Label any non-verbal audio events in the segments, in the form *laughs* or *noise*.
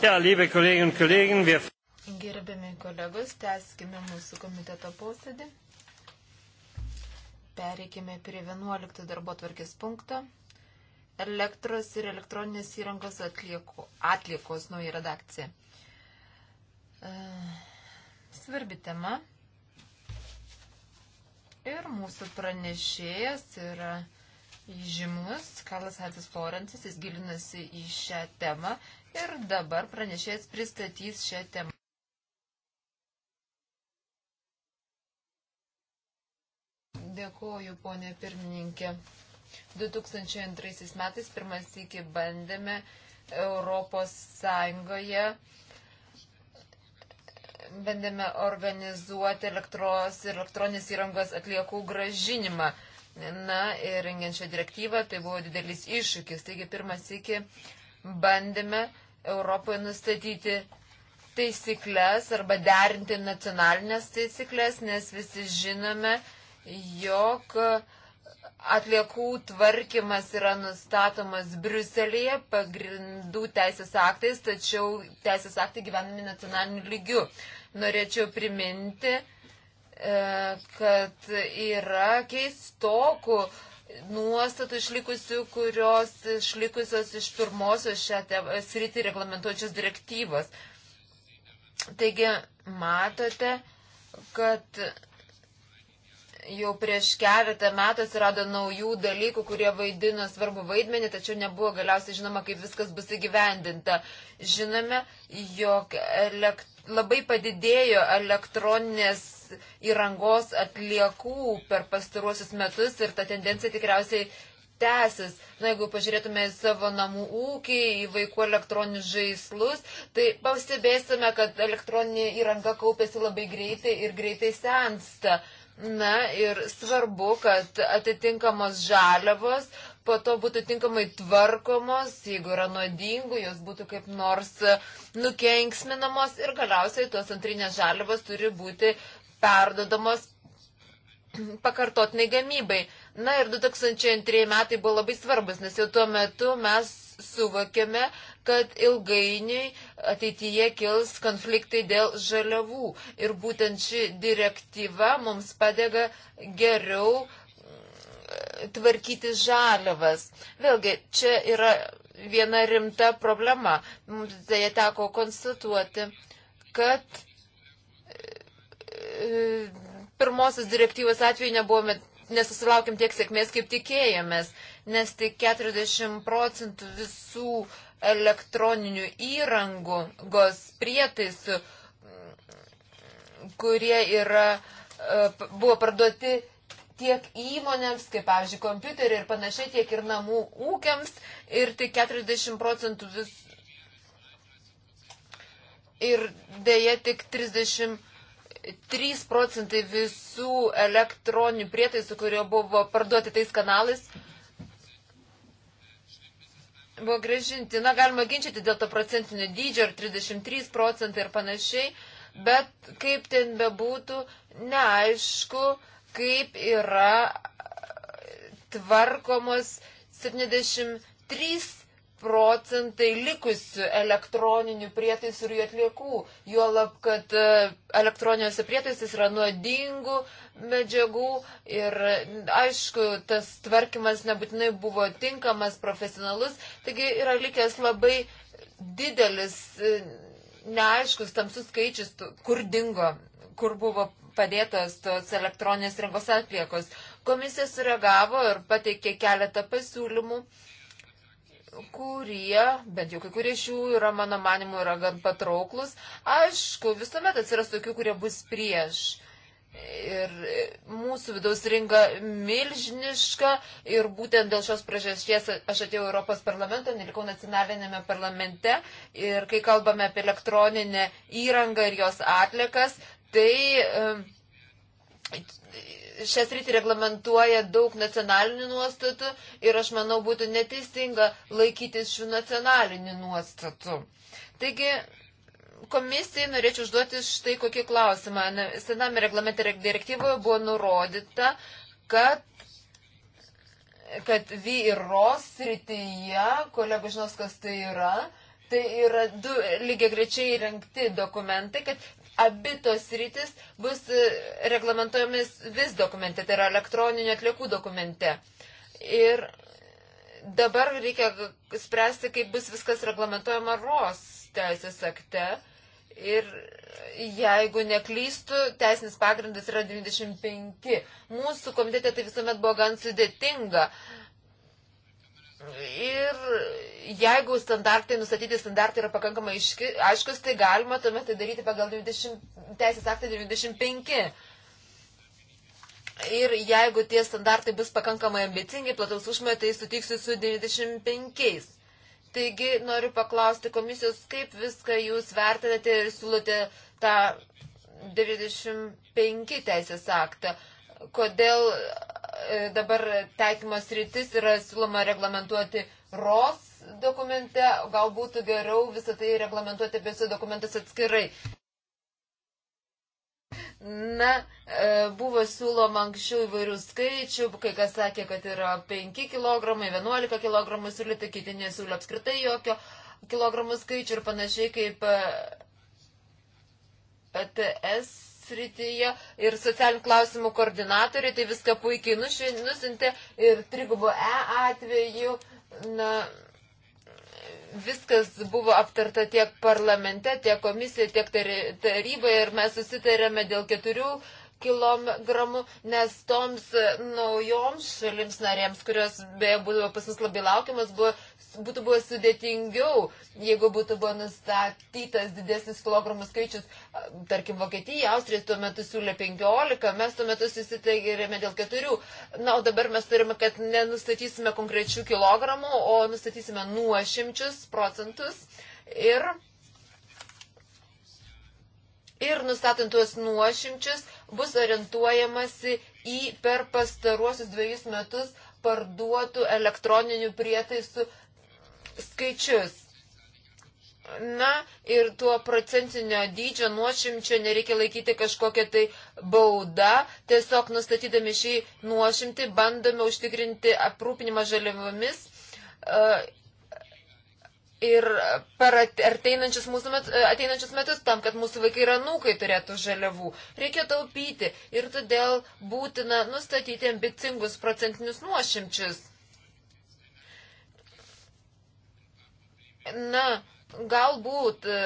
Ja, liebe Kolleginnen und Kollegen, wir... Gerbiami kolegos, tęskime mūsų komiteto posėdį. Pereikime prie 11 darbo tvarkės punkto. Elektros ir elektroninės įrangos atlieko, atliekos nauja redakcija. E, svarbi tema. Ir mūsų pranešėjas yra žymus Karlas Hatis Florencis, jis gilinasi į šią temą Ir dabar pranešėjas pristatys šią temą. Dėkoju, ponė pirmininkė. 2002 metais pirmas iki bandėme Europos Sąjungoje bandėme organizuoti elektros ir elektroninės įrangos atliekų gražinimą. Na ir rengiant šią direktyvą, tai buvo didelis iššūkis. Taigi pirmas iki bandėme Europoje nustatyti taisyklės arba derinti nacionalinės taisyklės, nes visi žinome, jog atliekų tvarkymas yra nustatomas Briuselėje pagrindų teisės aktais, tačiau teisės aktai gyvenami nacionaliniu lygiu. Norėčiau priminti, e, kad yra keistokų nuostatų išlikusių, kurios išlikusios iš pirmosios šią sritį reglamentuojančios direktyvos. Taigi, matote, kad jau prieš keletą metų atsirado naujų dalykų, kurie vaidino svarbu vaidmenį, tačiau nebuvo galiausiai žinoma, kaip viskas bus įgyvendinta. Žinome, jog elekt... labai padidėjo elektroninės įrangos atliekų per pastaruosius metus ir ta tendencija tikriausiai tęsis. Na, jeigu pažiūrėtume į savo namų ūkį, į vaikų elektroninius žaislus, tai pastebėsime, kad elektroninė įranga kaupėsi labai greitai ir greitai sensta. Na ir svarbu, kad atitinkamos žaliavos po to būtų tinkamai tvarkomos, jeigu yra nuodingų, jos būtų kaip nors nukenksminamos ir galiausiai tos antrinės žaliavos turi būti perdodamos pakartotinai gamybai. Na ir 2002 metai buvo labai svarbus, nes jau tuo metu mes suvokėme, kad ilgainiui ateityje kils konfliktai dėl žaliavų. Ir būtent ši direktyva mums padega geriau mm, tvarkyti žaliavas. Vėlgi, čia yra viena rimta problema. Mums tai teko konstatuoti, kad pirmosios direktyvos atveju nebuvome, nesusilaukėm tiek sėkmės, kaip tikėjomės, nes tik 40 procentų visų elektroninių įrangų, gos prietaisų, kurie yra, e, buvo parduoti tiek įmonėms, kaip pavyzdžiui, kompiuteriai ir panašiai, tiek ir namų ūkiams ir tik 40 procentų vis. Ir dėja tik 30 3 procentai visų elektroninių prietaisų, kurie buvo parduoti tais kanalais, buvo grįžinti. Na, galima ginčyti dėl to procentinio dydžio, ar 33 procentai ir panašiai, bet kaip ten bebūtų, neaišku, kaip yra tvarkomos 73 procentai likusių elektroninių prietaisų ir jų atliekų. Juolab, kad e, elektroniniuose prietaisais yra nuodingų medžiagų ir, aišku, tas tvarkymas nebūtinai buvo tinkamas, profesionalus, taigi yra likęs labai didelis, e, neaiškus, tamsus skaičius, kur dingo, kur buvo padėtos tos elektroninės rinkos atliekos. Komisija sureagavo ir pateikė keletą pasiūlymų kurie, bent jau kai kurie iš jų yra, mano manimu, yra gan patrauklus. Aišku, visuomet atsiras tokių, kurie bus prieš. Ir mūsų vidaus rinka milžiniška ir būtent dėl šios priežasties aš atėjau Europos parlamento, nelikau nacionalinėme parlamente ir kai kalbame apie elektroninę įrangą ir jos atlikas, tai šias rytį reglamentuoja daug nacionalinių nuostatų ir aš manau būtų neteisinga laikytis šių nacionalinių nuostatų. Taigi, komisijai norėčiau užduoti štai kokį klausimą. Sename reglamente direktyvoje buvo nurodyta, kad kad vy ir ros srityje, kolegų žinos, kas tai yra, tai yra du lygiai grečiai įrengti dokumentai, kad abitos rytis bus e, reglamentojomis vis dokumente, tai yra elektroninių atliekų dokumente. Ir dabar reikia spręsti, kaip bus viskas reglamentojama ROS teisės akte. Ir jeigu neklystų, teisinis pagrindas yra 25. Mūsų komitete tai visuomet buvo gan sudėtinga. Uh, Ir jeigu standartai, nustatyti standartai yra pakankamai aiški, aiškus, tai galima tuomet tai daryti pagal 20, teisės aktą 95. Ir jeigu tie standartai bus pakankamai ambicingi, plataus užmojo, tai sutiksiu su 95. Taigi noriu paklausti komisijos, kaip viską jūs vertinate ir siūlote tą 95 teisės aktą. Kodėl E, dabar taikymas rytis yra siūloma reglamentuoti ROS dokumente, galbūt geriau visą tai reglamentuoti abiejose dokumentus atskirai. Na, e, buvo siūloma anksčiau įvairių skaičių, kai kas sakė, kad yra 5 kg, 11 kg siūlyti, kiti nesiūlė apskritai jokio kilogramų skaičių ir panašiai kaip ATS e, srityje ir socialinių klausimų koordinatoriai, tai viską puikiai nusintė ir trigubo E atveju. Na, viskas buvo aptarta tiek parlamente, tiek komisijoje, tiek taryboje ir mes susitarėme dėl keturių kg, nes toms naujoms šalims narėms, kurios beje būdavo pas mus labai laukiamas, buvo, būtų buvo sudėtingiau, jeigu būtų buvo nustatytas didesnis kilogramų skaičius. Tarkim, Vokietija, Austrija tuo metu siūlė 15, mes tuo metu susitaigėme dėl 4. Na, o dabar mes turime, kad nenustatysime konkrečių kilogramų, o nustatysime nuošimčius procentus. Ir ir nustatant tuos nuošimčius bus orientuojamasi į per pastaruosius dviejus metus parduotų elektroninių prietaisų skaičius. Na ir tuo procentinio dydžio nuošimčio nereikia laikyti kažkokia tai bauda, tiesiog nustatydami šį nuošimtį bandome užtikrinti aprūpinimą žaliavomis e, ir per ateinančius, mūsų met, e, ateinančius metus tam, kad mūsų vaikai ir anūkai turėtų žaliavų. Reikia taupyti ir todėl būtina nustatyti ambicingus procentinius nuošimčius. Na, galbūt e,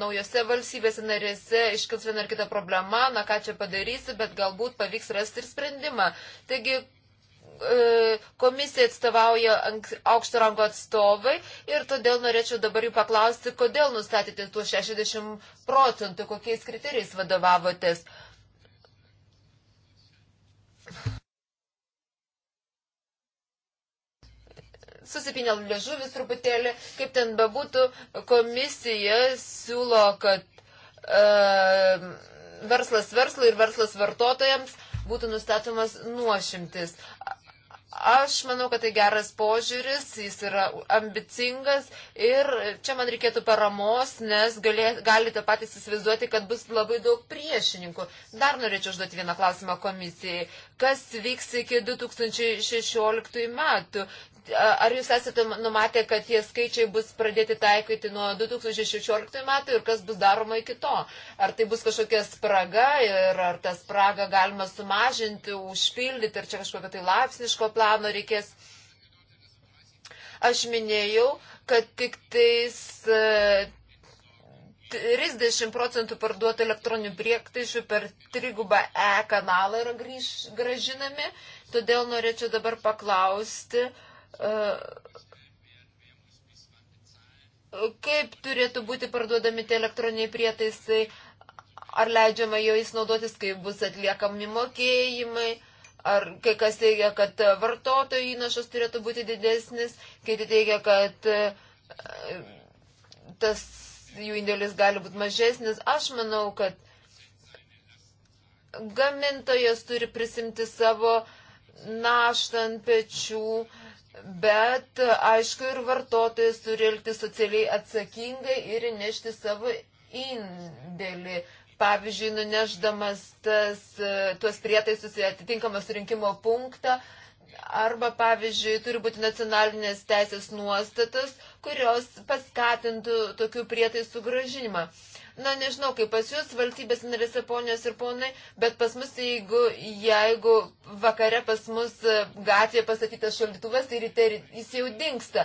naujose valstybėse narėse iškils viena ar kita problema, na ką čia padarysi, bet galbūt pavyks rasti ir sprendimą. Taigi, E, komisija atstovauja aukšto rango atstovai ir todėl norėčiau dabar jų paklausti, kodėl nustatėte tuos 60 procentų, kokiais kriterijais vadovavotės. Susipinėl liežuvis truputėlį, kaip ten bebūtų, komisija siūlo, kad e, verslas verslui ir verslas vartotojams būtų nustatomas nuošimtis. Aš manau, kad tai geras požiūris, jis yra ambicingas ir čia man reikėtų paramos, nes galė, galite patys įsivaizduoti, kad bus labai daug priešininkų. Dar norėčiau užduoti vieną klausimą komisijai. Kas vyks iki 2016 metų? Ar jūs esate numatę, kad tie skaičiai bus pradėti taikyti nuo 2016 metų ir kas bus daroma iki to? Ar tai bus kažkokia spraga ir ar tą spragą galima sumažinti, užpildyti, ar čia kažkokio tai laipsniško plano reikės? Aš minėjau, kad tik tais 30 e, procentų parduotų elektroninių priektaišių per trigubą E kanalą yra grįž, gražinami. Todėl norėčiau dabar paklausti, uh, kaip turėtų būti parduodami tie elektroniniai prietaisai, ar leidžiama jais naudotis, kaip bus atliekami mokėjimai, ar kai kas teigia, kad vartotojų įnašas turėtų būti didesnis, kiti teigia, kad e, tas jų indėlis gali būti mažesnis. Aš manau, kad gamintojas turi prisimti savo naštą ant pečių Bet, aišku, ir vartotojas turi elgtis socialiai atsakingai ir nešti savo indėlį. Pavyzdžiui, nuneždamas tas, tuos prietaisus į atitinkamą surinkimo punktą. Arba, pavyzdžiui, turi būti nacionalinės teisės nuostatas, kurios paskatintų tokių prietaisų gražinimą. Uh, Na, nežinau, kaip pas jūs valstybės narėse ponios ir ponai, bet pas mus, jeigu, jeigu vakare pas mus e, gatvėje pastatytas šaldytuvas, tai ryte jis jau dinksta.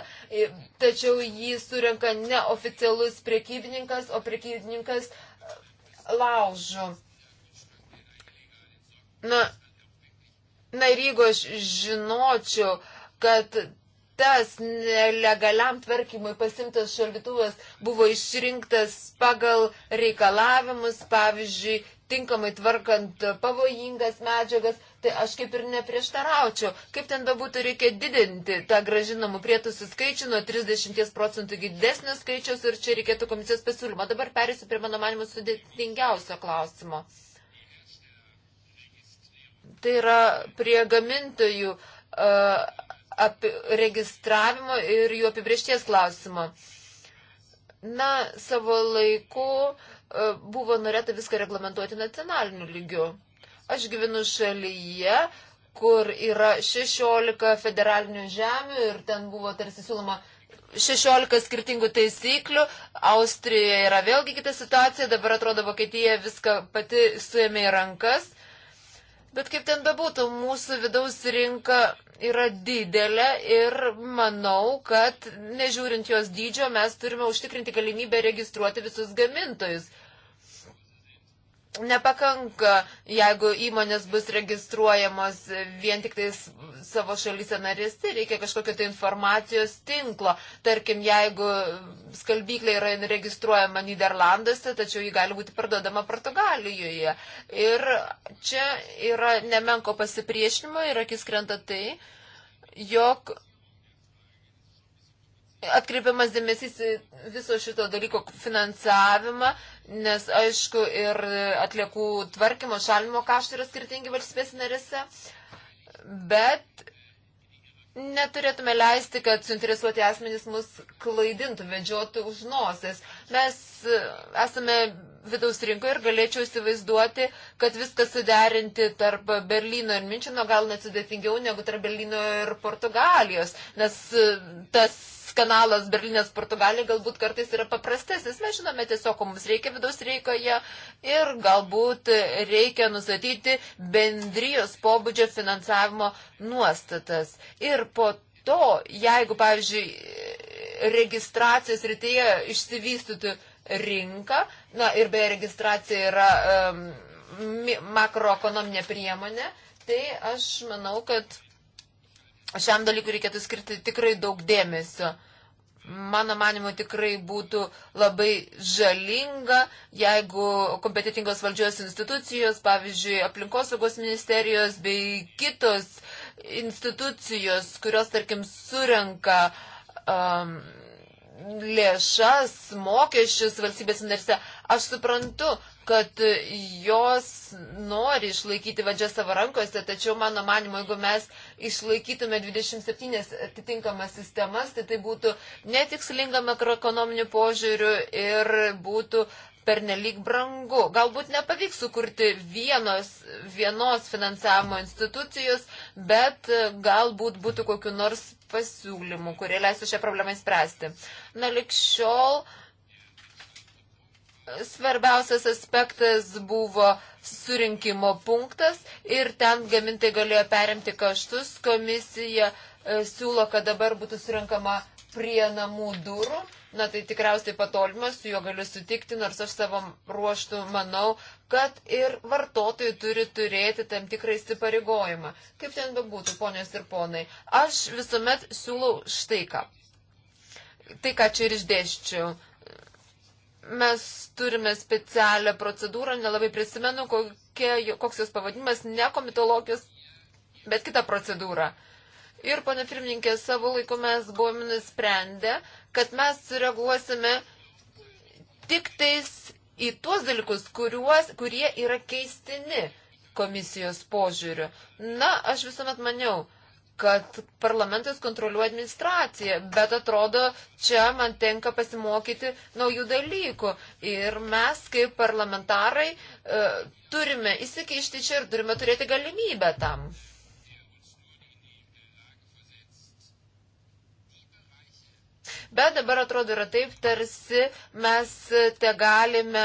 Tačiau jį surenka neoficialus prekybininkas, o prekybininkas e, laužu. Na, na ir jeigu aš žinočiau, kad tas nelegaliam tvarkymui pasimtas šaldytuvas buvo išrinktas pagal reikalavimus, pavyzdžiui, tinkamai tvarkant pavojingas medžiagas, tai aš kaip ir neprieštaraučiau. Kaip ten bebūtų, reikia didinti tą gražinamų prietaisų skaičių nuo 30 procentų iki didesnio skaičiaus ir čia reikėtų komisijos pasiūlymo. Dabar perėsiu prie mano manimo sudėtingiausio klausimo. Tai yra prie gamintojų uh, registravimo ir jų apibriešties klausimo. Na, savo laiku e, buvo norėta viską reglamentuoti nacionaliniu lygiu. Aš gyvenu šalyje, kur yra 16 federalinių žemių ir ten buvo tarsi siūloma 16 skirtingų taisyklių, Austrijoje yra vėlgi kita situacija, dabar atrodo Vokietija viską pati suėmė į rankas. Bet kaip ten bebūtų, mūsų vidaus rinka yra didelė ir manau, kad nežiūrint jos dydžio, mes turime užtikrinti galimybę registruoti visus gamintojus nepakanka, jeigu įmonės bus registruojamos vien tik tais savo šalyse narėse, tai reikia kažkokio tai informacijos tinklo. Tarkim, jeigu skalbyklė yra registruojama Niderlanduose, tačiau ji gali būti parduodama Portugalijoje. Ir čia yra nemenko pasipriešinimo ir akis krenta tai, jog atkreipiamas dėmesys į viso šito dalyko finansavimą, nes aišku ir atliekų tvarkymo šalimo kaštai yra skirtingi valstybės narėse, bet neturėtume leisti, kad suinteresuoti asmenys mus klaidintų, vedžiotų už nosies. Mes esame vidaus rinkoje ir galėčiau įsivaizduoti, kad viską suderinti tarp Berlyno ir Minčino gal net sudėtingiau negu tarp Berlyno ir Portugalijos, nes tas kanalas Berlynas Portugalija galbūt kartais yra paprastesnis. Mes žinome tiesiog, ko mums reikia vidaus reikoje ir galbūt reikia nusatyti bendrijos pobūdžio finansavimo nuostatas. Ir po to, jeigu, pavyzdžiui, registracijos rytyje išsivystytų rinka, na ir beje registracija yra um, makroekonominė priemonė, tai aš manau, kad šiam dalykui reikėtų skirti tikrai daug dėmesio. Mano manimo tikrai būtų labai žalinga, jeigu kompetitingos valdžios institucijos, pavyzdžiui, aplinkosaugos ministerijos bei kitos institucijos, kurios, tarkim, surenka um, lėšas, mokesčius valstybės narse. Aš suprantu, kad jos nori išlaikyti valdžią savo rankose, tačiau mano manimo, jeigu mes išlaikytume 27 atitinkamas sistemas, tai tai būtų netikslinga makroekonominių požiūrių ir būtų pernelyg brangu. Galbūt nepavyks sukurti vienos, vienos finansavimo institucijos, bet galbūt būtų kokiu nors pasiūlymų, kurie leistų šią problemą spręsti. Na, likščiol e, svarbiausias aspektas buvo surinkimo punktas ir ten gamintai galėjo perimti kaštus. Komisija e, siūlo, kad dabar būtų surinkama prie namų durų, na tai tikriausiai patolimas, su juo galiu sutikti, nors aš savo ruoštų manau, kad ir vartotojai turi turėti tam tikrą įsipareigojimą. Kaip ten bebūtų, ponios ir ponai, aš visuomet siūlau štai ką. Tai, ką čia ir išdėščiau. Mes turime specialią procedūrą, nelabai prisimenu, kokie, koks jos pavadinimas, ne komitologijos, bet kita procedūra. Uh, Ir, pana pirmininkė, savo laiku mes buvome nusprendę, kad mes sureaguosime tik tais į tuos dalykus, kuriuos, kurie yra keistini komisijos požiūriu. Na, aš visuomet maniau, kad parlamentas kontroliuoja administraciją, bet atrodo, čia man tenka pasimokyti naujų dalykų. Ir mes, kaip parlamentarai, e, turime įsikeišti čia ir turime turėti galimybę tam. Bet dabar atrodo yra taip, tarsi mes te galime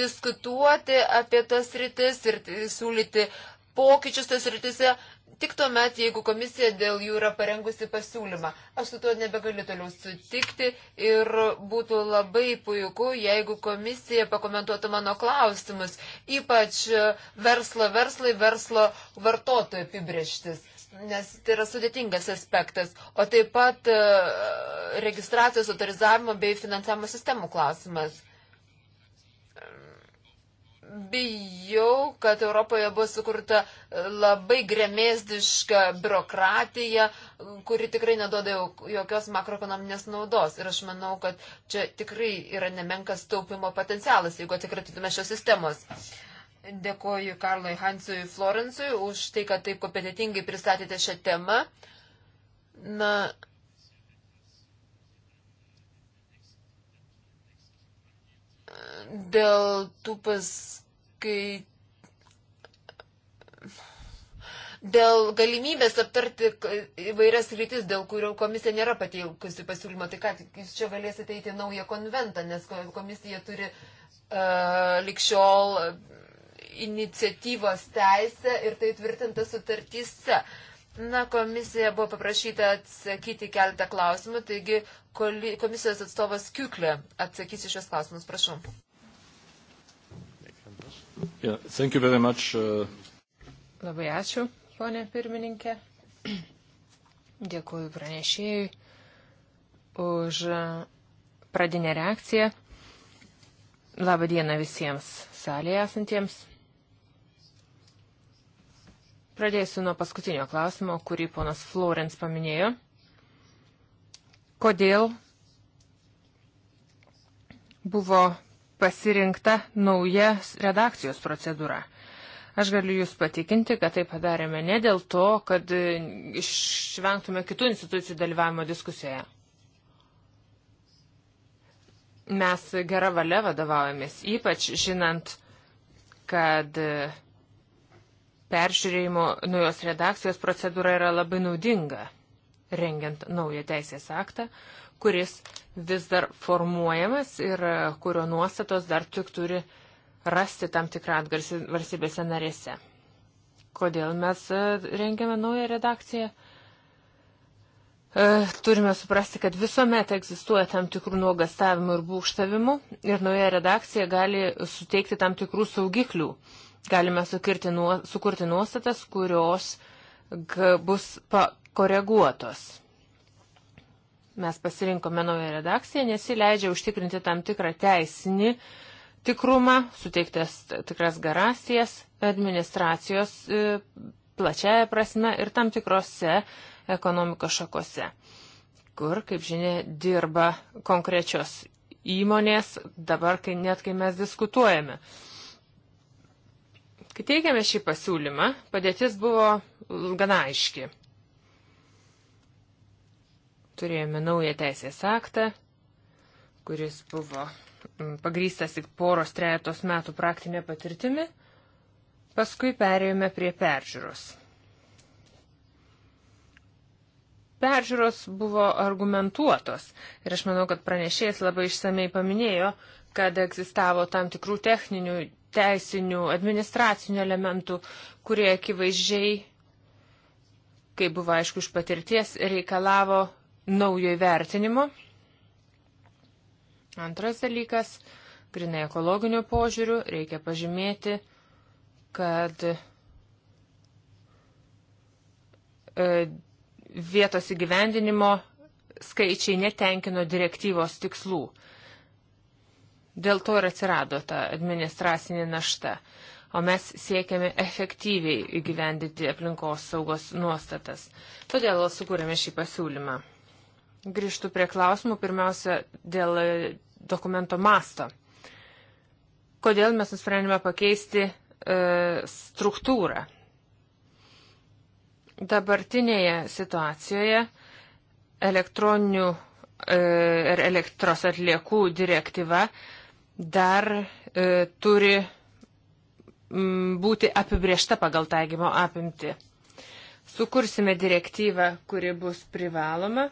diskutuoti apie tas rytis ir siūlyti pokyčius tas rytise. Tik tuomet, jeigu komisija dėl jų yra parengusi pasiūlymą. Aš su tuo nebegaliu toliau sutikti ir būtų labai puiku, jeigu komisija pakomentuotų mano klausimus, ypač verslo verslai, verslo vartotojų apibrieštis nes tai yra sudėtingas aspektas, o taip pat e, registracijos autorizavimo bei finansavimo sistemų klausimas. Bijau, kad Europoje buvo sukurta labai gremėzdiška biurokratija, kuri tikrai nedoda jokios makroekonominės naudos. Ir aš manau, kad čia tikrai yra nemenkas taupimo potencialas, jeigu atsikratytume šios sistemos. Uh, Dėkoju Karlui Hansui Florencui už tai, kad taip kompetitingai pristatėte šią temą. Na, dėl tų paskai. Dėl galimybės aptarti įvairias rytis, dėl kurio komisija nėra pateikusi pasiūlymo, tai ką, jūs čia galėsite eiti naują konventą, nes komisija turi uh, e, likščiol uh, iniciatyvos teisę ir tai tvirtinta sutartyse. Na, komisija buvo paprašyta atsakyti keletą klausimų, taigi komisijos atstovas Kiuklė atsakys iš šios klausimus, prašau. Yeah, uh... Labai ačiū, ponė pirmininkė. *clears throat* Dėkuoju pranešėjui už pradinę reakciją. Labą dieną visiems salėje esantiems. Pradėsiu nuo paskutinio klausimo, kurį ponas Florence paminėjo. Kodėl buvo pasirinkta nauja redakcijos procedūra? Aš galiu Jūs patikinti, kad tai padarėme ne dėl to, kad išvengtume kitų institucijų dalyvavimo diskusijoje. Mes gerą valią vadovaujamės, ypač žinant, kad uh, peržiūrėjimo naujos redakcijos procedūra yra labai naudinga, rengiant naują teisės aktą, kuris vis dar formuojamas ir e, kurio nuostatos dar tik turi rasti tam tikrą atgarsį valstybėse narėse. Kodėl mes e, rengiame naują redakciją? E, turime suprasti, kad visuomet egzistuoja tam tikrų nuogastavimų ir būkštavimų ir nauja redakcija gali suteikti tam tikrų saugiklių Galime sukirti, nuo, sukurti nuostatas, kurios bus pakoreguotos. Mes pasirinkome naują redakciją, nes ji leidžia užtikrinti tam tikrą teisinį tikrumą, suteiktas tikras garantijas administracijos e, plačiaja prasme ir tam tikrose ekonomikos šakose, kur, kaip žinia, dirba konkrečios įmonės dabar, kai net kai mes diskutuojame. Kai teikėme šį pasiūlymą, padėtis buvo gana aiški. Turėjome naują teisės aktą, kuris buvo mm, pagrystas tik poros trejetos metų praktinė patirtimi, paskui perėjome prie peržiūros. Peržiūros buvo argumentuotos ir aš manau, kad pranešėjas labai išsamei paminėjo, kad egzistavo tam tikrų techninių, teisinių, administracinių elementų, kurie akivaizdžiai, kaip buvo aišku iš patirties, reikalavo naujo įvertinimo. Antras dalykas, grinai ekologiniu požiūriu, reikia pažymėti, kad e, vietos įgyvendinimo skaičiai netenkino direktyvos tikslų. Dėl to ir atsirado ta administracinė našta. O mes siekiame efektyviai įgyvendyti aplinkos saugos nuostatas. Todėl sukūrėme šį pasiūlymą. Grįžtų prie klausimų, pirmiausia, dėl dokumento masto. Kodėl mes nusprendėme pakeisti e, struktūrą? Dabartinėje situacijoje elektroninių e, ir elektros atliekų direktyva dar e, turi m, būti apibriešta pagal taigymo apimti. Sukursime direktyvą, kuri bus privaloma.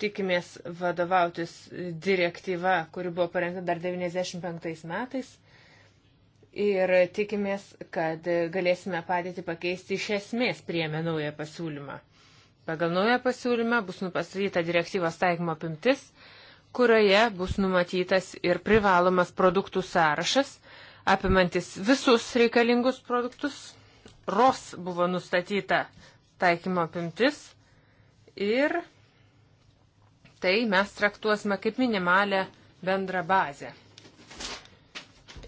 Tikimės vadovautis direktyva, kuri buvo parengta dar 95 metais. Ir tikimės, kad galėsime padėti pakeisti iš esmės priemę naują pasiūlymą. Pagal naują pasiūlymą bus nupasakyta direktyvos taikymo apimtis kurioje bus numatytas ir privalomas produktų sąrašas, apimantis visus reikalingus produktus. ROS buvo nustatyta taikymo apimtis ir tai mes traktuosime kaip minimalę bendrą bazę.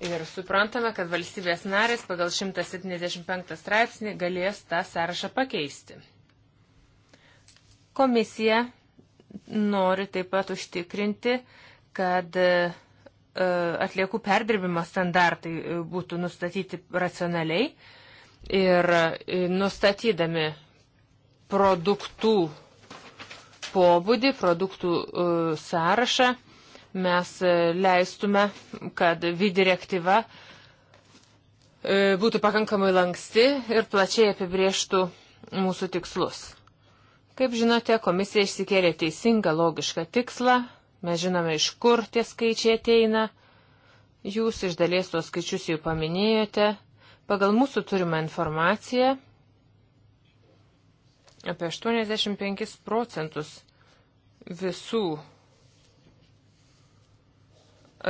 Ir suprantame, kad valstybės narės pagal 175 straipsnį galės tą sąrašą pakeisti. Komisija nori taip pat užtikrinti, kad e, atliekų perdirbimo standartai e, būtų nustatyti racionaliai ir e, nustatydami produktų pobūdį, produktų sąrašą, mes leistume, kad V direktyva būtų pakankamai lanksti ir plačiai apibrieštų mūsų tikslus. Kaip žinote, komisija išsikėlė teisingą logišką tikslą, mes žinome, iš kur tie skaičiai ateina, jūs iš dalies tuos skaičius jau paminėjote, pagal mūsų turimą informaciją apie 85 procentus visų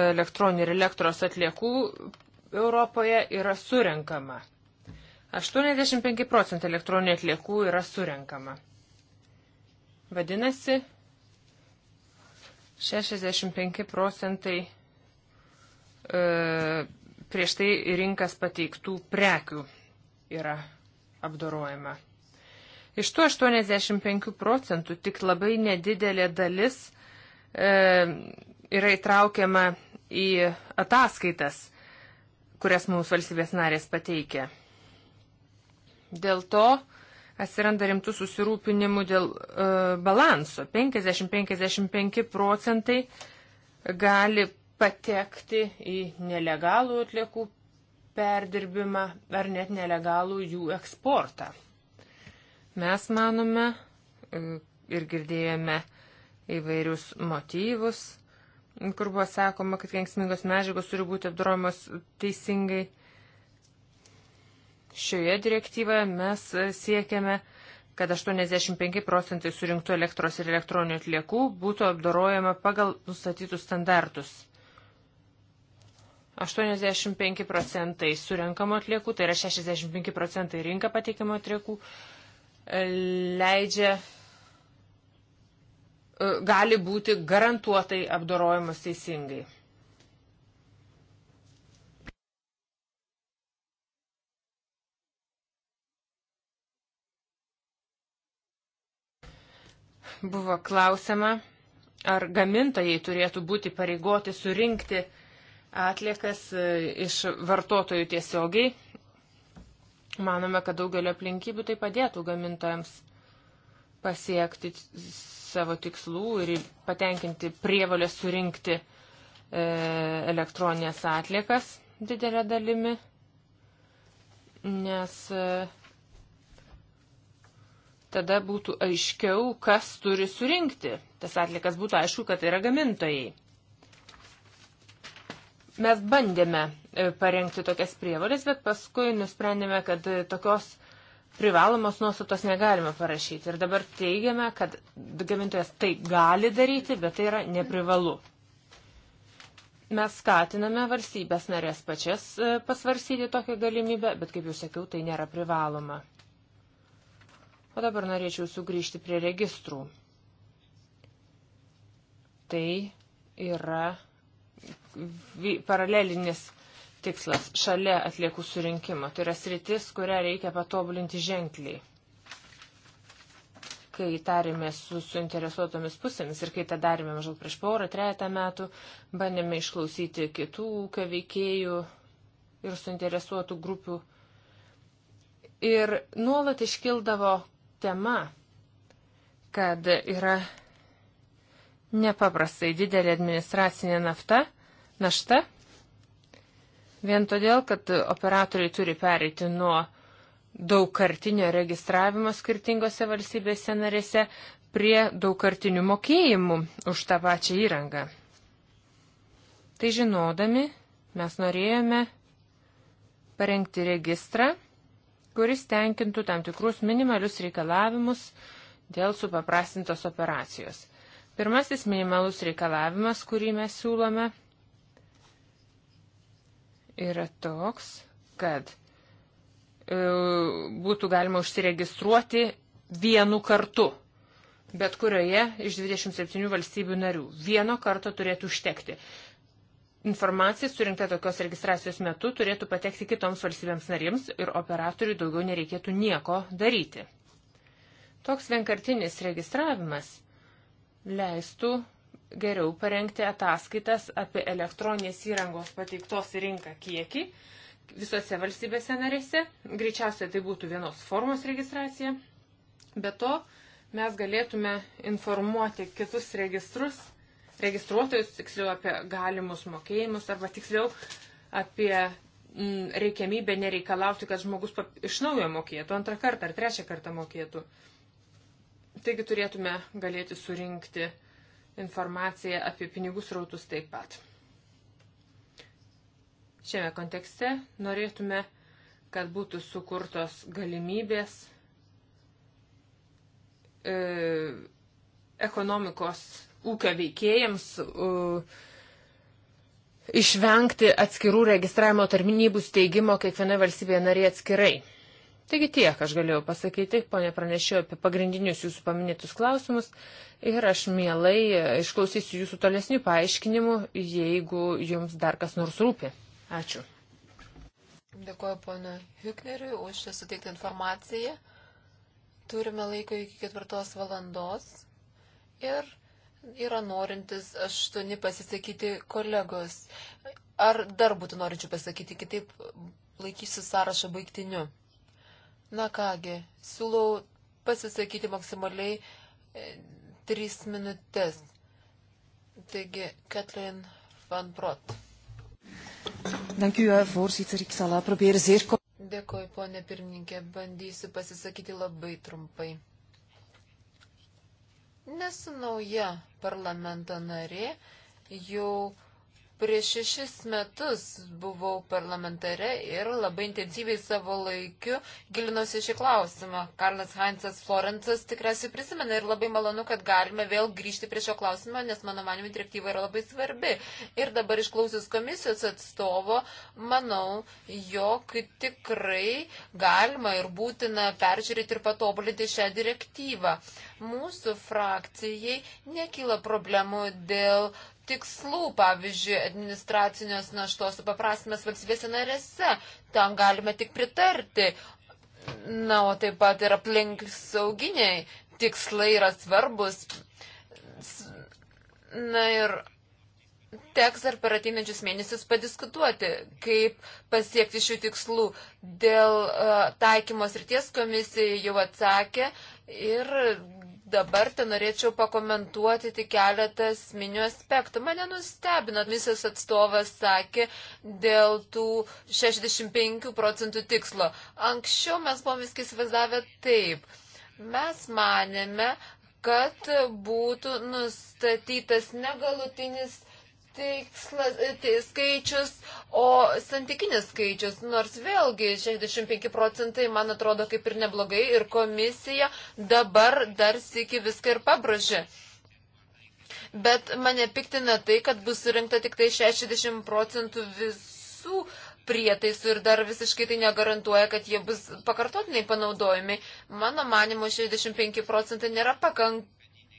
elektroninių ir elektros atliekų Europoje yra surenkama. 85 procentų elektroninių atliekų yra surenkama. Vadinasi, 65 procentai e, prieš tai rinkas pateiktų prekių yra apdorojama. Iš tų 85 procentų tik labai nedidelė dalis e, yra įtraukiama į ataskaitas, kurias mums valstybės narės pateikia. Dėl to, atsiranda rimtų susirūpinimų dėl e, balanso. 50-55 procentai gali patekti į nelegalų atliekų perdirbimą ar net nelegalų jų eksportą. Mes manome e, ir girdėjome įvairius motyvus, kur buvo sakoma, kad kenksmingos medžiagos turi būti apdoromos teisingai. Šioje direktyvoje mes siekiame, kad 85 procentai surinktų elektros ir elektroninių atliekų būtų apdorojama pagal nustatytus standartus. 85 procentai surenkamo atliekų, tai yra 65 procentai rinka pateikiamo atliekų, e, leidžia, e, gali būti garantuotai apdorojamos teisingai. buvo klausima, ar gamintojai turėtų būti pareigoti surinkti atliekas e, iš vartotojų tiesiogiai. Manome, kad daugelio aplinkybių tai padėtų gamintojams pasiekti savo tikslų ir patenkinti prievalę surinkti e, elektroninės atliekas didelę dalimi, nes e, Tada būtų aiškiau, kas turi surinkti. Tas atlikas būtų aišku, kad tai yra gamintojai. Mes bandėme e, parengti tokias prievalės, bet paskui nusprendėme, kad e, tokios privalomos nuostatos negalime parašyti. Ir dabar teigiame, kad gamintojas tai gali daryti, bet tai yra neprivalu. Mes skatiname valstybės narės pačias e, pasvarsyti tokią galimybę, bet kaip jau sakiau, tai nėra privaloma. O dabar norėčiau sugrįžti prie registrų. Tai yra paralelinis tikslas šalia atliekų surinkimo. Tai yra sritis, kurią reikia patobulinti ženkliai. Kai tarėme su suinteresuotomis pusėmis ir kai tą darėme maždaug prieš porą, trejata metų, bandėme išklausyti kitų ūkio veikėjų ir suinteresuotų grupių. Ir nuolat iškildavo tema, kad yra nepaprastai didelė administracinė nafta, našta, vien todėl, kad operatoriai turi pereiti nuo daugkartinio registravimo skirtingose valstybėse narėse prie daugkartinių mokėjimų už tą pačią įrangą. Tai žinodami, mes norėjome parengti registrą kuris tenkintų tam tikrus minimalius reikalavimus dėl supaprastintos operacijos. Pirmasis minimalus reikalavimas, kurį mes siūlome, yra toks, kad e, būtų galima užsiregistruoti vienu kartu, bet kurioje iš 27 valstybių narių. Vieno karto turėtų užtekti informacija surinkta tokios registracijos metu turėtų patekti kitoms valstybėms narims ir operatoriui daugiau nereikėtų nieko daryti. Toks vienkartinis registravimas leistų geriau parengti ataskaitas apie elektroninės įrangos pateiktos į rinką kiekį visose valstybėse narėse. Greičiausiai tai būtų vienos formos registracija. Be to, mes galėtume informuoti kitus registrus registruotojus, tiksliau apie galimus mokėjimus arba tiksliau apie m, mm, reikiamybę nereikalauti, kad žmogus iš naujo mokėtų, antrą kartą ar trečią kartą mokėtų. Taigi turėtume galėti surinkti informaciją apie pinigų srautus taip pat. Šiame kontekste norėtume, kad būtų sukurtos galimybės e, ekonomikos ūkio veikėjams uh, išvengti atskirų registravimo tarnybų steigimo kiekviena valstybėje narė atskirai. Taigi tiek aš galėjau pasakyti, ponė pranešėjo apie pagrindinius jūsų paminėtus klausimus ir aš mielai uh, išklausysiu jūsų tolesnių paaiškinimų, jeigu jums dar kas nors rūpi. Ačiū. Dėkuoju ponui Hükneriui už šią suteiktą informaciją. Turime laiko iki ketvirtos valandos ir yra norintis aštuoni pasisakyti kolegos. Ar dar būtų norinčių pasakyti, kitaip laikysiu sąrašą baigtiniu. Na kągi, siūlau pasisakyti maksimaliai e, tris minutės. Taigi, Katlin van Brot. Dank u, eh, voorzitter. Ik zal proberen zeer kort. Dėkoju, ponė pirmininkė. Bandysiu pasisakyti labai trumpai. Nesu nauja parlamento narė, jau Prieš šešis metus buvau parlamentare ir labai intensyviai savo laiku gilinausi šį klausimą. Karlas Heinzas Florencas tikriausiai prisimena ir labai malonu, kad galime vėl grįžti prie šio klausimo, nes mano manimi direktyva yra labai svarbi. Ir dabar išklausius komisijos atstovo, manau, jog tikrai galima ir būtina peržiūrėti ir patobulinti šią direktyvą. Mūsų frakcijai nekyla problemų dėl tikslų, pavyzdžiui, administracinės naštos supaprastinės valstybėse narėse. Tam galime tik pritarti. Na, o taip pat ir aplink sauginiai tikslai yra svarbus. Na ir teks ar per ateinančius mėnesius padiskutuoti, kaip pasiekti šių tikslų. Dėl uh, taikymos ryties komisija jau atsakė ir Dabar ten tai norėčiau pakomentuoti tik keletą esminių aspektų. Mane nustebino, misijos atstovas sakė dėl tų 65 procentų tikslo. Anksčiau mes buvom viską įsivaizdavę taip. Mes manėme, kad būtų nustatytas negalutinis tikslas, e, tai skaičius, o santykinis skaičius, nors vėlgi 65 procentai, man atrodo, kaip ir neblogai, ir komisija dabar dar sėki viską ir pabražė. Bet mane piktina tai, kad bus surinkta tik tai 60 procentų visų prietaisų ir dar visiškai tai negarantuoja, kad jie bus pakartotinai panaudojami. Mano manimo, 65 procentai nėra pakankamai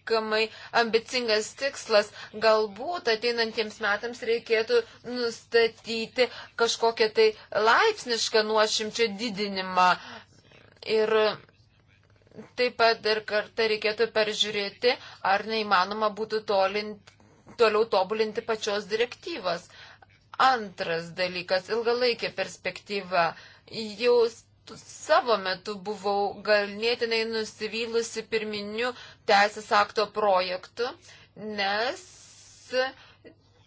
pakankamai ambicingas tikslas. Galbūt ateinantiems metams reikėtų nustatyti kažkokią tai laipsnišką nuošimčio didinimą. Ir taip pat dar kartą reikėtų peržiūrėti, ar neįmanoma būtų tolinti, toliau tobulinti pačios direktyvas. Antras dalykas - ilgalaikė perspektyva. Jūs savo metu buvau galėtinai nusivylusi pirminiu teisės akto projektu, nes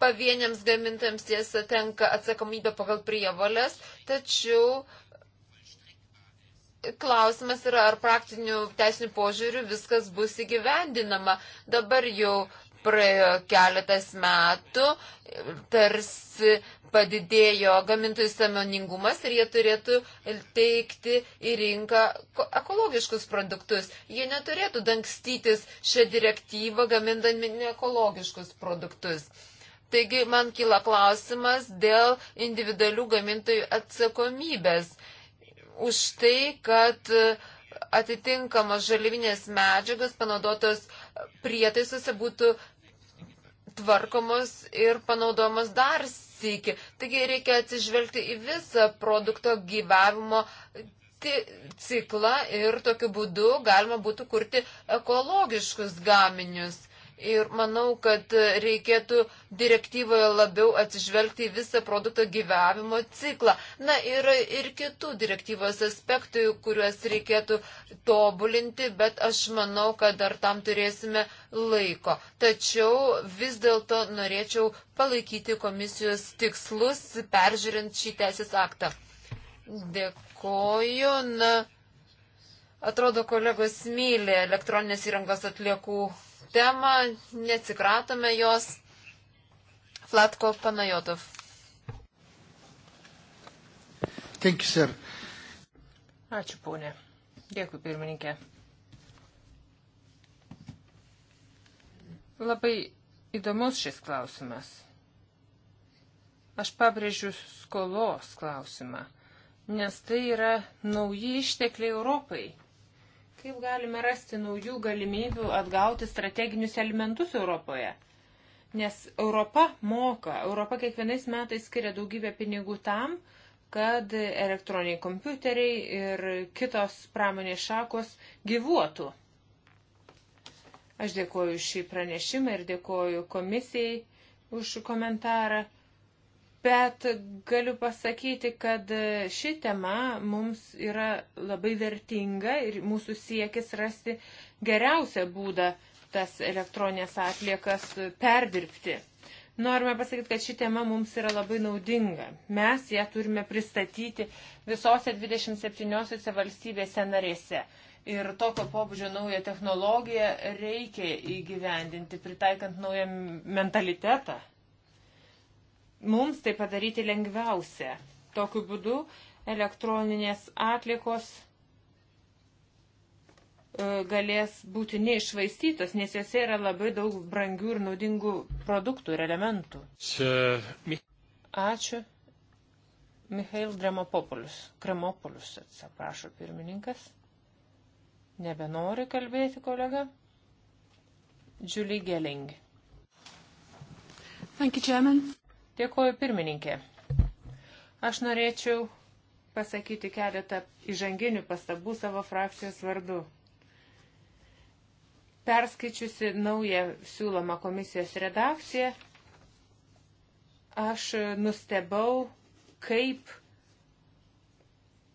pavieniams gamintams tiesa tenka atsakomybė pagal prievalės, tačiau klausimas yra, ar praktiniu teisiniu požiūriu viskas bus įgyvendinama. Dabar jau praėjo keletas metų, tarsi padidėjo gamintojų samoningumas ir jie turėtų teikti į rinką ekologiškus produktus. Jie neturėtų dangstytis šią direktyvą gamindami neekologiškus produktus. Taigi man kyla klausimas dėl individualių gamintojų atsakomybės už tai, kad atitinkamos žalivinės medžiagos panaudotos prietaisuose būtų tvarkomos ir panaudojamos dar sėki. Taigi reikia atsižvelgti į visą produkto gyvavimo ciklą ir tokiu būdu galima būtų kurti ekologiškus gaminius. Ir manau, kad reikėtų direktyvoje labiau atsižvelgti į visą produkto gyvavimo ciklą. Na, yra ir kitų direktyvos aspektų, kuriuos reikėtų tobulinti, bet aš manau, kad dar tam turėsime laiko. Tačiau vis dėlto norėčiau palaikyti komisijos tikslus, peržiūrint šį teisės aktą. Dėkoju. Na, atrodo, kolegos myli elektroninės įrangos atliekų temą, neatsikratome jos. Flatko Panajotov. Thank you, sir. Ačiū, ponė. Dėkui, pirmininkė. Labai įdomus šis klausimas. Aš pabrėžiu skolos klausimą, nes tai yra nauji ištekliai Europai. Kaip galime rasti naujų galimybių atgauti strateginius elementus Europoje? Nes Europa moka, Europa kiekvienais metais skiria daugybę pinigų tam, kad elektroniniai kompiuteriai ir kitos pramonės šakos gyvuotų. Aš dėkoju šį pranešimą ir dėkoju komisijai už komentarą. Bet galiu pasakyti, kad ši tema mums yra labai vertinga ir mūsų siekis rasti geriausią būdą tas elektroninės atliekas perdirbti. Norime pasakyti, kad ši tema mums yra labai naudinga. Mes ją turime pristatyti visose 27 valstybėse narėse. Ir tokio pobūdžio naują technologiją reikia įgyvendinti, pritaikant naują mentalitetą mums tai padaryti lengviausia. Tokiu būdu elektroninės atlikos e, galės būti neišvaistytos, nes jose yra labai daug brangių ir naudingų produktų ir elementų. Ačiū. Michail Dremopopolius. Kremopolius, atsiprašo pirmininkas. Nebenori kalbėti, kolega. Julie Gelling. Thank you, Chairman. Dėkuoju pirmininkė. Aš norėčiau pasakyti keletą įžanginių pastabų savo frakcijos vardu. Perskaičiusi naują siūlomą komisijos redakciją, aš nustebau, kaip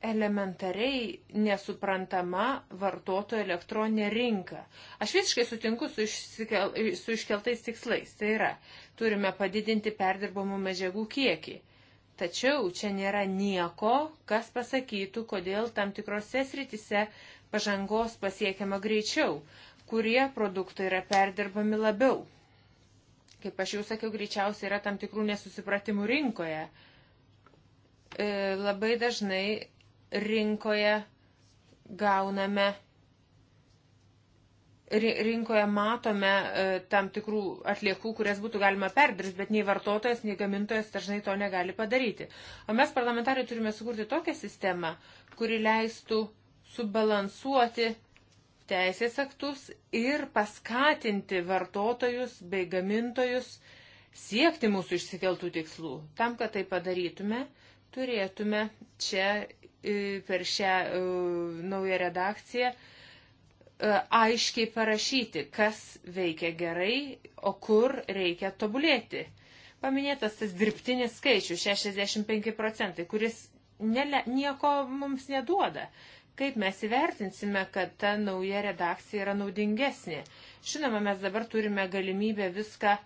elementariai nesuprantama vartotojo elektroninė rinka. Aš visiškai sutinku su, išsikel, su iškeltais tikslais. Tai yra, turime padidinti perdirbamų medžiagų kiekį. Tačiau čia nėra nieko, kas pasakytų, kodėl tam tikrose sritise pažangos pasiekiama greičiau, kurie produktai yra perdirbami labiau. Kaip aš jau sakiau, greičiausiai yra tam tikrų nesusipratimų rinkoje. E, labai dažnai rinkoje gauname, rinkoje matome e, tam tikrų atliekų, kurias būtų galima perdirbti, bet nei vartotojas, nei gamintojas dažnai to negali padaryti. O mes parlamentarai turime sukurti tokią sistemą, kuri leistų subalansuoti teisės aktus ir paskatinti vartotojus bei gamintojus siekti mūsų išsikeltų tikslų. Tam, kad tai padarytume, turėtume čia per šią e, naują redakciją e, aiškiai parašyti, kas veikia gerai, o kur reikia tobulėti. Paminėtas tas dirbtinis skaičius 65 procentai, kuris nele, nieko mums neduoda. Kaip mes įvertinsime, kad ta nauja redakcija yra naudingesnė? Žinoma, mes dabar turime galimybę viską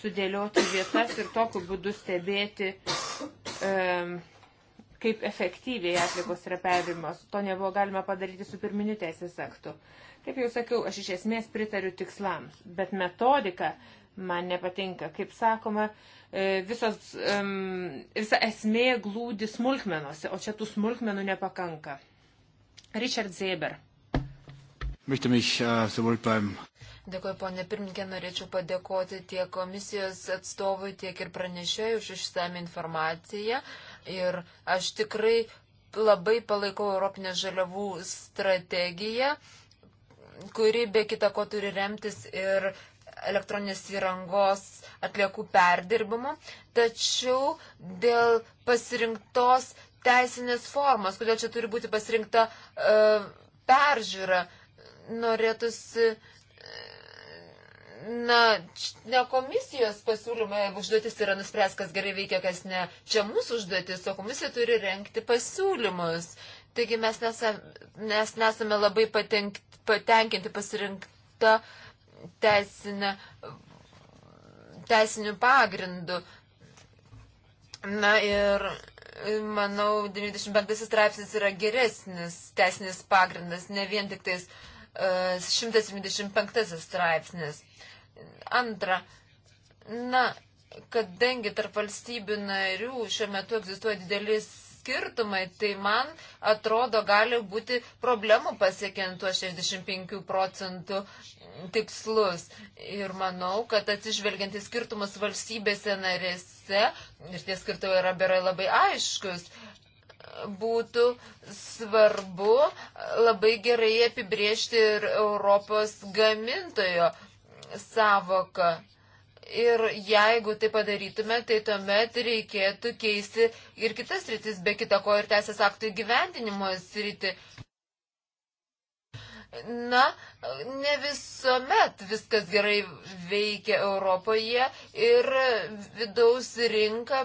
sudėlioti vietas ir tokiu būdu stebėti. Um, e, kaip efektyviai atlikos yra perdirbimos. To nebuvo galima padaryti su pirminiu teisės aktu. Kaip jau sakiau, aš iš esmės pritariu tikslams, bet metodika man nepatinka. Kaip sakoma, e, visos, visa esmė glūdi smulkmenuose, o čia tų smulkmenų nepakanka. Richard Zeber. Möchte mich äh, sowohl beim Dėkuoju, ponė pirmininkė, norėčiau padėkoti tiek komisijos atstovui, tiek ir pranešėjui už išsame informaciją. Uh, Ir aš tikrai labai palaikau Europinę žaliavų strategiją, kuri be kita ko turi remtis ir elektroninės įrangos atliekų perdirbimu. Tačiau dėl pasirinktos teisinės formos, kodėl čia turi būti pasirinkta e, peržiūra, norėtųsi Na, ne komisijos pasiūlymai užduotis yra nuspręs, kas gerai veikia, kas ne. Čia mūsų užduotis, o komisija turi renkti pasiūlymus. Taigi mes, nesam, mes nesame labai patenk, patenkinti pasirinkta teisinė, teisiniu pagrindu. Na ir manau, 95 straipsnis yra geresnis teisinis pagrindas, ne vien tik tais uh, e, 175 straipsnis. Antra, na, kadangi tarp valstybių narių šiuo metu egzistuoja didelis skirtumai, tai man atrodo gali būti problemų pasiekiant tuos 65 procentų tikslus. Ir manau, kad atsižvelgiant į skirtumus valstybėse narėse, ir tie skirtumai yra berai labai aiškus, būtų svarbu labai gerai apibriežti ir Europos gamintojo savoką. Ir jeigu tai padarytume, tai tuomet reikėtų keisti ir kitas rytis, be kita ko ir teisės aktų įgyvendinimo sritį. Na, ne visuomet viskas gerai veikia Europoje ir vidaus rinka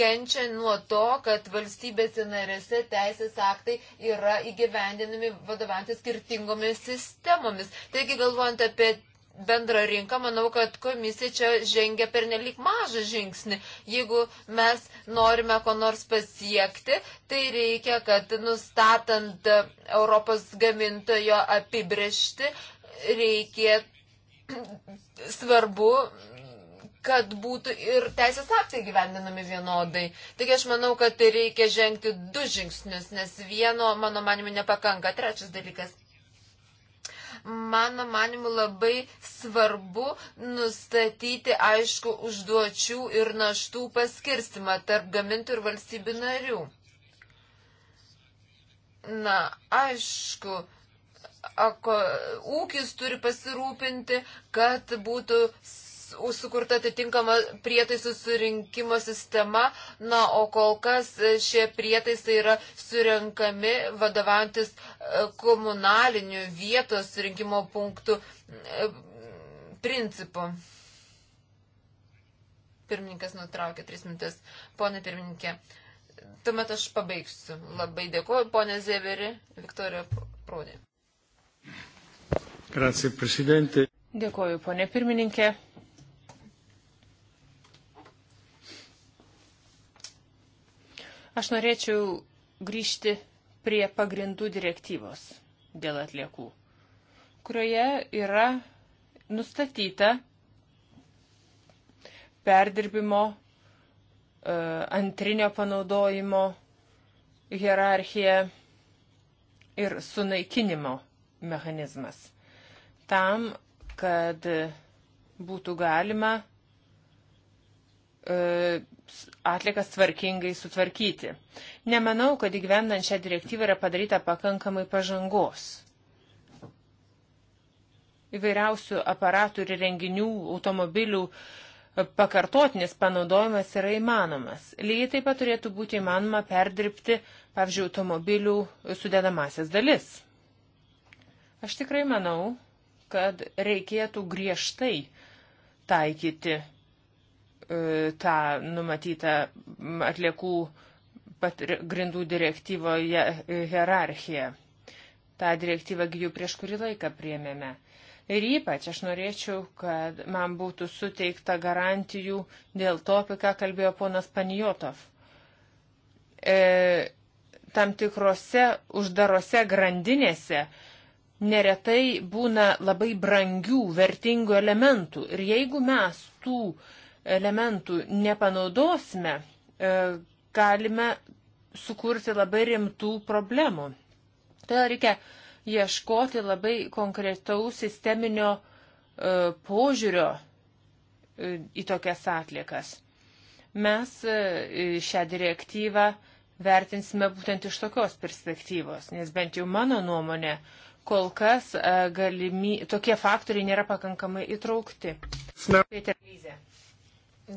kenčia nuo to, kad valstybėse narėse teisės aktai yra įgyvendinami vadovantis skirtingomis sistemomis. Taigi, galvojant apie bendrą rinką, manau, kad komisija čia žengia per nelik mažą žingsnį. Jeigu mes norime ko nors pasiekti, tai reikia, kad nustatant Europos gamintojo apibriešti, reikia svarbu kad būtų ir teisės aktai gyvendinami vienodai. Taigi aš manau, kad reikia žengti du žingsnius, nes vieno, mano manimi, nepakanka. Trečias dalykas mano manimu, labai svarbu nustatyti aišku užduočių ir naštų paskirstimą tarp gamintų ir valstybių narių. Na, aišku, ako, ūkis turi pasirūpinti, kad būtų sukurta atitinkama prietaisų surinkimo sistema, na, o kol kas e, šie prietaisai yra surinkami vadovantis e, komunaliniu vietos surinkimo punktų e, principu. Pirmininkas nutraukė tris minutės. Pone pirmininkė, tuomet aš pabaigsiu. Labai dėkuoju, ponė Zeveri, Viktorija Prūdė. Grazie, Presidente. Dėkuoju, ponė pirmininkė. Aš norėčiau grįžti prie pagrindų direktyvos dėl atliekų, kurioje yra nustatyta perdirbimo, e, antrinio panaudojimo hierarchija ir sunaikinimo mechanizmas. Tam, kad būtų galima E, atlikas tvarkingai sutvarkyti. Nemanau, kad įgyvendant šią direktyvą yra padaryta pakankamai pažangos. Įvairiausių aparatų ir renginių, automobilių e, pakartotinis panaudojimas yra įmanomas. Lygiai taip pat turėtų būti įmanoma perdirbti, pavyzdžiui, automobilių sudedamasias dalis. Aš tikrai manau, kad reikėtų griežtai taikyti E, tą numatytą atliekų pat, grindų direktyvoje e, hierarchiją. Ta direktyva jau prieš kurį laiką priėmėme. Ir ypač aš norėčiau, kad man būtų suteikta garantijų dėl to, apie ką kalbėjo ponas Panijotov. E, tam tikrose uždarose grandinėse neretai būna labai brangių, vertingų elementų. Ir jeigu mes tų e, elementų nepanaudosime, e, galime sukurti labai rimtų problemų. Todėl reikia ieškoti labai konkretaus sisteminio e, požiūrio e, į tokias atliekas. Mes šią direktyvą vertinsime būtent iš tokios perspektyvos, nes bent jau mano nuomonė, kol kas galimi, tokie faktoriai nėra pakankamai įtraukti. Peter Lyze.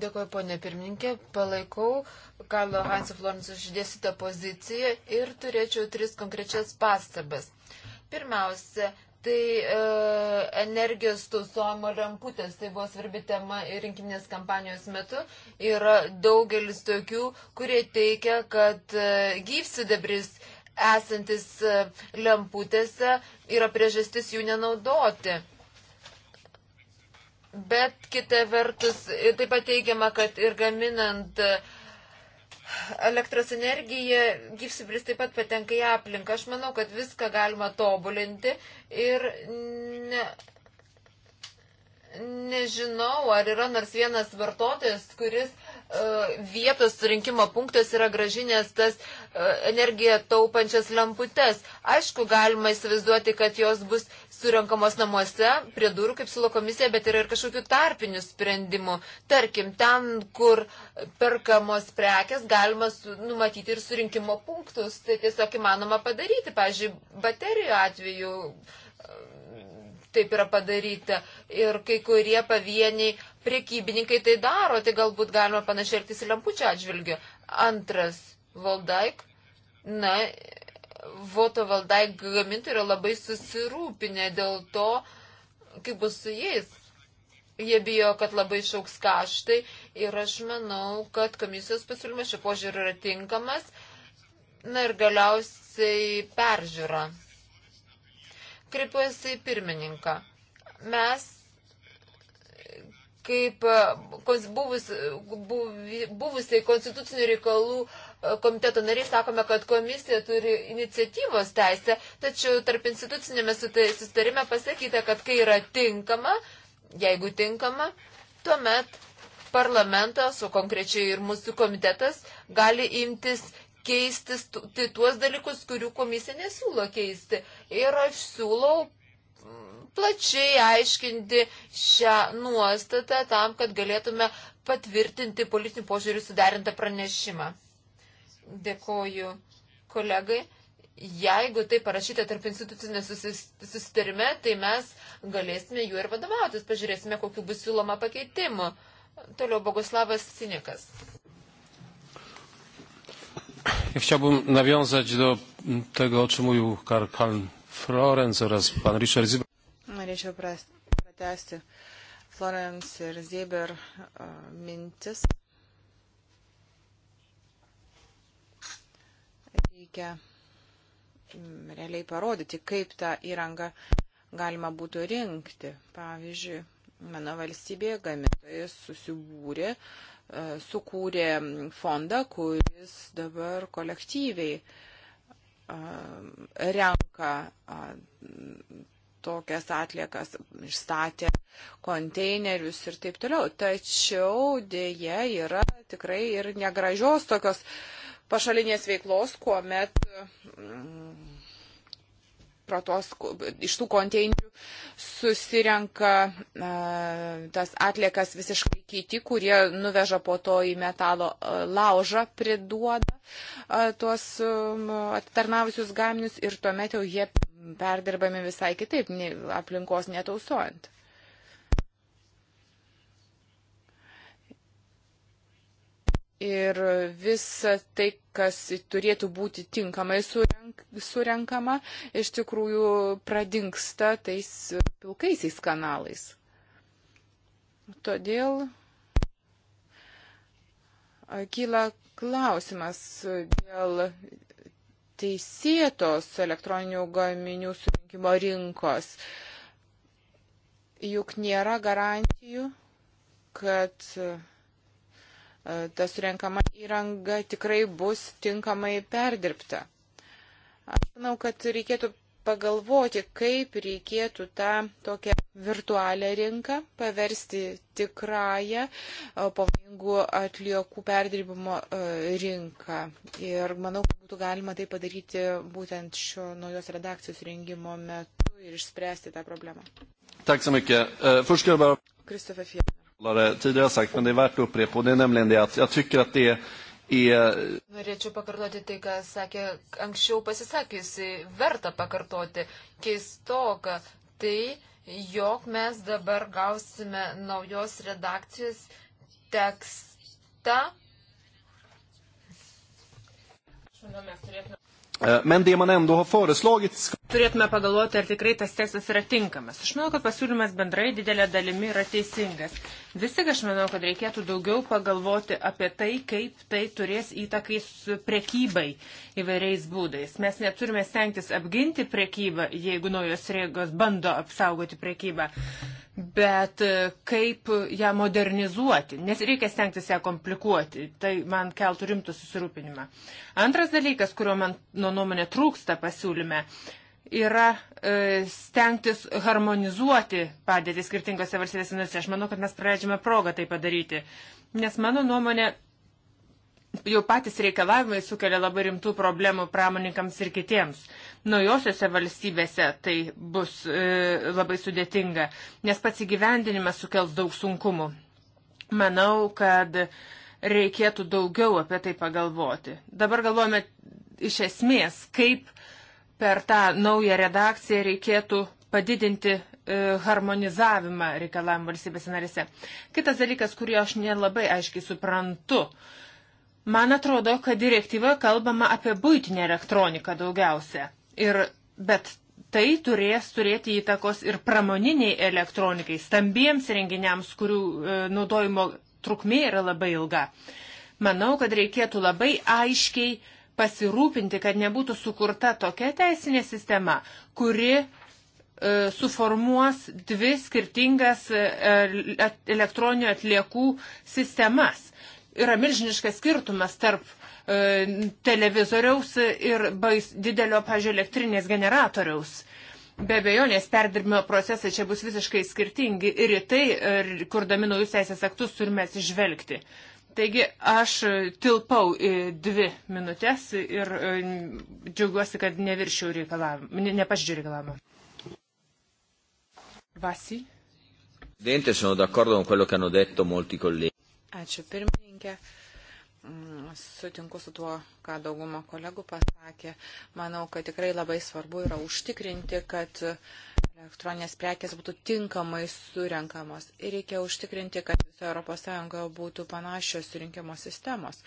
Dėkuoju, ponė pirmininkė, palaikau Karlo Hansi Florence išdėstytą poziciją ir turėčiau tris konkrečias pastabas. Pirmiausia, tai e, energijos tausojimo ramputės, tai buvo svarbi tema ir rinkiminės kampanijos metu. Yra daugelis tokių, kurie teikia, kad e, gyvsidabris esantis e, lemputėse yra priežastis jų nenaudoti. Bet kita vertus, taip pat teigiama, kad ir gaminant elektros energiją, gyvsibris taip pat patenka į aplinką. Aš manau, kad viską galima tobulinti ir ne, nežinau, ar yra nors vienas vartotojas, kuris E, vietos surinkimo punktas yra gražinės tas e, energiją taupančias lemputes. Aišku, galima įsivaizduoti, kad jos bus surinkamos namuose, prie durų, kaip siūlo komisija, bet yra ir kažkokių tarpinių sprendimų. Tarkim, ten, kur perkamos prekes, galima numatyti ir surinkimo punktus. Tai tiesiog įmanoma padaryti, pavyzdžiui, baterijų atveju taip yra padaryta. Ir kai kurie pavieniai priekybininkai tai daro, tai galbūt galima panašiai elgtis lempučio atžvilgiu. Antras, Valdaik. Na, Voto Valdaik gamintojai yra labai susirūpinę dėl to, kaip bus su jais. Jie bijo, kad labai išauks kaštai ir aš manau, kad komisijos pasiūlymas šio požiūrį yra tinkamas. Na ir galiausiai peržiūra kreipiuosi į pirmininką. Mes, kaip e, buvus, buvusiai konstitucinių reikalų e, komiteto nariai sakome, kad komisija turi iniciatyvos teisę, tačiau tarp institucinėme sustarime pasakyta, kad kai yra tinkama, jeigu tinkama, tuomet parlamentas, o konkrečiai ir mūsų komitetas, gali imtis keisti tai tuos dalykus, kurių komisija nesiūlo keisti. Ir aš siūlau mm, plačiai aiškinti šią nuostatą tam, kad galėtume patvirtinti politinių požiūrių suderintą pranešimą. Dėkoju kolegai. Jeigu tai parašyta tarp institucinė susitarime, tai mes galėsime jų ir vadovautis. Pažiūrėsime, kokiu bus siūloma pakeitimu. Toliau Boguslavas Sinikas. Ja chciałbym nawiązać do tego, o czym mówił Karl Kalm Florence oraz pan Richard Ziber. Norėčiau pratesti Florence ir Ziber e, mintis. Reikia mm, realiai parodyti, kaip tą įrangą galima būtų rinkti. Pavyzdžiui, mano valstybėje gamintojai susibūrė uh, sukūrė fondą, kuris dabar kolektyviai renka tokias atliekas, išstatė konteinerius ir taip toliau. Tačiau dėje yra tikrai ir negražios tokios pašalinės veiklos, kuomet mm, pro tos, iš tų konteinerių susirenka e, tas atliekas visiškai kiti, kurie nuveža po to į metalo e, laužą, priduoda e, tuos atitarnavusius gaminius ir tuomet jau jie perdirbami visai kitaip, aplinkos netausojant. ir visa tai, kas turėtų būti tinkamai surenk, surenkama, iš tikrųjų pradingsta tais pilkaisiais kanalais. Todėl kyla klausimas dėl teisėtos elektroninių gaminių surinkimo rinkos. Juk nėra garantijų, kad E, ta surenkama įranga tikrai bus tinkamai perdirbta. Aš manau, kad reikėtų pagalvoti, kaip reikėtų tą tokią virtualią rinką paversti tikrąją e, pavojingų atliekų perdirbimo e, rinką. Ir manau, kad būtų galima tai padaryti būtent šio naujos redakcijos rengimo metu ir išspręsti tą problemą. Tack så mycket. Eh, först ska jag bara... Kristoffer Fjellner. Tidigare sagt, men det är värt att upprepa, och det är nämligen det att jag tycker att det är... Norėčiau pakartoti tai, ką sakė anksčiau pasisakiusi, verta pakartoti. Keistoka tai, jog mes dabar gausime naujos redakcijos tekstą. Aš manau, mes turėtume Men det man ändå har föreslagit... Turėtume pagalvoti, ar tikrai tas tekstas yra tinkamas. Aš manau, kad pasiūlymas bendrai didelė dalimi yra teisingas. Vis tik aš manau, kad reikėtų daugiau pagalvoti apie tai, kaip tai turės įtakai prekybai įvairiais būdais. Mes neturime stengtis apginti prekybą, jeigu naujos rėgos bando apsaugoti prekybą, bet e, kaip ją modernizuoti, nes reikia stengtis ją komplikuoti. Tai man keltų rimtų susirūpinimą. Antras dalykas, kurio man nuo nuomonė trūksta pasiūlyme, uh, yra e, stengtis harmonizuoti padėtį skirtingose valstybės narėse. Aš manau, kad mes praleidžiame progą tai padaryti. Nes mano nuomonė, jau patys reikalavimai sukelia labai rimtų problemų pramoninkams ir kitiems. Naujosiuose valstybėse tai bus e, labai sudėtinga, nes pats įgyvendinimas sukels daug sunkumų. Manau, kad reikėtų daugiau apie tai pagalvoti. Dabar galvojame iš esmės, kaip per tą naują redakciją reikėtų padidinti e, harmonizavimą reikalavimų valstybės narėse. Kitas dalykas, kurį aš nelabai aiškiai suprantu. Man atrodo, kad direktyvoje kalbama apie būtinę elektroniką daugiausia. Ir, bet tai turės turėti įtakos ir pramoniniai elektronikai, stambiems renginiams, kurių e, naudojimo trukmė yra labai ilga. Manau, kad reikėtų labai aiškiai pasirūpinti, kad nebūtų sukurta tokia teisinė sistema, kuri e, suformuos dvi skirtingas e, elektroninių atliekų sistemas. Yra milžiniškas skirtumas tarp e, televizoriaus ir bais, didelio, pažiūrėjau, elektrinės generatoriaus. Be abejonės perdirbimo procesai čia bus visiškai skirtingi ir į tai, ir kurdami naujus teisės aktus, turime atsižvelgti. Uh, Taigi aš tilpau į dvi minutės ir e, džiaugiuosi, kad neviršiau reikalavimą, nepažydžiu reikalavimą. Vasi. Presidente, sono d'accordo con quello che hanno detto molti colleghi. Ačiū pirmininkė. Mm, sutinku su tuo, ką dauguma kolegų pasakė. Manau, kad tikrai labai svarbu yra užtikrinti, kad uh, elektroninės prekės būtų tinkamai surenkamos. Ir reikia užtikrinti, kad visoje ES būtų panašios surinkimo sistemos.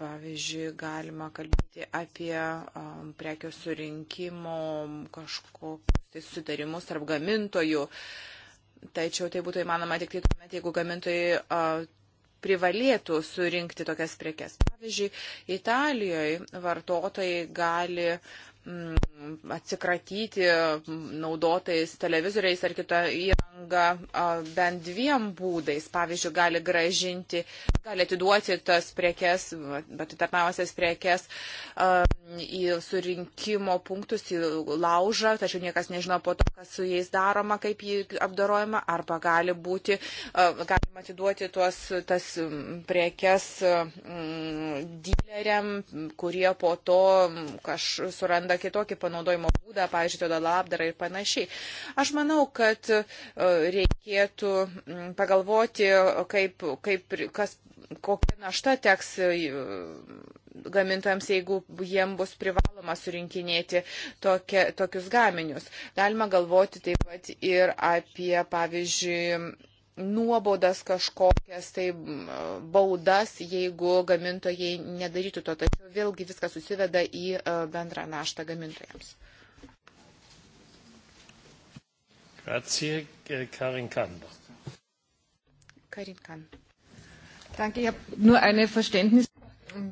Pavyzdžiui, galima kalbėti apie um, prekių surinkimo kažkokius tai sutarimus tarp gamintojų. Tačiau tai būtų įmanoma tik tai tuomet, jeigu gamintojai uh, privalėtų surinkti tokias prekes. Pavyzdžiui, Italijoje vartotojai gali uh, Mm, atsikratyti naudotais televizoriais ar kitą įrangą bent dviem būdais. Pavyzdžiui, gali gražinti, gali atiduoti tas prekes, bet įtarnausias prekes į surinkimo punktus, į laužą, tačiau niekas nežino po to, kas su jais daroma, kaip jį apdarojama, arba gali būti, galima atiduoti tuos, tas priekes dyleriam, kurie po to kaž suranda kitokį panaudojimo būdą, pavyzdžiui, tada labdarą ir panašiai. Aš manau, kad reikėtų pagalvoti, kaip, kaip, kas kokia našta teks e, gamintojams, jeigu jiem bus privaloma surinkinėti tokie, tokius gaminius. Galima galvoti taip pat ir apie, pavyzdžiui, nuobodas kažkokias, tai baudas, jeigu gamintojai nedarytų to. Tačiau vėlgi viskas susiveda į e, bendrą naštą gamintojams. Grazie, Karin Kanda. Karin Kanda.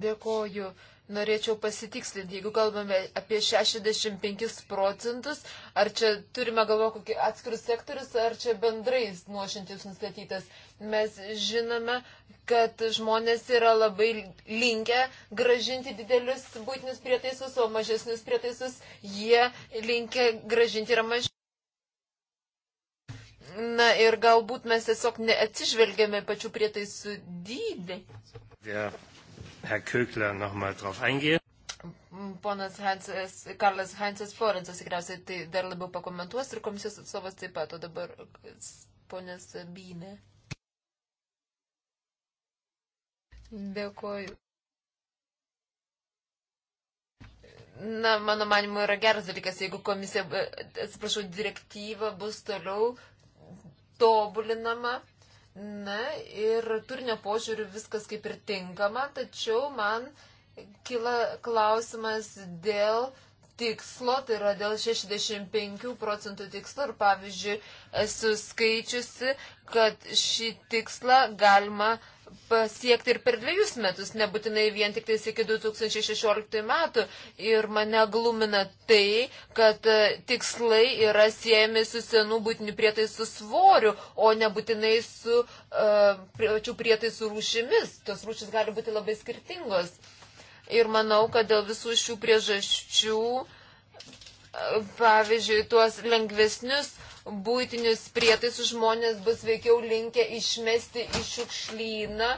Dėkoju. Norėčiau pasitikslinti, jeigu kalbame apie 65 procentus, ar čia turime galvo kokį atskirus sektorius, ar čia bendrai nuošintis nustatytas. Mes žinome, kad žmonės yra labai linkę gražinti didelius būtinius prietaisus, o mažesnius prietaisus jie linkę gražinti yra mažesnius. Na ir galbūt mes tiesiog neatsižvelgėme pačių prietaisų dydį. Der Herr Kökler nochmal drauf eingehen. Mm, ponas Hansas, Karlas Hansas Florensas tikriausiai tai dar labiau pakomentuos ir komisijos atstovas taip pat, o dabar ponas Bynė. Dėkoju. Na, mano manimu, yra geras dalykas, jeigu komisija, e, atsiprašau, direktyva bus toliau tobulinama. Na ir turinio požiūrių viskas kaip ir tinkama, tačiau man kyla klausimas dėl tikslo, tai yra dėl 65 procentų tikslo ir pavyzdžiui esu skaičiusi, kad šį tikslą galima pasiekti ir per dviejus metus, nebūtinai vien tik tais iki 2016 metų. Ir mane glumina tai, kad e, tikslai yra siejami su senų būtinių prietaisų svoriu, o nebūtinai su uh, pačių prietaisų rūšimis. Tos rūšis gali būti labai skirtingos. Ir manau, kad dėl visų šių priežasčių, e, pavyzdžiui, tuos lengvesnius uh, būtinius prietaisus žmonės bus veikiau linkę išmesti į šiukšlyną,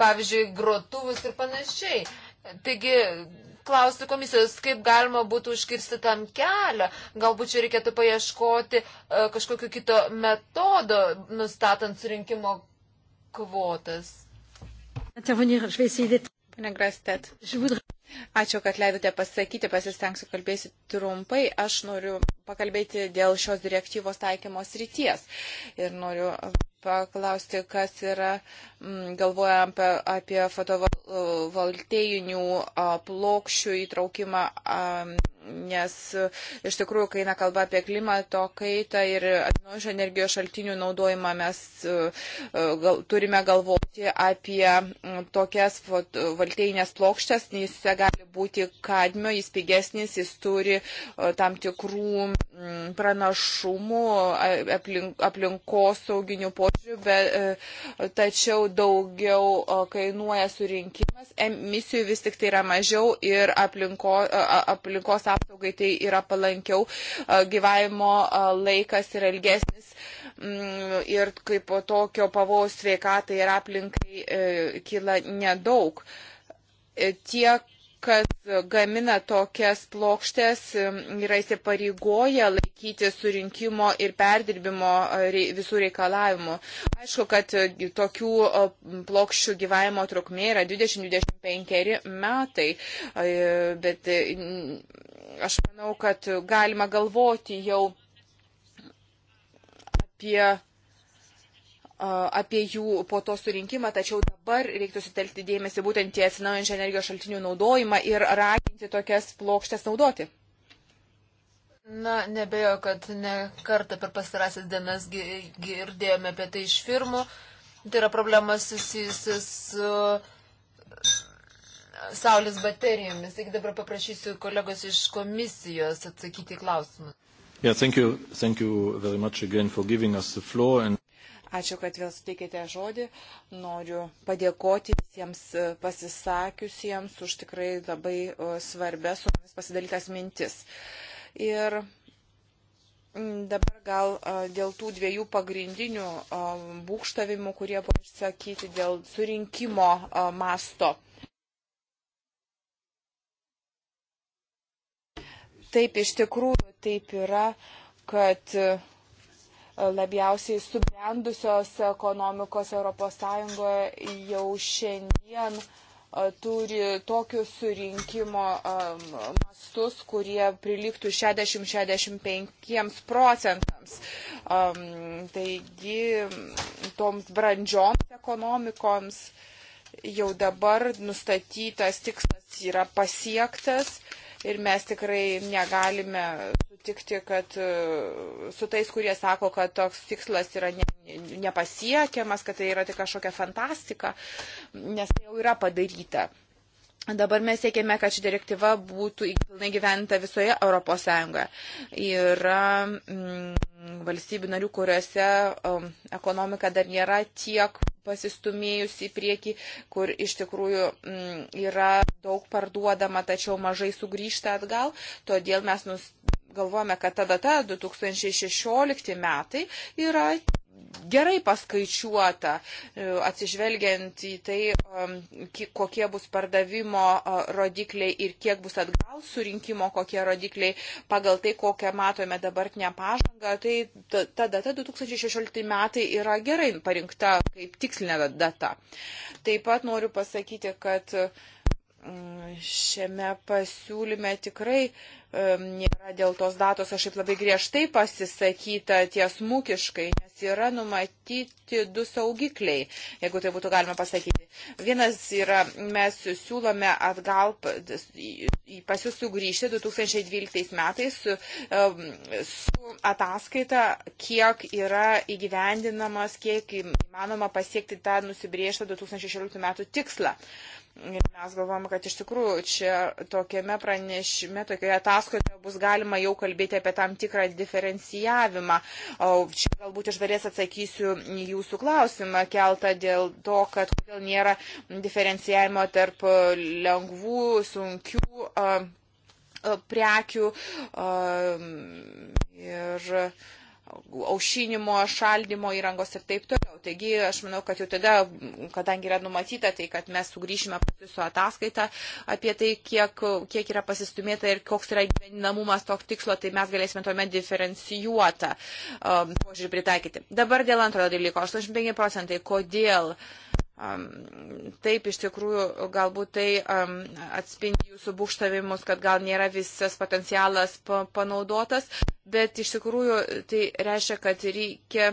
pavyzdžiui, grotuvus ir panašiai. Taigi, klausti komisijos, kaip galima būtų užkirsti tam kelią. Galbūt čia reikėtų paieškoti e, kažkokio kito metodo, nustatant surinkimo kvotas. Pane Grastet. Ačiū, kad leidote pasakyti, pasistengsiu kalbėsi trumpai. Aš noriu pakalbėti dėl šios direktyvos taikymos ryties ir noriu paklausti, kas yra, mm, galvoja apie, apie fotovoltėjinių plokščių įtraukimą nes e, iš tikrųjų, kai eina kalba apie klimato kaitą ir atsinaujančių energijos šaltinių naudojimą, mes e, e, gal, turime galvoti apie tokias valteinės plokštės, nes jis gali būti kadmio, jis pigesnis, jis turi tam tikrų pranašumų aplink, aplinkos sauginių požiūrių, bet tačiau daugiau kainuoja surinkimas, emisijų vis tik tai yra mažiau ir aplinko, aplinkos apsaugos apsaugai tai yra palankiau, gyvavimo laikas yra ilgesnis mm, ir kaip tokio pavojaus sveikatai ir aplinkai e, kyla nedaug. E, tie, kas gamina tokias plokštės, mm, yra įsipareigoję laikyti surinkimo ir perdirbimo visų reikalavimų. Aišku, kad e, tokių plokščių gyvavimo trukmė yra 20-25 metai, bet aš manau, kad galima galvoti jau apie, apie jų po to surinkimą, tačiau dabar reiktų sutelkti dėmesį būtent tie atsinaujančią energijos šaltinių naudojimą ir raginti tokias plokštės naudoti. Na, nebejo, kad ne kartą per pastarąsias dienas girdėjome apie tai iš firmų. Tai yra problemas susijusi su. Uh, saulės baterijomis. Taigi dabar paprašysiu kolegos iš komisijos atsakyti klausimus. Yeah, thank you. Thank you very much again for giving us the floor. And... Ačiū, kad vėl suteikėte žodį. Noriu padėkoti visiems e, pasisakiusiems už tikrai labai e, svarbės su mumis pasidalytas mintis. Ir dabar gal e, dėl tų dviejų pagrindinių būkštavimų, kurie buvo išsakyti dėl surinkimo masto. Taip, iš tikrųjų taip yra, kad e, labiausiai subrendusios ekonomikos ES jau šiandien e, turi tokius surinkimo e, mastus, kurie priliktų 60-65 procentams. Taigi toms brandžioms ekonomikoms jau dabar nustatytas tikslas yra pasiektas ir mes tikrai negalime sutikti, kad e, su tais, kurie sako, kad toks tikslas yra ne, nepasiekiamas, kad tai yra tik kažkokia fantastika, nes tai jau yra padaryta. Dabar mes siekiame, kad ši direktyva būtų pilnai gyventa visoje Europos Sąjungoje. Yra mm, valstybių narių, kuriuose um, ekonomika dar nėra tiek pasistumėjusi į priekį, kur iš tikrųjų m, mm, yra daug parduodama, tačiau mažai sugrįžta atgal. Todėl mes nus, galvojame, kad ta data 2016 metai yra gerai paskaičiuota, e, atsižvelgiant į tai, um, kokie bus pardavimo rodikliai ir kiek bus atgal surinkimo, kokie rodikliai pagal tai, kokią matome dabartinę pažangą. Tai ta data 2016 metai yra gerai parinkta kaip tikslinė data. Taip pat noriu pasakyti, kad uh, šiame pasiūlyme tikrai nėra dėl tos datos aš taip labai griežtai pasisakyta tiesmukiškai, nes yra numatyti du saugikliai, jeigu tai būtų galima pasakyti. Vienas yra, mes siūlome atgal pas jūs sugrįžti 2012 metais su, su ataskaita, kiek yra įgyvendinamas, kiek įmanoma pasiekti tą nusibriežtą 2016 metų tikslą. Mes galvojame, kad iš tikrųjų čia tokiame pranešime, tokioje ataskaitoje bus galima jau kalbėti apie tam tikrą diferencijavimą. O čia galbūt iš dalies atsakysiu jūsų klausimą keltą dėl to, kad kodėl nėra diferencijavimo tarp lengvų, sunkių prekių ir aušinimo, šaldimo įrangos ir taip toliau. Taigi aš manau, kad jau tada, kadangi yra numatyta, tai kad mes sugrįšime pati su ataskaita apie tai, kiek, kiek yra pasistumėta ir koks yra gyvenamumas toks tikslo, tai mes galėsime tuomet diferencijuotą um, požiūrį pritaikyti. Dabar dėl antrojo dalyko, 85 procentai, kodėl uh, Taip, iš tikrųjų, galbūt tai atspindi jūsų būkštavimus, kad gal nėra visas potencialas panaudotas, bet iš tikrųjų tai reiškia, kad reikia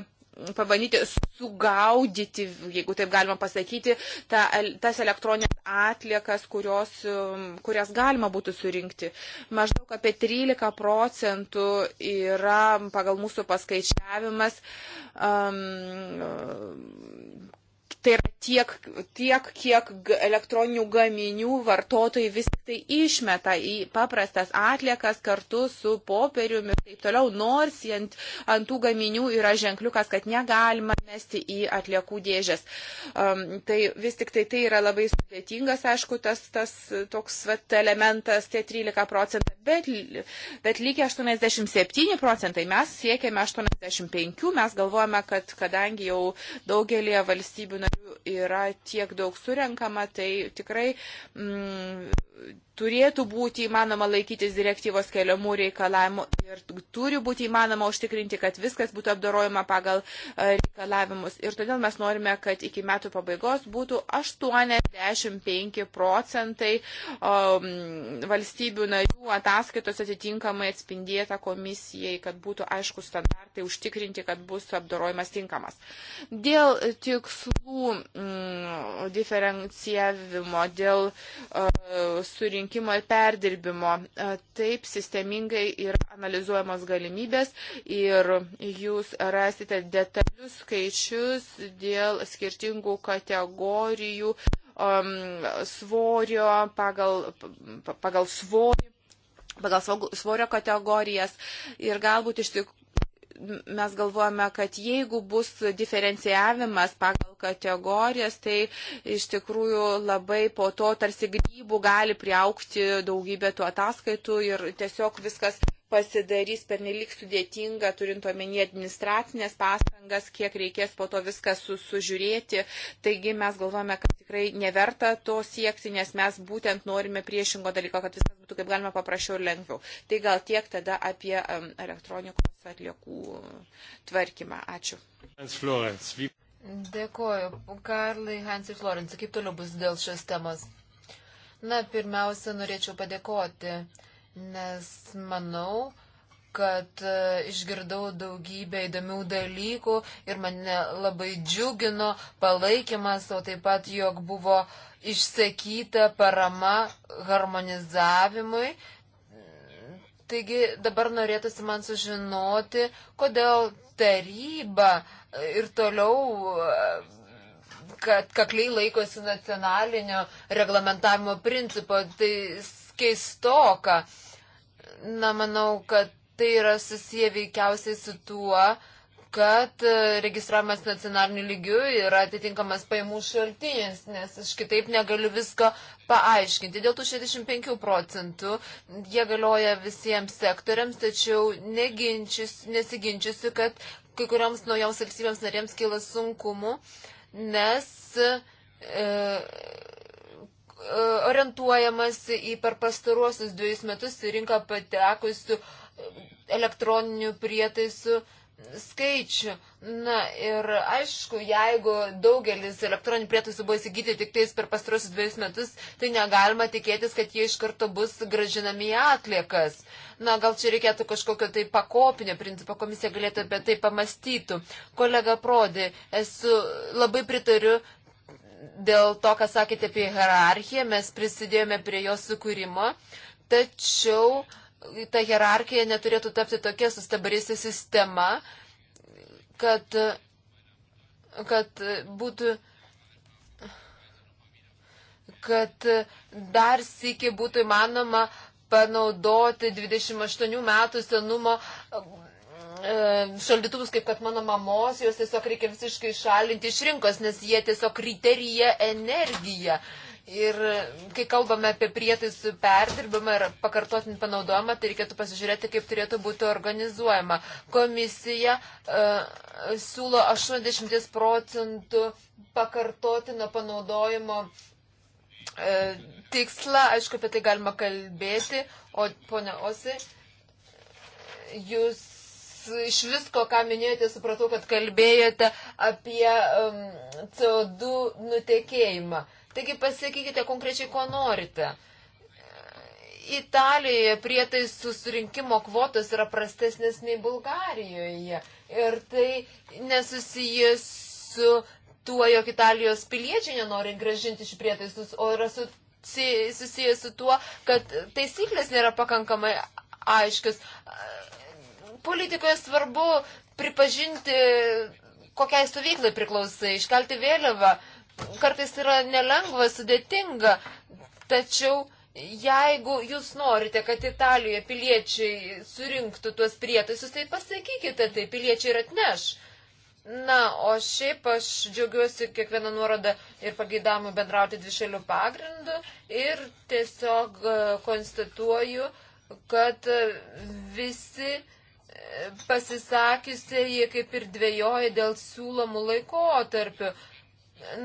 pabandyti sugaudyti, jeigu taip galima pasakyti, ta, tas elektroninės atliekas, kurios, kurias galima būtų surinkti. Maždaug apie 13 procentų yra pagal mūsų paskaičiavimas um, Tai yra tiek, tiek kiek elektroninių gaminių vartotojai vis tai išmeta į paprastas atliekas kartu su popieriumi ir taip toliau, nors ant, ant tų gaminių yra ženkliukas, kad negalima mesti į atliekų dėžės. Um, tai vis tik tai tai yra labai sudėtingas, aišku, tas, tas toks vat, elementas, tie 13 procentai, bet, bet lygiai 87 procentai, mes siekėme 85, mes galvojame, kad kadangi jau daugelie valstybių yra tiek daug surenkama, tai tikrai. Mm, turėtų būti įmanoma laikytis direktyvos keliamų reikalavimų ir turi būti įmanoma užtikrinti, kad viskas būtų apdarojama pagal e, reikalavimus. Ir todėl mes norime, kad iki metų pabaigos būtų 85 procentai um, valstybių narių ataskaitos atitinkamai atspindėta komisijai, kad būtų aišku standartai užtikrinti, kad bus apdarojimas tinkamas. Dėl tikslų mm, diferencijavimo, dėl uh, surinkimo, surinkimo ir perdirbimo. E, taip sistemingai yra analizuojamos galimybės ir jūs rasite detalius skaičius dėl skirtingų kategorijų um, svorio pagal, pagal svorį pagal svorio kategorijas ir galbūt iš tikrųjų mes galvojame, kad jeigu bus diferencijavimas pagal kategorijas, tai iš tikrųjų labai po to tarsi grybų gali priaukti daugybė tų ataskaitų ir tiesiog viskas pasidarys pernelik sudėtinga, turint omenyje administracinės pastangas, kiek reikės po to viską su, sužiūrėti. Taigi mes galvojame, kad tikrai neverta to siekti, nes mes būtent norime priešingo dalyko, kad viskas būtų kaip galima paprasčiau ir lengviau. Tai gal tiek tada apie elektronikos atliekų tvarkymą. Ačiū. Dėkuoju. Karlai, Hansi Florenci, kaip toliau bus dėl šios temos? Na, pirmiausia, norėčiau padėkoti nes manau, kad e, išgirdau daugybę įdomių dalykų ir mane labai džiugino palaikymas, o taip pat, jog buvo išsakyta parama harmonizavimui. Taigi dabar norėtųsi man sužinoti, kodėl taryba ir toliau e, kad kakliai laikosi nacionalinio reglamentavimo principo. Tai keistoka. Na, manau, kad tai yra susiję veikiausiai su tuo, kad e, registravimas nacionaliniu lygiu yra atitinkamas pajamų šaltinis, nes aš kitaip negaliu visko paaiškinti. Dėl tų 65 procentų jie galioja visiems sektoriams, tačiau nesiginčiusiu, kad kai kurioms naujoms valstybėms narėms kyla sunkumų, nes e, E, orientuojamas į per pastaruosius dviejus metus į rinką patekusių elektroninių prietaisų skaičių. Na ir aišku, jeigu daugelis elektroninių prietaisų buvo įsigyti tik tais per pastarosius dviejus metus, tai negalima tikėtis, kad jie iš karto bus gražinami į atliekas. Na, gal čia reikėtų kažkokio tai pakopinio principo, komisija galėtų apie tai pamastytų. Kolega Prodi, esu labai pritariu dėl to, ką sakėte apie hierarchiją, mes prisidėjome prie jos sukūrimo, tačiau ta hierarchija neturėtų tapti tokia sustabarėsi sistema, kad, kad būtų kad dar sėki būtų įmanoma panaudoti 28 metų senumo E, šaldytuvus, kaip kad mano mamos, juos tiesiog reikia visiškai šalinti iš rinkos, nes jie tiesiog ryteryje energiją. Ir kai kalbame apie prietaisų perdirbimą ir pakartotinį panaudojimą, tai reikėtų pasižiūrėti, kaip turėtų būti organizuojama. Komisija uh, siūlo 80 procentų pakartotino panaudojimo uh, tikslą, aišku, apie tai galima kalbėti, o ponia Osi, jūs iš visko, ką minėjote, supratau, kad kalbėjote apie um, CO2 nutekėjimą. Taigi pasakykite konkrečiai, ko norite. Italijoje prietaisų surinkimo kvotos yra prastesnės nei Bulgarijoje. Ir tai nesusijęs su tuo, jog Italijos piliečiai nenori gražinti šių prietaisus, o yra su, susijęs su tuo, kad taisyklės nėra pakankamai aiškius. Politikoje svarbu pripažinti, kokiai stovyklai priklausai, iškelti vėliavą. Kartais yra nelengva, sudėtinga, tačiau jeigu jūs norite, kad Italijoje piliečiai surinktų tuos prietaisus, tai pasakykite, tai piliečiai ir atneš. Na, o šiaip aš džiaugiuosi kiekvieną nuorodą ir pageidavimu bendrauti dvišalių pagrindų ir tiesiog e, konstatuoju, kad e, visi pasisakiusieji kaip ir dvėjoja dėl siūlomų laikotarpių.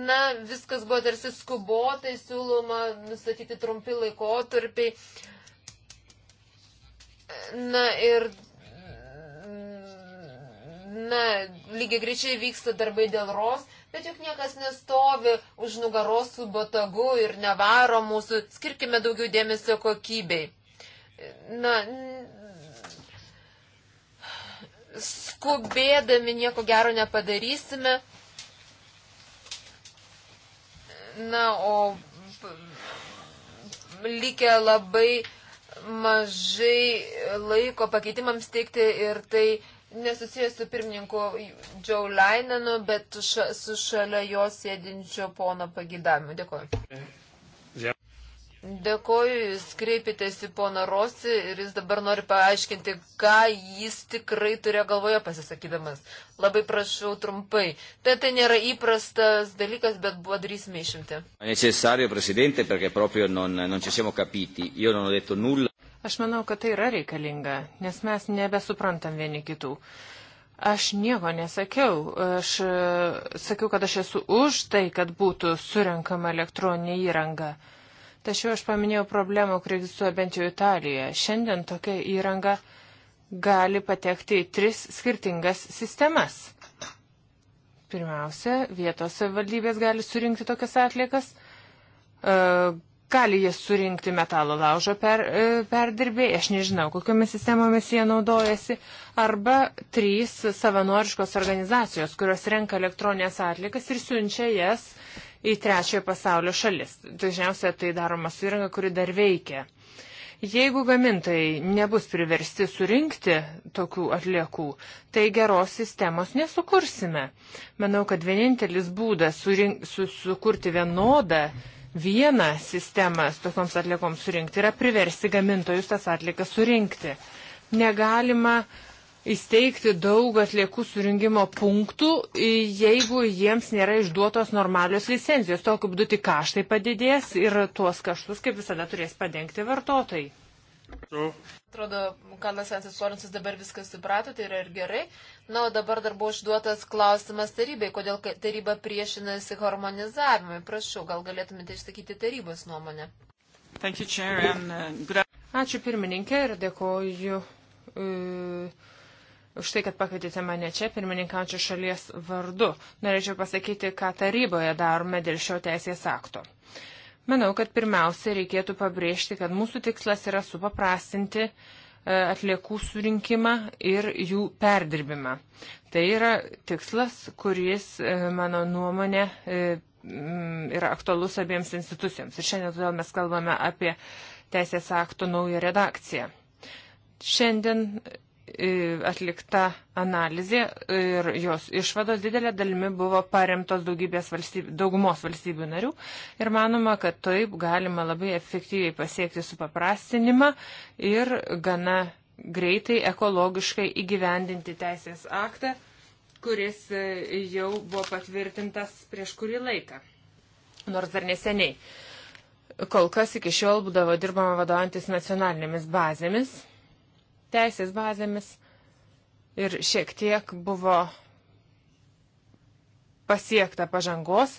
Na, viskas buvo tarsi skubotai siūloma nustatyti trumpi laikotarpiai. Na ir na, lygiai greičiai vyksta darbai dėl ros, bet juk niekas nestovi už nugaros su botagu ir nevaro mūsų, skirkime daugiau dėmesio kokybei. Na, skubėdami nieko gero nepadarysime. Na, o likę labai mažai laiko pakeitimams teikti ir tai nesusijęs su pirmininku Joe Lainenu, bet ša, su šalia jo sėdinčio pono pagidavimu. Dėkuoju. Dėkoju, jūs kreipėtės į poną Rosi ir jis dabar nori paaiškinti, ką jis tikrai turėjo galvoje pasisakydamas. Labai prašau trumpai. Tai tai nėra įprastas dalykas, bet buvo darysime išimti. Aš manau, kad tai yra reikalinga, nes mes nebesuprantam vieni kitų. Aš nieko nesakiau. Aš e, sakiau, kad aš esu už tai, kad būtų surenkama elektroninė įranga. Tačiau aš paminėjau problemą, kuri egzistuoja bent jau Italijoje. Šiandien tokia įranga gali patekti į tris skirtingas sistemas. Pirmiausia, vietos savivaldybės gali surinkti tokias atliekas. E, gali jas surinkti metalo laužo per, e, perdirbėjai, aš nežinau, kokiomis sistemomis jie naudojasi, arba trys savanoriškos organizacijos, kurios renka elektroninės atlikas ir siunčia jas į trečiojo pasaulio šalis. Dažniausiai tai daroma su įranga, kuri dar veikia. Jeigu gamintojai nebus priversti surinkti tokių atliekų, tai geros sistemos nesukursime. Manau, kad vienintelis būdas surink, su, sukurti vienodą vieną sistemą tokioms atliekoms surinkti yra priversti gamintojus tas atliekas surinkti. Negalima uh, įsteigti daug atliekų surinkimo punktų, jeigu jiems nėra išduotos normalios licencijos. Tokiu būdu tik kaštai padidės ir tuos kaštus, kaip visada, turės padengti vartotojai. Atrodo, Karlas Ansisorinsas dabar viską suprato, tai yra ir gerai. Na, o dabar dar buvo užduotas klausimas tarybai, kodėl taryba priešinasi harmonizavimui. Prašau, gal galėtumėte išsakyti tarybos nuomonę. You, Chair, and, uh, good... Ačiū pirmininkė ir dėkoju. Uh, už tai, kad pakvietėte mane čia pirmininkaučių šalies vardu. Norėčiau pasakyti, ką taryboje darome dėl šio teisės akto. Manau, kad pirmiausia reikėtų pabrėžti, kad mūsų tikslas yra supaprastinti e, atliekų surinkimą ir jų perdirbimą. Tai yra tikslas, kuris, e, mano nuomonė, e, yra aktualus abiems institucijoms. Ir šiandien todėl mes kalbame apie teisės akto naują redakciją. Šiandien atlikta analizė ir jos išvados didelė dalimi buvo paremtos daugybės valstybių, daugumos valstybių narių ir manoma, kad taip galima labai efektyviai pasiekti supaprastinimą ir gana greitai ekologiškai įgyvendinti teisės aktą, kuris e, jau buvo patvirtintas prieš kurį laiką, nors dar neseniai. Kol kas iki šiol būdavo dirbama vadovantis nacionalinėmis bazėmis, teisės bazėmis ir šiek tiek buvo pasiekta pažangos,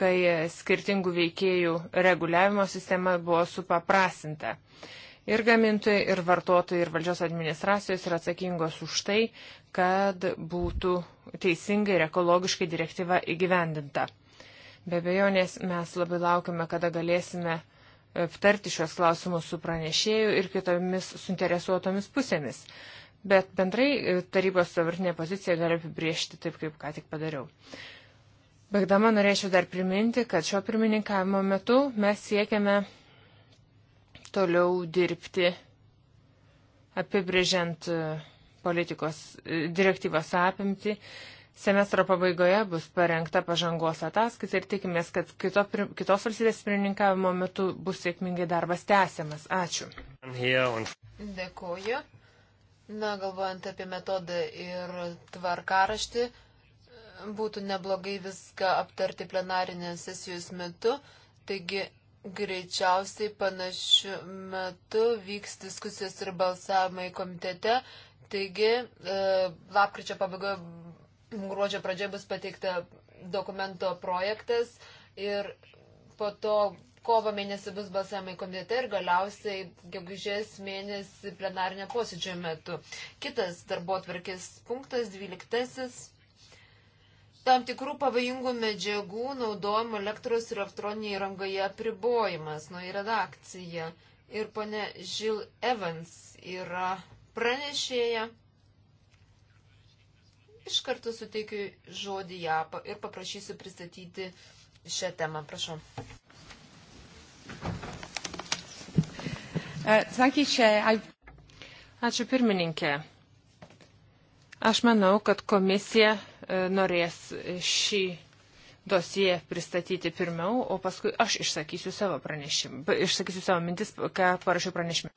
kai skirtingų veikėjų reguliavimo sistema buvo supaprasinta. Ir gamintojai, ir vartotojai, ir valdžios administracijos yra atsakingos už tai, kad būtų teisingai ir ekologiškai direktyva įgyvendinta. Be bejonės mes labai laukime, kada galėsime uh, aptarti šios klausimus su pranešėju ir kitomis suinteresuotomis pusėmis. Bet bendrai e, tarybos savartinė pozicija gali apibriežti taip, kaip ką tik padariau. Baigdama norėčiau dar priminti, kad šio pirmininkavimo metu mes siekiame toliau dirbti apibrėžiant e, politikos e, direktyvos apimti Semestro pabaigoje bus parengta pažangos ataskaita ir tikimės, kad kito, kitos valstybės pirmininkavimo metu bus sėkmingai darbas tęsiamas. Ačiū. Dėkuoju. Na, galvojant apie metodą ir tvarkaraštį, būtų neblogai viską aptarti plenarinės sesijos metu. Taigi, greičiausiai panašiu metu vyks diskusijos ir balsavimai komitete. Taigi, e, lapkričio pabaigoje gruodžio pradžioje bus pateikta dokumento projektas ir po to kovo mėnesį bus balsavimai komitete ir galiausiai gegužės mėnesį plenarinio posėdžio metu. Kitas darbo atvarkės punktas, dvyliktasis. Tam tikrų pavojingų medžiagų naudojimo elektros ir elektroninėje įrangoje apribojimas, nu, redakcija. Ir ponė Žil Evans yra pranešėja. Iš karto suteikiu žodį ją ir paprašysiu pristatyti šią temą. Prašau. Uh, Ačiū pirmininkė. Aš manau, kad komisija uh, norės šį dosiją pristatyti pirmiau, o paskui aš išsakysiu savo pranešimą, išsakysiu savo mintis, ką parašiau pranešimą.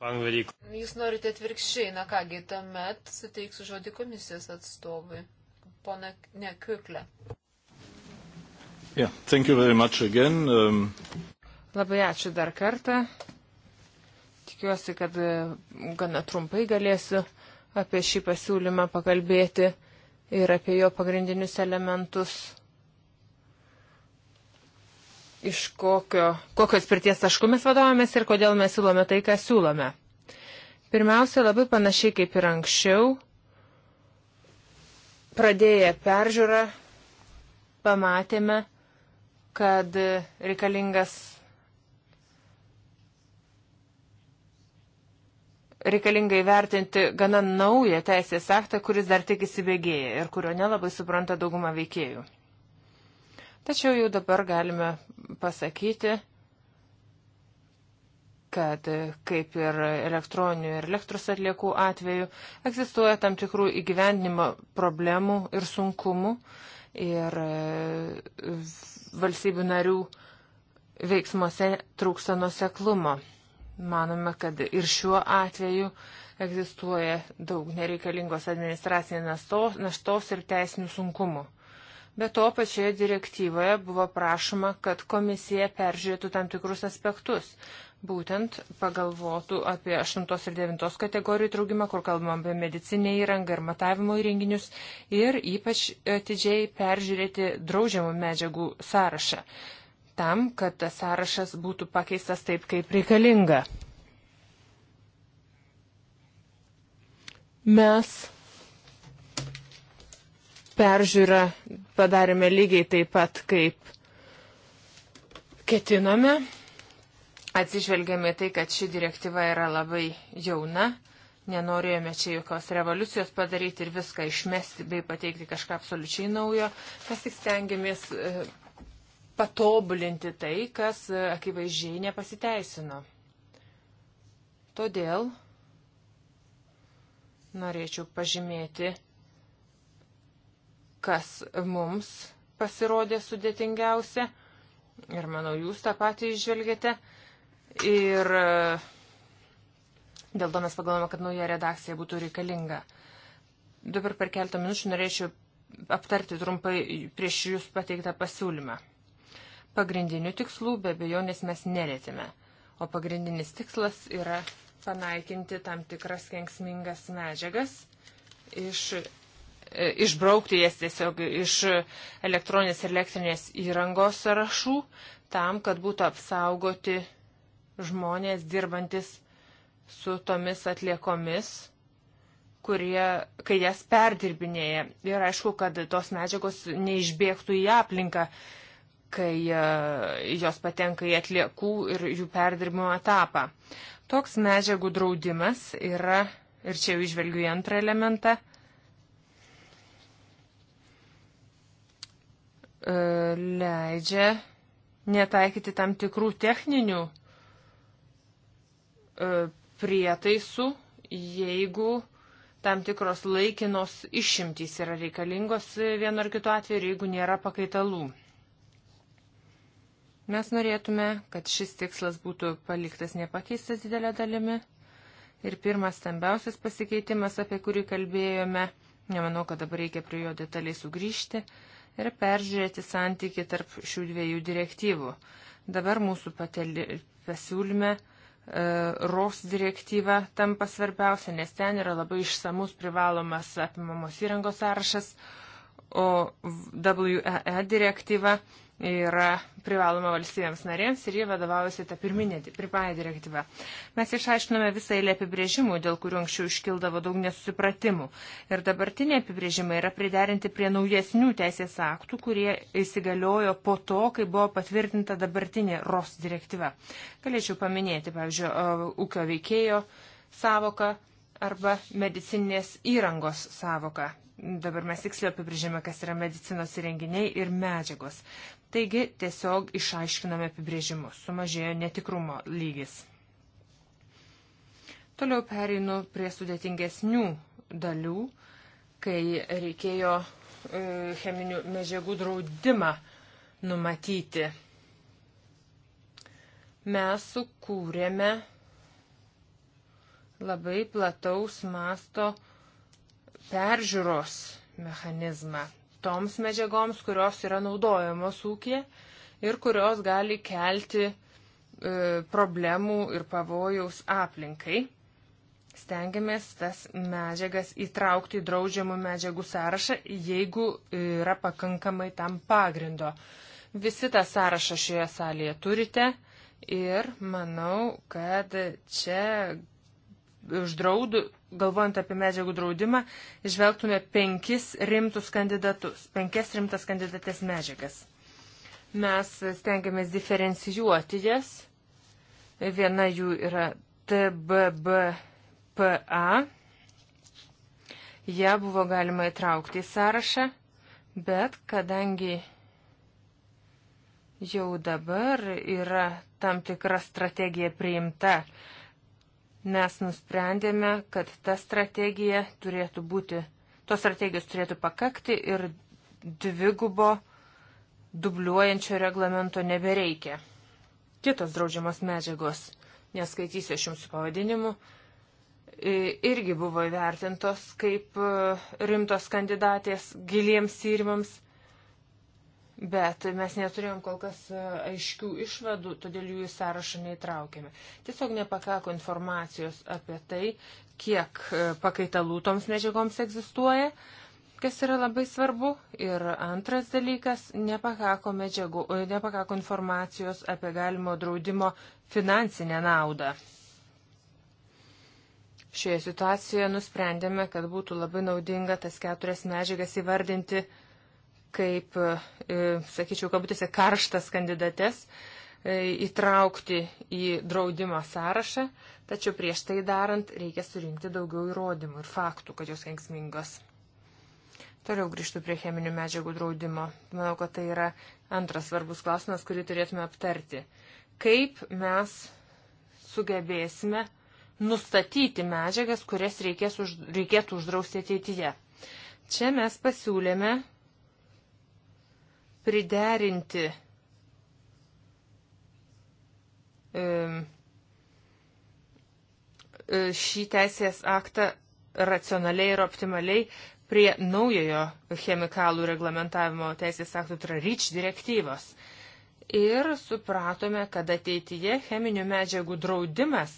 Jūs norite atvirkščiai, na kągi, tuomet suteiksiu žodį komisijos atstovui pona Nekuklė. Yeah, thank you very much again. Um... Labai ačiū dar kartą. Tikiuosi, kad e, gana trumpai galėsiu apie šį pasiūlymą pakalbėti ir apie jo pagrindinius elementus. Iš kokio, kokios pirties taškų mes vadovomės ir kodėl mes siūlome tai, ką siūlome. Pirmiausia, labai panašiai kaip ir anksčiau, pradėję peržiūrą pamatėme, kad reikalingas reikalinga įvertinti gana naują teisės aktą, kuris dar tik įsibėgėja ir kurio nelabai supranta dauguma veikėjų. Tačiau jau dabar galime pasakyti, kad kaip ir elektroninių ir elektros atliekų atveju egzistuoja tam tikrų įgyvendinimo problemų ir sunkumų ir e, valstybių narių veiksmuose trūksta nuseklumo. Manome, kad ir šiuo atveju egzistuoja daug nereikalingos administracinės naštos ir teisinių sunkumų. Be to, pačioje direktyvoje buvo prašoma, kad komisija peržiūrėtų tam tikrus aspektus būtent pagalvotų apie 8 ir 9 kategorijų traukimą, kur kalbam apie medicinę įrangą ir matavimo įrenginius ir ypač atidžiai peržiūrėti draudžiamų medžiagų sąrašą, tam, kad tas sąrašas būtų pakeistas taip, kaip reikalinga. Mes peržiūrą padarėme lygiai taip pat, kaip ketinome atsižvelgiame tai, kad ši direktyva yra labai jauna, nenorėjome čia jokios revoliucijos padaryti ir viską išmesti bei pateikti kažką absoliučiai naujo, mes tik stengiamės e, patobulinti tai, kas e, akivaizdžiai nepasiteisino. Todėl norėčiau pažymėti, kas mums pasirodė sudėtingiausia ir manau jūs tą patį išvelgėte Ir e, dėl to mes pagalvojame, kad nauja redakcija būtų reikalinga. Dabar per keltą minučių norėčiau aptarti trumpai prieš jūs pateiktą pasiūlymą. Pagrindinių tikslų be abejonės mes nelėtime, o pagrindinis tikslas yra panaikinti tam tikras kenksmingas medžiagas iš e, išbraukti jas tiesiog iš elektroninės ir elektrinės įrangos sąrašų, tam, kad būtų apsaugoti žmonės dirbantis su tomis atliekomis, kurie, kai jas perdirbinėja. Ir aišku, kad tos medžiagos neišbėgtų į aplinką, kai e, jos patenka į atliekų ir jų perdirbimo etapą. Toks medžiagų draudimas yra, ir čia jau išvelgiu į antrą elementą, e, leidžia netaikyti tam tikrų techninių E, prietaisų, jeigu tam tikros laikinos išimtys yra reikalingos vienu ar kitu atveju ir jeigu nėra pakaitalų. Mes norėtume, kad šis tikslas būtų paliktas nepakeistas didelė dalimi. Ir pirmas stambiausias pasikeitimas, apie kurį kalbėjome, nemanau, kad dabar reikia prie jo detaliai sugrįžti, yra peržiūrėti santyki tarp šių dviejų direktyvų. Dabar mūsų pateli, pasiūlyme E, ROS direktyva tampa svarbiausia, nes ten yra labai išsamus privalomas apimamos įrangos sąrašas, o WEE e direktyva yra privaloma valstybėms narėms ir jie vadovaujasi tą pirminę pirmąją direktyvą. Mes išaiškinome visą eilę apibrėžimų, dėl kurių anksčiau iškildavo daug nesusipratimų. Ir dabartiniai apibrėžimai yra priderinti prie naujesnių teisės aktų, kurie įsigaliojo po to, kai buvo patvirtinta dabartinė ROS direktyva. Galėčiau paminėti, pavyzdžiui, ūkio veikėjo savoką arba medicininės įrangos savoką. Dabar mes tiksliai apibrėžėme, kas yra medicinos įrenginiai ir medžiagos. Taigi tiesiog išaiškiname apibrėžimus, sumažėjo netikrumo lygis. Toliau pereinu prie sudėtingesnių dalių, kai reikėjo e, cheminių medžiagų draudimą numatyti. Mes sukūrėme labai plataus masto uh, peržiūros mechanizmą toms medžiagoms, kurios yra naudojamos ūkė ir kurios gali kelti e, problemų ir pavojaus aplinkai. Stengiamės tas medžiagas įtraukti į draudžiamų medžiagų sąrašą, jeigu yra pakankamai tam pagrindo. Visi tą sąrašą šioje salėje turite ir manau, kad čia uždraudų, galvojant apie medžiagų draudimą, išvelgtume penkis rimtus kandidatus, penkias rimtas kandidatės medžiagas. Mes stengiamės diferencijuoti jas. Viena jų yra TBBPA. Ja buvo galima įtraukti į sąrašą, bet kadangi jau dabar yra tam tikra strategija priimta, mes nusprendėme, kad ta strategija turėtų būti, tos strategijos turėtų pakakti ir dvigubo dubliuojančio reglamento nebereikia. Kitos draudžiamos medžiagos, neskaitysiu aš jums pavadinimu, irgi buvo įvertintos kaip e, rimtos kandidatės giliems tyrimams Bet mes neturėjom kol kas e, aiškių išvadų, todėl jų į sąrašą neįtraukėme. Tiesiog nepakako informacijos apie tai, kiek e, pakaitalų toms medžiagoms egzistuoja, kas yra labai svarbu. Ir antras dalykas, nepakako, medžiagų, e, nepakako informacijos apie galimo draudimo finansinę naudą. Šioje situacijoje nusprendėme, kad būtų labai naudinga tas keturias medžiagas įvardinti kaip, e, sakyčiau, kabutėse karštas kandidates e, įtraukti į draudimo sąrašą, tačiau prieš tai darant reikia surinkti daugiau įrodymų ir faktų, kad jos kenksmingos. Toliau grįžtų prie cheminių medžiagų draudimo. Manau, kad tai yra antras svarbus klausimas, kurį turėtume aptarti. Kaip mes sugebėsime nustatyti medžiagas, kurias reikės už, reikėtų uždrausti ateityje? Čia mes pasiūlėme priderinti e, šį teisės aktą racionaliai ir optimaliai prie naujojo chemikalų reglamentavimo teisės aktų trarič direktyvos. Ir supratome, kad ateityje cheminių medžiagų draudimas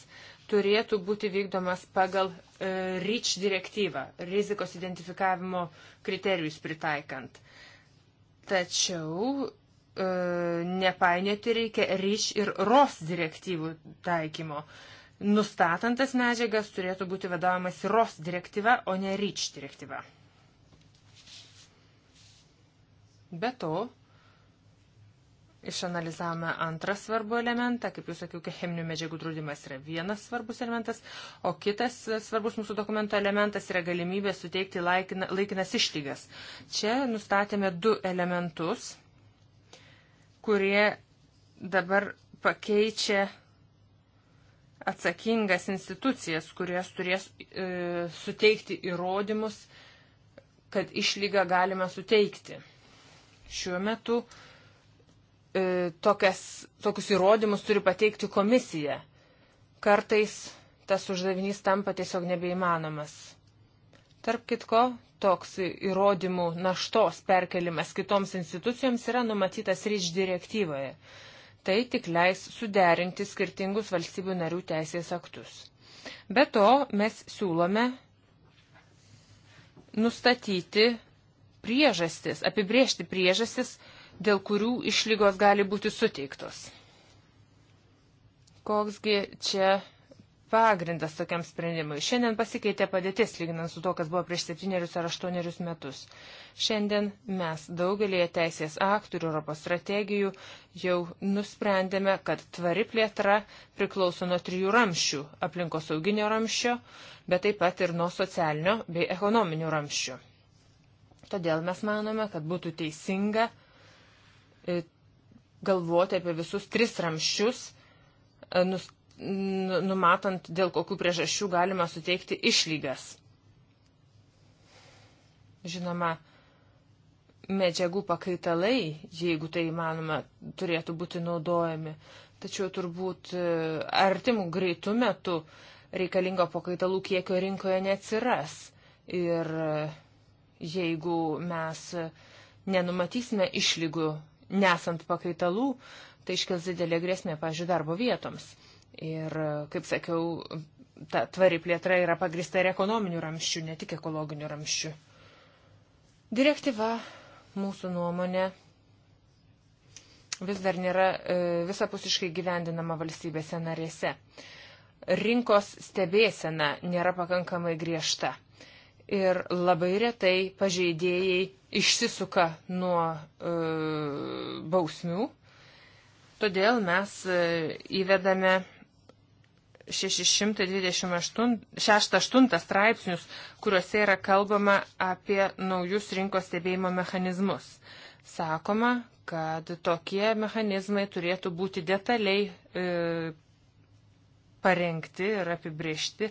turėtų būti vykdomas pagal e, REACH direktyvą, rizikos identifikavimo kriterijus pritaikant. Tačiau e, nepainioti reikia ryš ir ros direktyvų taikymo. Nustatant tas medžiagas turėtų būti vadovamas ros direktyva, o ne ryč direktyva. Be to, Išanalizavome antrą svarbų elementą, kaip jūs sakiau, cheminių medžiagų draudimas yra vienas svarbus elementas, o kitas svarbus mūsų dokumento elementas yra galimybė suteikti laikina, laikinas išlygas. Čia nustatėme du elementus, kurie dabar pakeičia atsakingas institucijas, kurios turės e, suteikti įrodymus, kad išlygą galime suteikti. Šiuo metu e, E, tokias, tokius įrodymus turi pateikti komisija. Kartais tas uždavinys tampa tiesiog nebeįmanomas. Tarp kitko, toks įrodymų naštos perkelimas kitoms institucijoms yra numatytas ryč direktyvoje. Tai tik leis suderinti skirtingus valstybių narių teisės aktus. Be to, mes siūlome nustatyti priežastis, apibriežti priežastis, dėl kurių išlygos gali būti suteiktos. Koksgi čia pagrindas tokiam sprendimui? Šiandien pasikeitė padėtis, lyginant su to, kas buvo prieš septynerius ar aštuonerius metus. Šiandien mes daugelėje teisės aktų ir Europos strategijų jau nusprendėme, kad tvari plėtra priklauso nuo trijų ramščių - aplinkosauginio ramščio, bet taip pat ir nuo socialinio bei ekonominių ramščių. Todėl mes manome, kad būtų teisinga E, galvoti apie visus tris ramščius, e, numatant, dėl kokių priežasčių galima suteikti išlygas. Žinoma, medžiagų pakaitalai, jeigu tai įmanoma, turėtų būti naudojami. Tačiau turbūt e, artimų greitų metų reikalingo pakaitalų kiekio rinkoje neatsiras. Ir jeigu mes nenumatysime išlygų nesant pakaitalų, tai iškils didelė grėsmė, pažiūrėjau, darbo vietoms. Ir, kaip sakiau, ta tvari plėtra yra pagrista ir ekonominių ramščių, ne tik ekologinių ramščių. Direktyva mūsų nuomonė vis dar nėra e, visapusiškai gyvendinama valstybėse narėse. Rinkos stebėsena nėra pakankamai griežta ir labai retai pažeidėjai išsisuka nuo e, bausmių. Todėl mes e, įvedame 628 straipsnius, kuriuose yra kalbama apie naujus rinkos stebėjimo mechanizmus. Sakoma, kad tokie mechanizmai turėtų būti detaliai e, parengti ir apibriežti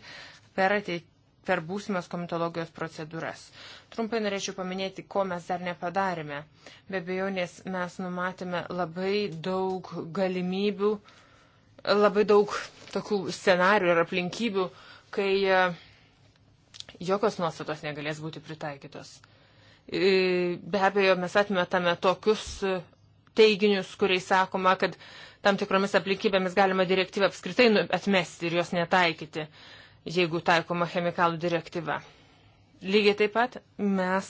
per ateit, per būsimas komitologijos procedūras. Trumpai norėčiau paminėti, ko mes dar nepadarėme. Be abejonės mes numatėme labai daug galimybių, labai daug tokių scenarių ir aplinkybių, kai e, jokios nuostatos negalės būti pritaikytos. E, be abejo, mes atmetame tokius e, teiginius, kuriais sakoma, kad tam tikromis aplinkybėmis galima direktyvą apskritai nu, atmesti ir jos netaikyti jeigu taikoma chemikalų direktyva. Lygiai taip pat mes.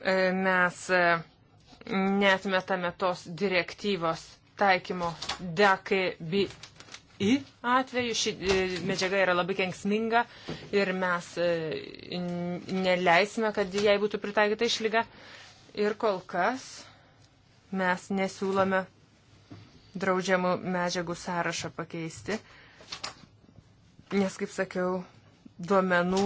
E, mes e, netmetame tos direktyvos taikymo DKBI atveju. Ši e, medžiaga yra labai kenksminga ir mes neleisime, kad jai būtų pritaikyta išlyga. Ir kol kas mes nesiūlome draudžiamų medžiagų sąrašą pakeisti, nes, kaip sakiau, duomenų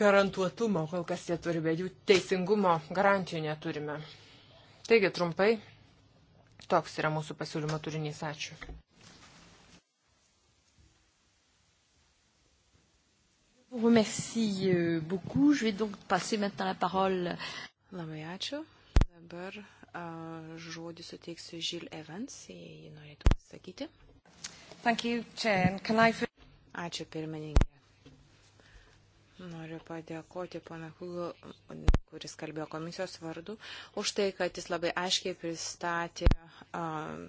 garantuotumo kol kas jie turi, bet jų teisingumo garantijų neturime. Taigi trumpai, toks yra mūsų pasiūlymo turinys. Ačiū. Remercie euh, beaucoup. Je vais donc passer maintenant la parole. Labai ačiū. Dabar Žodį suteiksiu Žil Evans, jei jį norėtų pasakyti. Ačiū pirmininkė. Noriu padėkoti pana Hulu, kuris kalbėjo komisijos vardu, už tai, kad jis labai aiškiai pristatė um,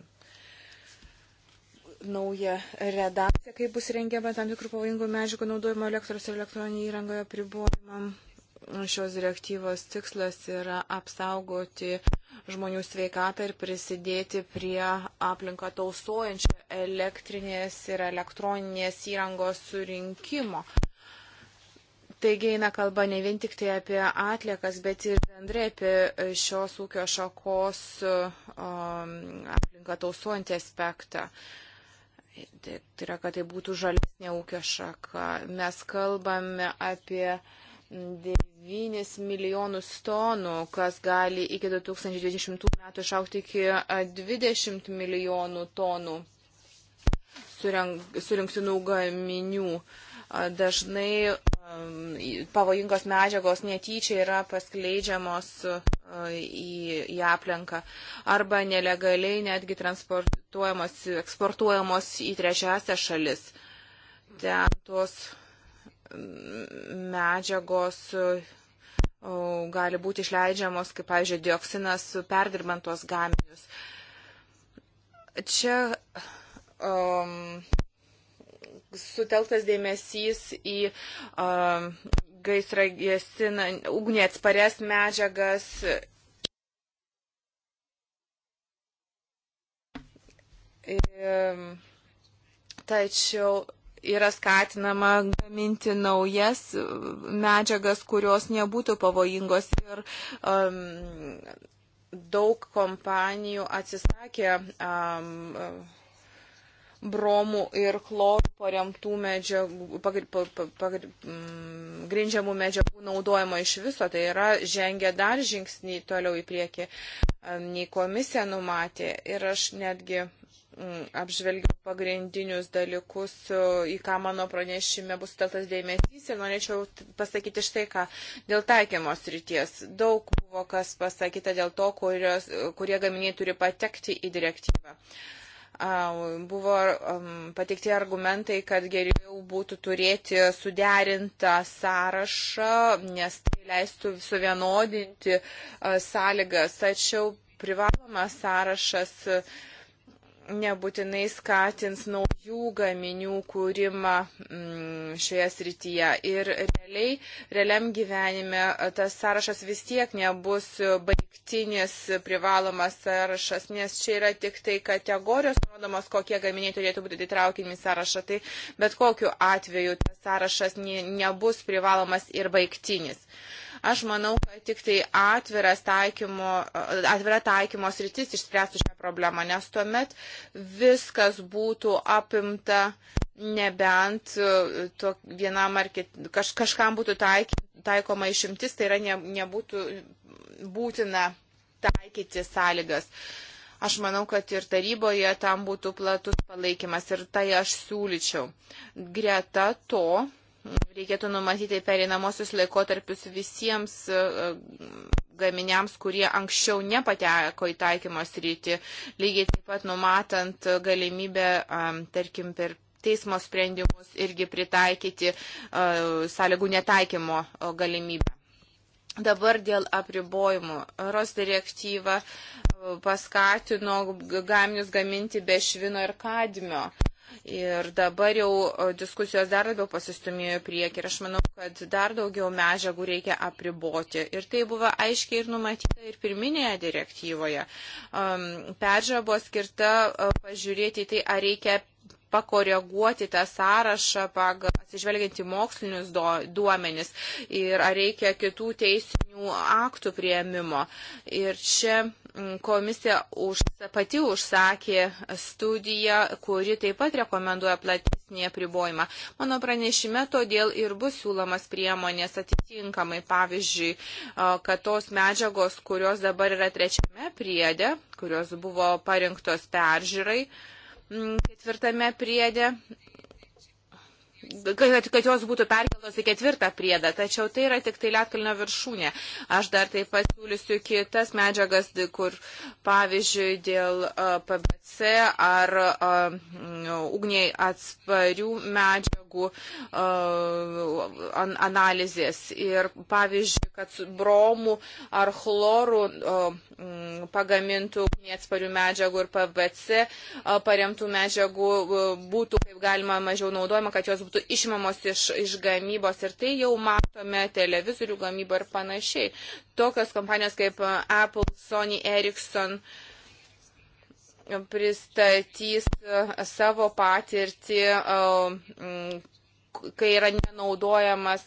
naują redakciją, kaip bus rengiama tam tikrų pavojingų medžiagų naudojimo elektros ir elektroninėje įrangoje pribojimam. Šios direktyvos tikslas yra apsaugoti žmonių sveikatą ir prisidėti prie aplinką tausojančio elektrinės ir elektroninės įrangos surinkimo. Taigi eina kalba ne vien tik tai apie atliekas, bet ir bendrai apie šios ūkio šakos um, aplinką tausojantį aspektą. Tai, tai yra, kad tai būtų žalesnė ūkio šaka. Mes kalbame apie uh, 9 milijonus tonų, kas gali iki 2020 metų išaukti iki 20 milijonų tonų surinktinų gaminių. Dažnai pavojingos medžiagos netyčia yra paskleidžiamos į, į aplinką arba nelegaliai netgi transportuojamos, eksportuojamos į trečiąsią šalis. Ten tos medžiagos gali būti išleidžiamos, kaip, pavyzdžiui, dioksinas perdirbantos gaminius. Čia um, sutelktas dėmesys į um, gaisrą gesina, ugnį atsparias medžiagas. Ir, tačiau yra skatinama gaminti naujas medžiagas, kurios nebūtų pavojingos ir um, daug kompanijų atsisakė um, bromų ir chlorų paremtų medžiagų, pagri, pagri, pagri, mm, grindžiamų medžiagų naudojimo iš viso. Tai yra žengia dar žingsnį toliau į priekį um, nei komisija numatė. Ir aš netgi Mm, apžvelgiau pagrindinius dalykus, į ką mano pranešime bus teltas dėmesys ir norėčiau pasakyti štai ką. Dėl taikymos ryties daug buvo kas pasakyta dėl to, kurios, kurie gaminiai turi patekti į direktyvą. Buvo mm, pateikti argumentai, kad geriau būtų turėti suderintą sąrašą, nes tai leistų suvienodinti sąlygas. Tačiau privalomas sąrašas uh, nebūtinai skatins naujų gaminių kūrimą mm, šioje srityje. Ir realiai, realiam gyvenime e, tas sąrašas vis tiek nebus baigtinis privalomas sąrašas, nes čia yra tik tai kategorijos nurodomos, kokie gaminiai turėtų būti įtraukimi į sąrašą. Tai bet kokiu atveju tas sąrašas nebus privalomas ir baigtinis. Aš manau, kad tik tai atviras taikymo, atvira taikymo sritis išspręstų šią problemą, nes tuomet viskas būtų apimta nebent e, to vienam ar kit, kaž, kažkam būtų taik, taikoma išimtis, tai yra ne, nebūtų būtina taikyti sąlygas. Aš manau, kad ir taryboje tam būtų platus palaikymas ir tai aš siūlyčiau. Greta to reikėtų numatyti pereinamosius laikotarpius visiems e, e, gaminiams, kurie anksčiau nepateko į taikymo sritį, lygiai taip pat numatant galimybę, e, tarkim, per teismo sprendimus irgi pritaikyti sąlygų netaikymo galimybę. Dabar dėl apribojimų. Ros direktyva paskatino gaminius gaminti be švino ir kadmio. Ir dabar jau diskusijos dar labiau pasistumėjo prieki ir aš manau, kad dar daugiau medžiagų reikia apriboti. Ir tai buvo aiškiai ir numatyta ir pirminėje direktyvoje. Um, Perža buvo skirta uh, pažiūrėti į tai, ar reikia pakoreguoti tą sąrašą pagal atsižvelgiant į mokslinius duomenis ir ar reikia kitų teisinių aktų prieimimo. Ir čia mm, komisija už, pati užsakė studiją, kuri taip pat rekomenduoja platesnį apribojimą. Mano pranešime todėl ir bus siūlomas priemonės atitinkamai, pavyzdžiui, kad tos medžiagos, kurios dabar yra trečiame priede, kurios buvo parinktos peržiūrai, Mm, ketvirtame priedė kad, kad jos būtų perkeltos į ketvirtą priedą, tačiau tai yra tik tai lietkalnio viršūnė. Aš dar taip pasiūlysiu kitas medžiagas, kur pavyzdžiui dėl PBC ar ugniai atsparių medžiagų analizės ir pavyzdžiui, kad bromų ar chlorų pagamintų ugniai atsparių medžiagų ir PBC paremtų medžiagų būtų kaip galima mažiau naudojama, kad jos būtų būtų išimamos iš, iš gamybos ir tai jau matome televizorių gamybą ir panašiai. Tokios kompanijos kaip e, Apple, Sony, Ericsson e, pristatys e, savo patirtį, kai yra nenaudojamas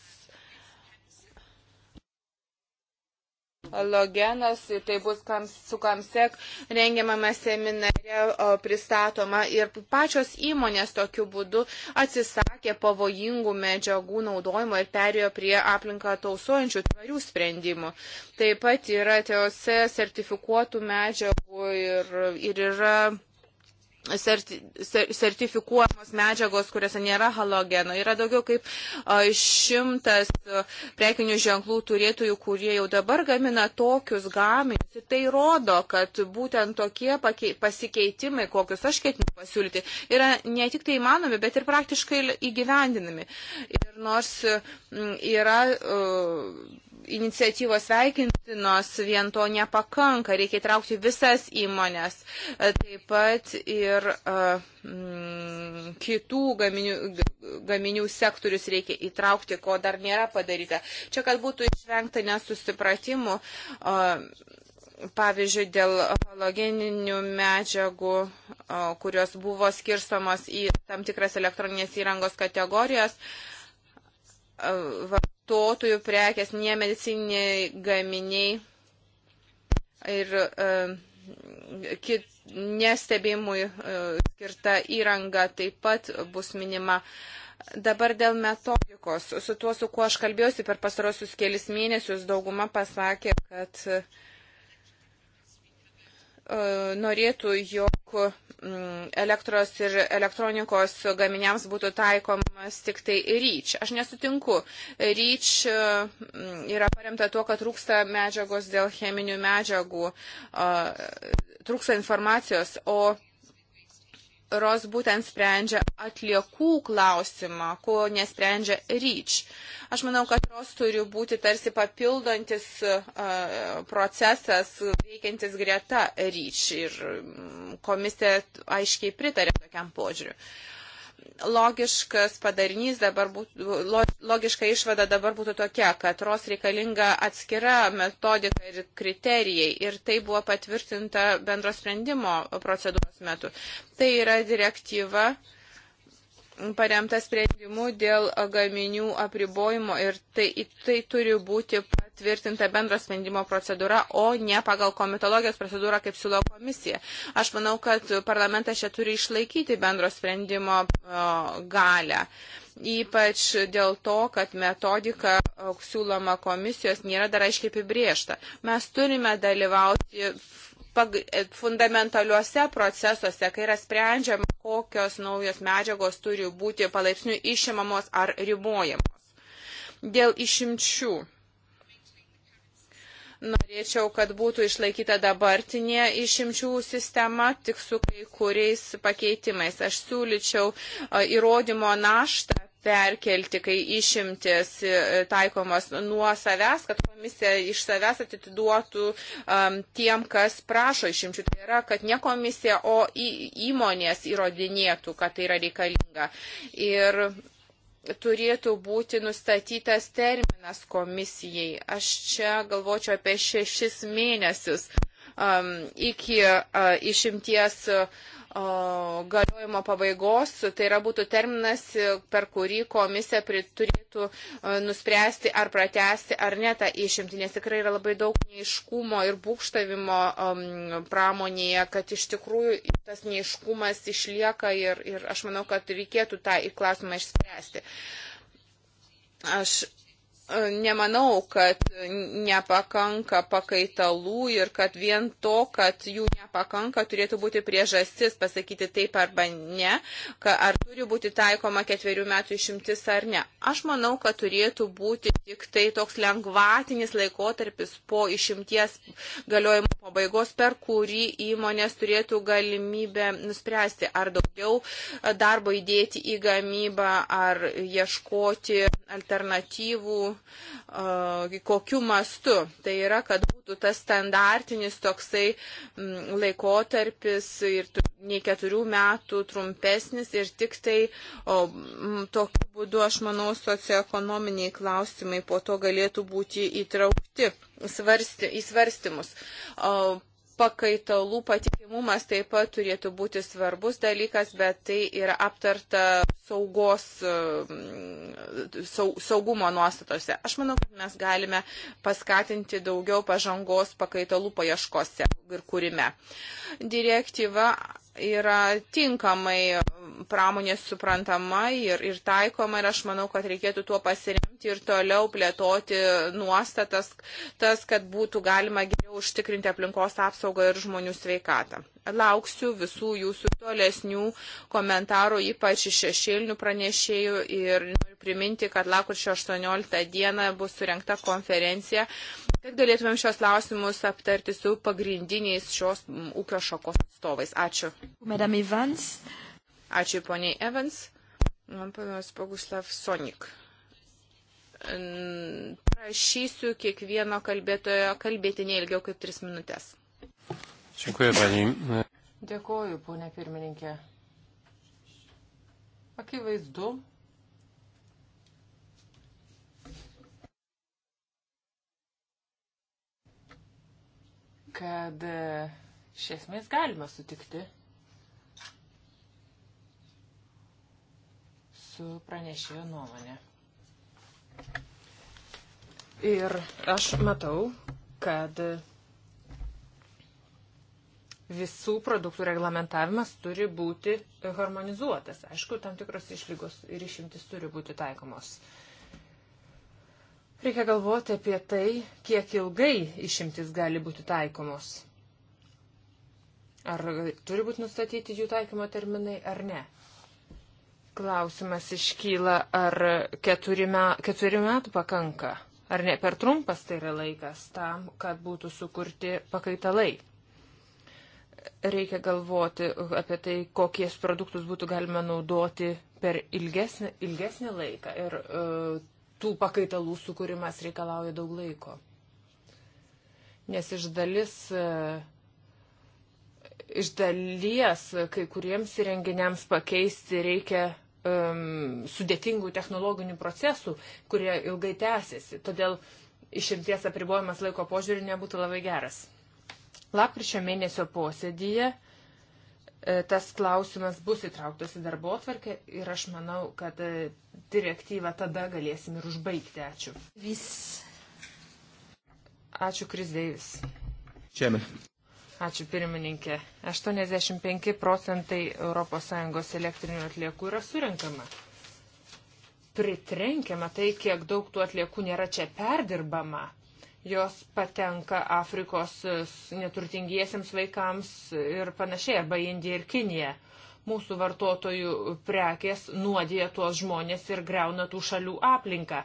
Logenas, tai bus kams, su Kamsek rengiamame seminare pristatoma ir pačios įmonės tokiu būdu atsisakė pavojingų medžiagų naudojimo ir perėjo prie aplinką tausojančių tvarių sprendimų. Taip pat yra teose sertifikuotų medžiagų ir, ir yra serti, ser, sertifikuojamos medžiagos, kuriuose nėra halogeno. Yra daugiau kaip šimtas prekinių ženklų turėtojų, kurie jau dabar gamina tokius gaminius. Ir tai rodo, kad būtent tokie pasikeitimai, kokius aš ketinu pasiūlyti, yra ne tik tai įmanomi, bet ir praktiškai įgyvendinami. Ir nors yra. Uh, iniciatyvos sveikintinos vien to nepakanka, reikia traukti visas įmonės, e, taip pat ir mm, kitų gaminių, gaminių sektorius reikia įtraukti, ko dar nėra padaryta. Čia, kad būtų išvengta nesusipratimų, e, pavyzdžiui, dėl halogeninių medžiagų, kurios buvo skirstamos į tam tikras elektroninės įrangos kategorijos, vartotojų prekės, nemedicininiai gaminiai ir e, kit, nestebimui e, skirta įranga taip pat bus minima. Dabar dėl metodikos. Su tuo, su kuo aš kalbėjausi per pastarosius kelis mėnesius, dauguma pasakė, kad e, norėtų, jog Mm, elektros ir elektronikos gaminiams būtų taikomas tik tai ryč. Aš nesutinku. Ryč e, mm, yra paremta tuo, kad trūksta medžiagos dėl cheminių medžiagų, trūksta informacijos, o kurios būtent sprendžia atliekų klausimą, ko nesprendžia ryč. Aš manau, kad jos turi būti tarsi papildantis procesas veikiantis greta ryč ir mm, komisija aiškiai pritarė tokiam požiūriu logiškas padarinys dabar būtų, logiška išvada dabar būtų tokia, kad ROS reikalinga atskira metodika ir kriterijai ir tai buvo patvirtinta bendro sprendimo procedūros metu. Tai yra direktyva paremtas sprendimu dėl gaminių apribojimo ir tai, tai turi būti patvirtinta bendro sprendimo procedūra, o ne pagal komitologijos procedūrą, kaip siūlo komisija. Aš manau, kad parlamentas čia turi išlaikyti bendro sprendimo galę. Ypač dėl to, kad metodika siūloma komisijos nėra dar aiškiai apibriešta. Mes turime dalyvauti E, fundamentaliuose procesuose, kai yra sprendžiama, kokios naujos medžiagos turi būti palaipsniui išimamos ar ribojamos. Dėl išimčių. Norėčiau, kad būtų išlaikyta dabartinė išimčių sistema, tik su kai kuriais pakeitimais. Aš siūlyčiau e, įrodymo naštą perkelti, kai išimtis e, taikomas nuo savęs, kad komisija iš savęs atiduotų um, tiem, kas prašo išimčių. Tai yra, kad ne komisija, o į, įmonės įrodinėtų, kad tai yra reikalinga. Ir turėtų būti nustatytas terminas komisijai. Aš čia galvočiau apie šešis mėnesius um, iki uh, išimties. Uh, galiojimo pabaigos, tai yra būtų terminas, per kurį komisija turėtų nuspręsti ar pratesti ar ne tą išimtį, nes tikrai yra labai daug neiškumo ir būkštavimo um, pramonėje, kad iš tikrųjų tas neiškumas išlieka ir, ir aš manau, kad reikėtų tą į klausimą išspręsti. Aš nemanau, kad nepakanka pakaitalų ir kad vien to, kad jų nepakanka, turėtų būti priežastis pasakyti taip arba ne, ar turi būti taikoma ketverių metų išimtis ar ne. Aš manau, kad turėtų būti tik tai toks lengvatinis laikotarpis po išimties galiojimo pabaigos, per kurį įmonės turėtų galimybę nuspręsti, ar daugiau darbo įdėti į gamybą, ar ieškoti alternatyvų kokiu mastu. Tai yra, kad būtų tas standartinis toksai laikotarpis ir nei keturių metų trumpesnis ir tik tai o, tokiu būdu, aš manau, socioekonominiai klausimai po to galėtų būti įtraukti svarsti, į svarstymus. O, pakaitalų patikimumas taip pat turėtų būti svarbus dalykas, bet tai yra aptarta saugos, e, saugumo nuostatose. Aš manau, kad mes galime paskatinti daugiau pažangos pakaitalų paieškose ir kūrime. Direktyva yra tinkamai pramonė suprantama ir, ir taikoma ir aš manau, kad reikėtų tuo pasiremti ir toliau plėtoti nuostatas, tas, kad būtų galima geriau užtikrinti aplinkos apsaugą ir žmonių sveikatą. Lauksiu visų jūsų tolesnių komentarų, ypač iš šešėlinių pranešėjų ir noriu priminti, kad lakurčio 18 dieną bus surinkta konferencija, kad galėtumėm šios klausimus aptarti su pagrindiniais šios ūkio šakos atstovais. Ačiū. Madame Evans. Ačiū poniai Evans. Man panas Boguslav Sonik. Prašysiu kiekvieno kalbėtojo kalbėti neilgiau kaip tris minutės. Dėkuoju, paniai. Dėkuoju, ponė pirmininkė. Akivaizdu, kad e, iš esmės galima sutikti su pranešėjo nuomonė. Ir aš matau, kad visų produktų reglamentavimas turi būti harmonizuotas. Aišku, tam tikros išlygos ir išimtis turi būti taikomos. Reikia galvoti apie tai, kiek ilgai išimtis gali būti taikomos. Ar turi būti nustatyti jų taikymo terminai ar ne. Klausimas iškyla, ar keturi, me, keturi metų pakanka, ar ne per trumpas tai yra laikas tam, kad būtų sukurti pakaitalai reikia galvoti apie tai, kokies produktus būtų galima naudoti per ilgesnį, ilgesnį laiką. Ir e, tų pakaitalų sukūrimas reikalauja daug laiko. Nes iš dalis. E, Iš dalies kai kuriems įrenginiams pakeisti reikia um, sudėtingų technologinių procesų, kurie ilgai tęsiasi. Todėl išimties apribojimas laiko požiūrį nebūtų labai geras. Lapkričio mėnesio posėdyje e, tas klausimas bus įtrauktas į darbo atvarkę ir aš manau, kad e, direktyvą tada galėsim ir užbaigti. Ačiū. Vis. Ačiū, Kris Deivis. Čia. Ačiū pirmininkė. 85 procentai ES elektrinių atliekų yra surinkama. Pritrenkiama tai, kiek daug tų atliekų nėra čia perdirbama. Jos patenka Afrikos neturtingiesiems vaikams ir panašiai, arba Indija ir Kinija mūsų vartotojų prekės nuodėja tuos žmonės ir greuna tų šalių aplinką.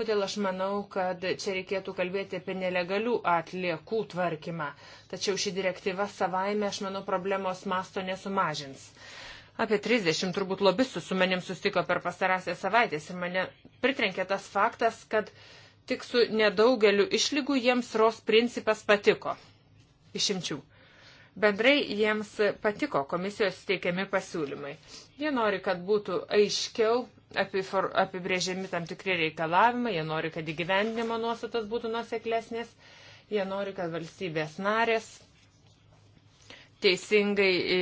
Todėl aš manau, kad čia reikėtų kalbėti apie nelegalių atliekų tvarkymą. Tačiau ši direktyva savaime, aš manau, problemos masto nesumažins. Apie 30 turbūt lobistų su manim sustiko per pastarąsią savaitę ir mane pritrenkė tas faktas, kad tik su nedaugeliu išlygų jiems ROS principas patiko. Išimčių. Bendrai jiems patiko komisijos teikiami pasiūlymai. Jie nori, kad būtų aiškiau apibrėžiami tam tikrie reikalavimai, jie nori, kad įgyvendinimo nuostatas būtų nuseklesnės, jie nori, kad valstybės narės teisingai e,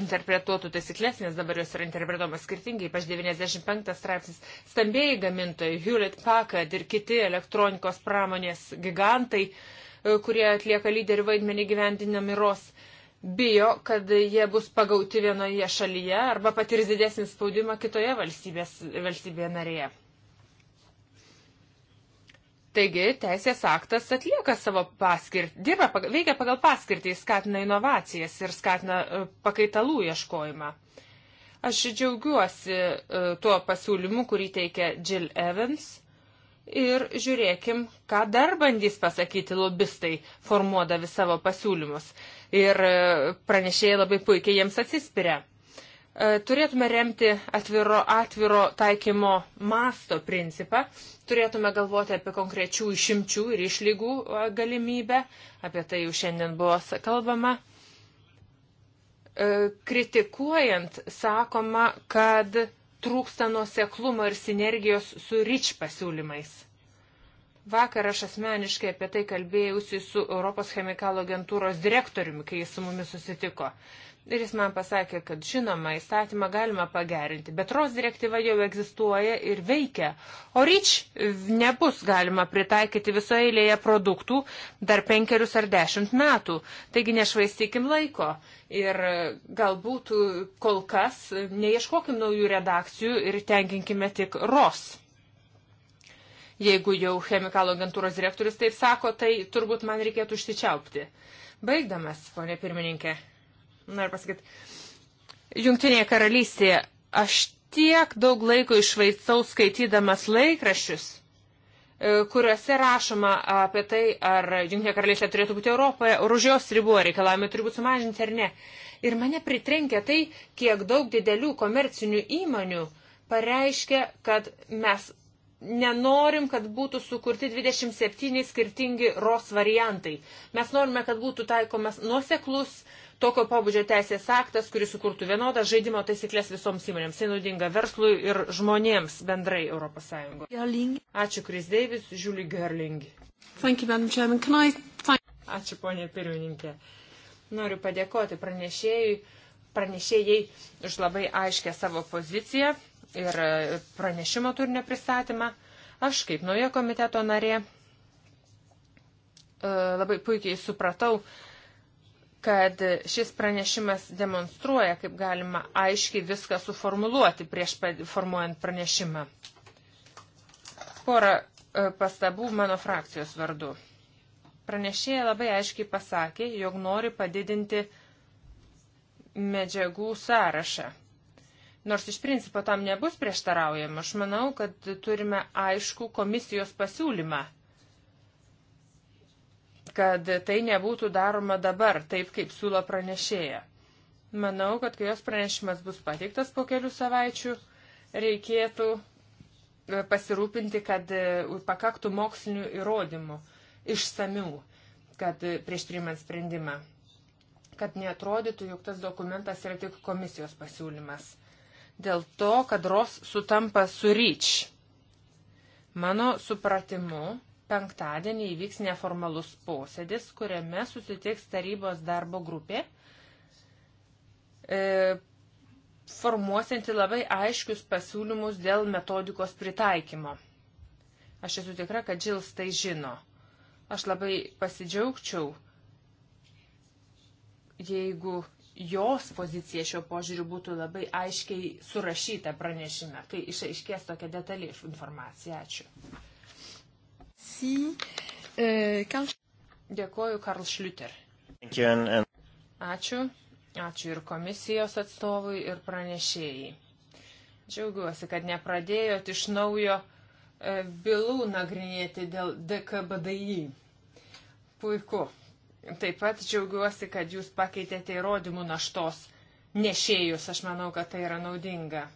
interpretuotų taisyklės, nes dabar jos yra interpretuomas skirtingai, ypač 95 straipsnis. Stambėjai gamintojai, Hewlett Packard ir kiti elektronikos pramonės gigantai uh, E, kurie atlieka lyderių vaidmenį gyvendinami ROS, bijo, kad jie bus pagauti vienoje šalyje arba patirs didesnį spaudimą kitoje valstybėje narėje. Taigi, teisės aktas atlieka savo paskirtį, dirba, veikia pagal paskirtį, skatina inovacijas ir skatina e, pakaitalų ieškojimą. Aš džiaugiuosi e, tuo pasiūlymu, kurį teikia Jill Evans ir žiūrėkim, ką dar bandys pasakyti lobistai, formuodami savo pasiūlymus. Ir e, pranešėjai labai puikiai jiems atsispiria. E, turėtume remti atviro, atviro taikymo masto principą, turėtume galvoti apie konkrečių išimčių ir išlygų e, galimybę, apie tai jau šiandien buvo kalbama. Kritikuojant sakoma, kad trūksta nuoseklumo ir sinergijos su RIČ pasiūlymais. Vakar aš asmeniškai apie tai kalbėjausi su Europos chemikalo agentūros direktoriumi, kai jis su mumis susitiko. Ir jis man pasakė, kad žinoma, įstatymą galima pagerinti, bet ROS direktyva jau egzistuoja ir veikia. O REACH nebus galima pritaikyti visoje eilėje produktų dar penkerius ar dešimt metų. Taigi nešvaistykim laiko ir galbūt kol kas neieškokim naujų redakcijų ir tenkinkime tik ROS. Jeigu jau chemikalo agentūros direktorius taip sako, tai turbūt man reikėtų užsičiaupti. Baigdamas, ponė pirmininkė, noriu pasakyti, Junktinėje karalystėje aš tiek daug laiko išvaicau skaitydamas laikraščius, e, kuriuose rašoma apie tai, ar Junktinė karalystė turėtų būti Europoje, ar už jos ribų reikalavimai turi būti sumažinti ar ne. Ir mane pritrenkė tai, kiek daug didelių komercinių įmonių pareiškia, kad mes nenorim, kad būtų sukurti 27 skirtingi ROS variantai. Mes norime, kad būtų taikomas nuoseklus tokio pobūdžio teisės aktas, kuris sukurtų vienodas žaidimo taisyklės visoms įmonėms. Tai naudinga verslui ir žmonėms bendrai ES. Ačiū Kris Deivis, Žiuli Gerling. Ačiū ponė pirmininkė. Noriu padėkoti pranešėjai, pranešėjai už labai aiškę savo poziciją ir e, pranešimo turinio pristatymą. Aš kaip nauja komiteto narė e, labai puikiai supratau, kad šis pranešimas demonstruoja, kaip galima aiškiai viską suformuluoti prieš formuojant pranešimą. Porą e, pastabų mano frakcijos vardu. Pranešėja labai aiškiai pasakė, jog nori padidinti medžiagų sąrašą. Nors iš principo tam nebus prieštaraujama, aš manau, kad turime aišku komisijos pasiūlymą kad tai nebūtų daroma dabar, taip kaip siūlo pranešėja. Manau, kad kai jos pranešimas bus pateiktas po kelių savaičių, reikėtų e, pasirūpinti, kad e, pakaktų mokslinių įrodymų, išsamių, kad e, prieš priimant sprendimą, kad neatrodytų, jog tas dokumentas yra tik komisijos pasiūlymas. Dėl to, kad ROS sutampa su REACH. Mano supratimu, penktadienį įvyks neformalus posėdis, kuriame susitiks tarybos darbo grupė, e, formuosinti labai aiškius pasiūlymus dėl metodikos pritaikymo. Aš esu tikra, kad Džils tai žino. Aš labai pasidžiaugčiau, jeigu jos pozicija šio požiūriu būtų labai aiškiai surašyta pranešime, kai išaiškės tokia detali informacija. Ačiū. Merci. Euh, Karl... Dėkoju, Karl Šliuter. Ačiū. Ačiū ir komisijos atstovui, ir pranešėjai. Džiaugiuosi, kad nepradėjot iš naujo e, bylų nagrinėti dėl DKBDI. Puiku. Taip pat džiaugiuosi, kad jūs pakeitėte įrodymų naštos nešėjus. Aš manau, kad tai yra naudinga.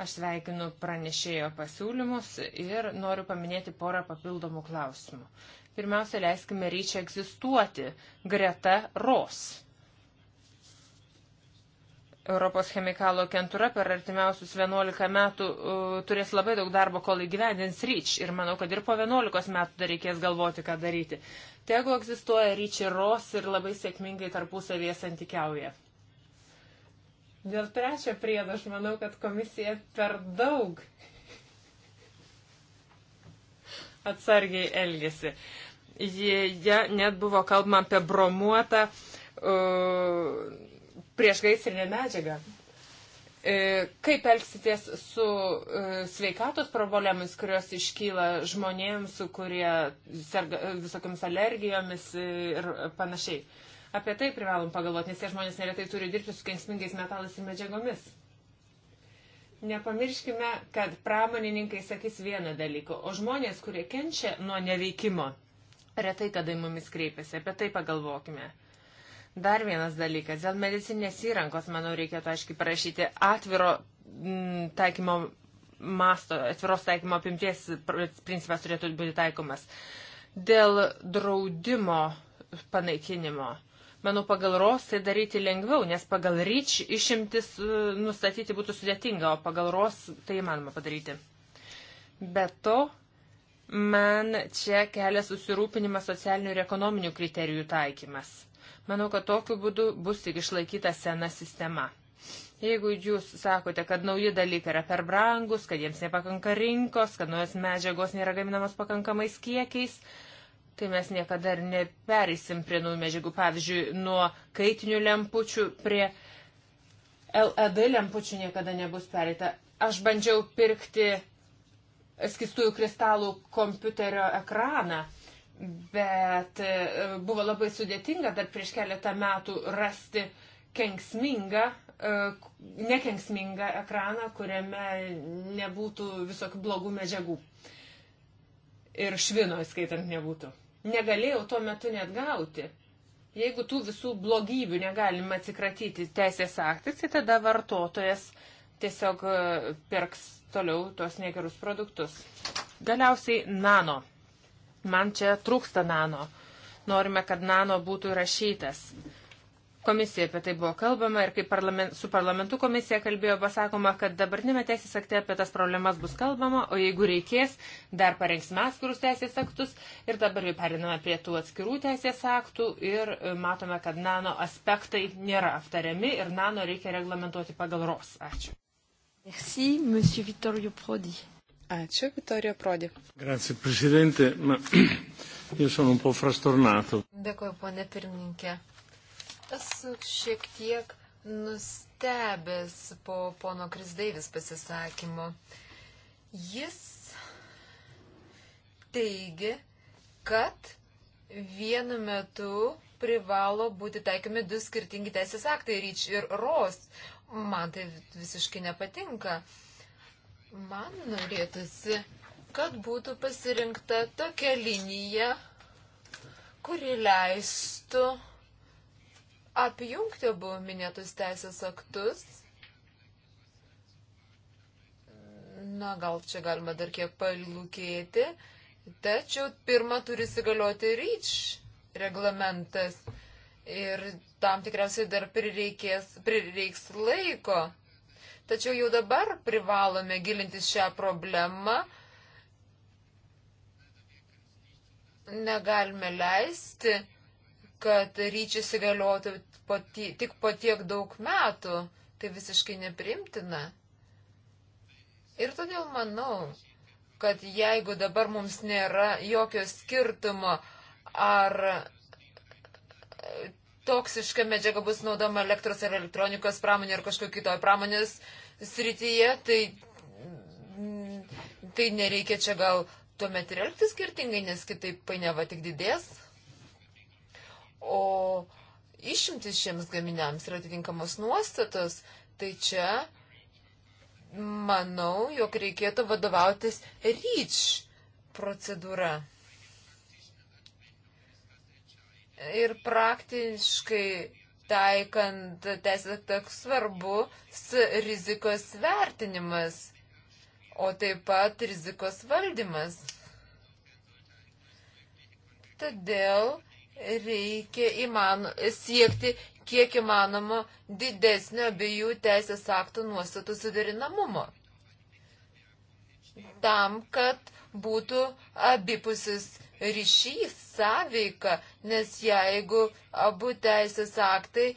Aš sveikinu pranešėjo pasiūlymus ir noriu paminėti porą papildomų klausimų. Pirmiausia, leiskime ryčią egzistuoti greta ROS. Europos chemikalo agentūra per artimiausius 11 metų uh, turės labai daug darbo, kol įgyvendins ryč. Ir manau, kad ir po 11 metų dar reikės galvoti, ką daryti. Tegu egzistuoja ryč ir ros ir labai sėkmingai tarpusavėje santykiauja. Dėl trečio priedo aš manau, kad komisija per daug atsargiai elgesi. Jie net buvo kalbama apie bromuotą uh, priešgaisrinę medžiagą. E, kaip elgsitės su e, sveikatos problemais, kurios iškyla žmonėms, kurie serga visokiamis alergijomis ir panašiai? Uh, Apie tai privalom pagalvoti, nes tie žmonės neretai turi dirbti su kenksmingais metalais ir medžiagomis. Nepamirškime, kad pramonininkai sakys vieną dalyką, o žmonės, kurie kenčia nuo neveikimo, retai kada į mumis kreipiasi. Apie tai pagalvokime. Dar vienas dalykas. Dėl medicinės įrankos, manau, reikėtų aiškiai parašyti atviro m, mm, taikymo masto, atviros taikymo apimties principas turėtų būti taikomas. Dėl draudimo panaikinimo. Manau, pagal ROS tai daryti lengviau, nes pagal REACH išimtis e, nustatyti būtų sudėtinga, o pagal ROS tai įmanoma padaryti. Be to, man čia kelia susirūpinimas socialinių ir ekonominių kriterijų taikymas. Manau, kad tokiu būdu bus tik išlaikyta sena sistema. Jeigu jūs sakote, kad nauji dalykai yra per brangus, kad jiems nepakanka rinkos, kad naujos medžiagos nėra gaminamos pakankamais kiekiais, tai mes niekada ir nepereisim prie naujų medžiagų, pavyzdžiui, nuo kaitinių lempučių prie LED lempučių niekada nebus pereita. Aš bandžiau pirkti skistųjų kristalų kompiuterio ekraną, bet e, buvo labai sudėtinga dar prieš keletą metų rasti kenksmingą, e, nekenksmingą ekraną, kuriame nebūtų visokių blogų medžiagų ir švino, skaitant, nebūtų negalėjau tuo metu net gauti. Jeigu tų visų blogybių negalima atsikratyti teisės aktais, tai tada vartotojas tiesiog e, pirks toliau tuos negerus produktus. Galiausiai nano. Man čia trūksta nano. Norime, kad nano būtų įrašytas. Komisija apie tai buvo kalbama ir kaip parlament, su parlamentu komisija kalbėjo, pasakoma, kad dabartinėme teisės akte apie tas problemas bus kalbama, o jeigu reikės, dar parengsime atskirus teisės aktus ir dabar jau periname prie tų atskirų teisės aktų ir e, matome, kad nano aspektai nėra aptariami ir nano reikia reglamentuoti pagal ROS. Ačiū. Merci, monsieur Vittorio Prodi. Ačiū, Vittorio Prodi. Grazie, prezidente. Ma, *clears throat* io sono un po' frastornato. Dėkuoju, ponė pirmininkė Esu šiek tiek nustebęs po pono Krisdeivis pasisakymo. Jis teigia, kad vienu metu privalo būti taikomi du skirtingi teisės aktai - ryč ir ros. Man tai visiškai nepatinka. Man norėtųsi, kad būtų pasirinkta tokia linija, kuri leistų apjungti abu minėtus teisės aktus. Na, gal čia galima dar kiek palūkėti, tačiau pirmą turi įsigalioti REACH reglamentas ir tam tikriausiai dar prireikės, prireiks laiko. Tačiau jau dabar privalome gilintis šią problemą. Negalime leisti kad ryčius įgaliotų tik po tiek daug metų. Tai visiškai neprimtina. Ir todėl manau, kad jeigu dabar mums nėra jokio skirtumo, ar toksiška medžiaga bus naudoma elektros ar elektronikos pramonė ar kažkokio kitoje pramonės srityje, tai, tai nereikia čia gal tuomet ir elgtis skirtingai, nes kitaip painiava tik didės. O išimtis šiems gaminiams yra atitinkamos nuostatos, tai čia manau, jog reikėtų vadovautis REACH procedūra. Ir praktiškai taikant teisės toks svarbu rizikos vertinimas, o taip pat rizikos valdymas. Todėl reikia įmano, siekti kiek įmanoma didesnio abiejų teisės aktų nuostatų suderinamumo. Tam, kad būtų abipusis ryšys, sąveika, nes jeigu abu teisės aktai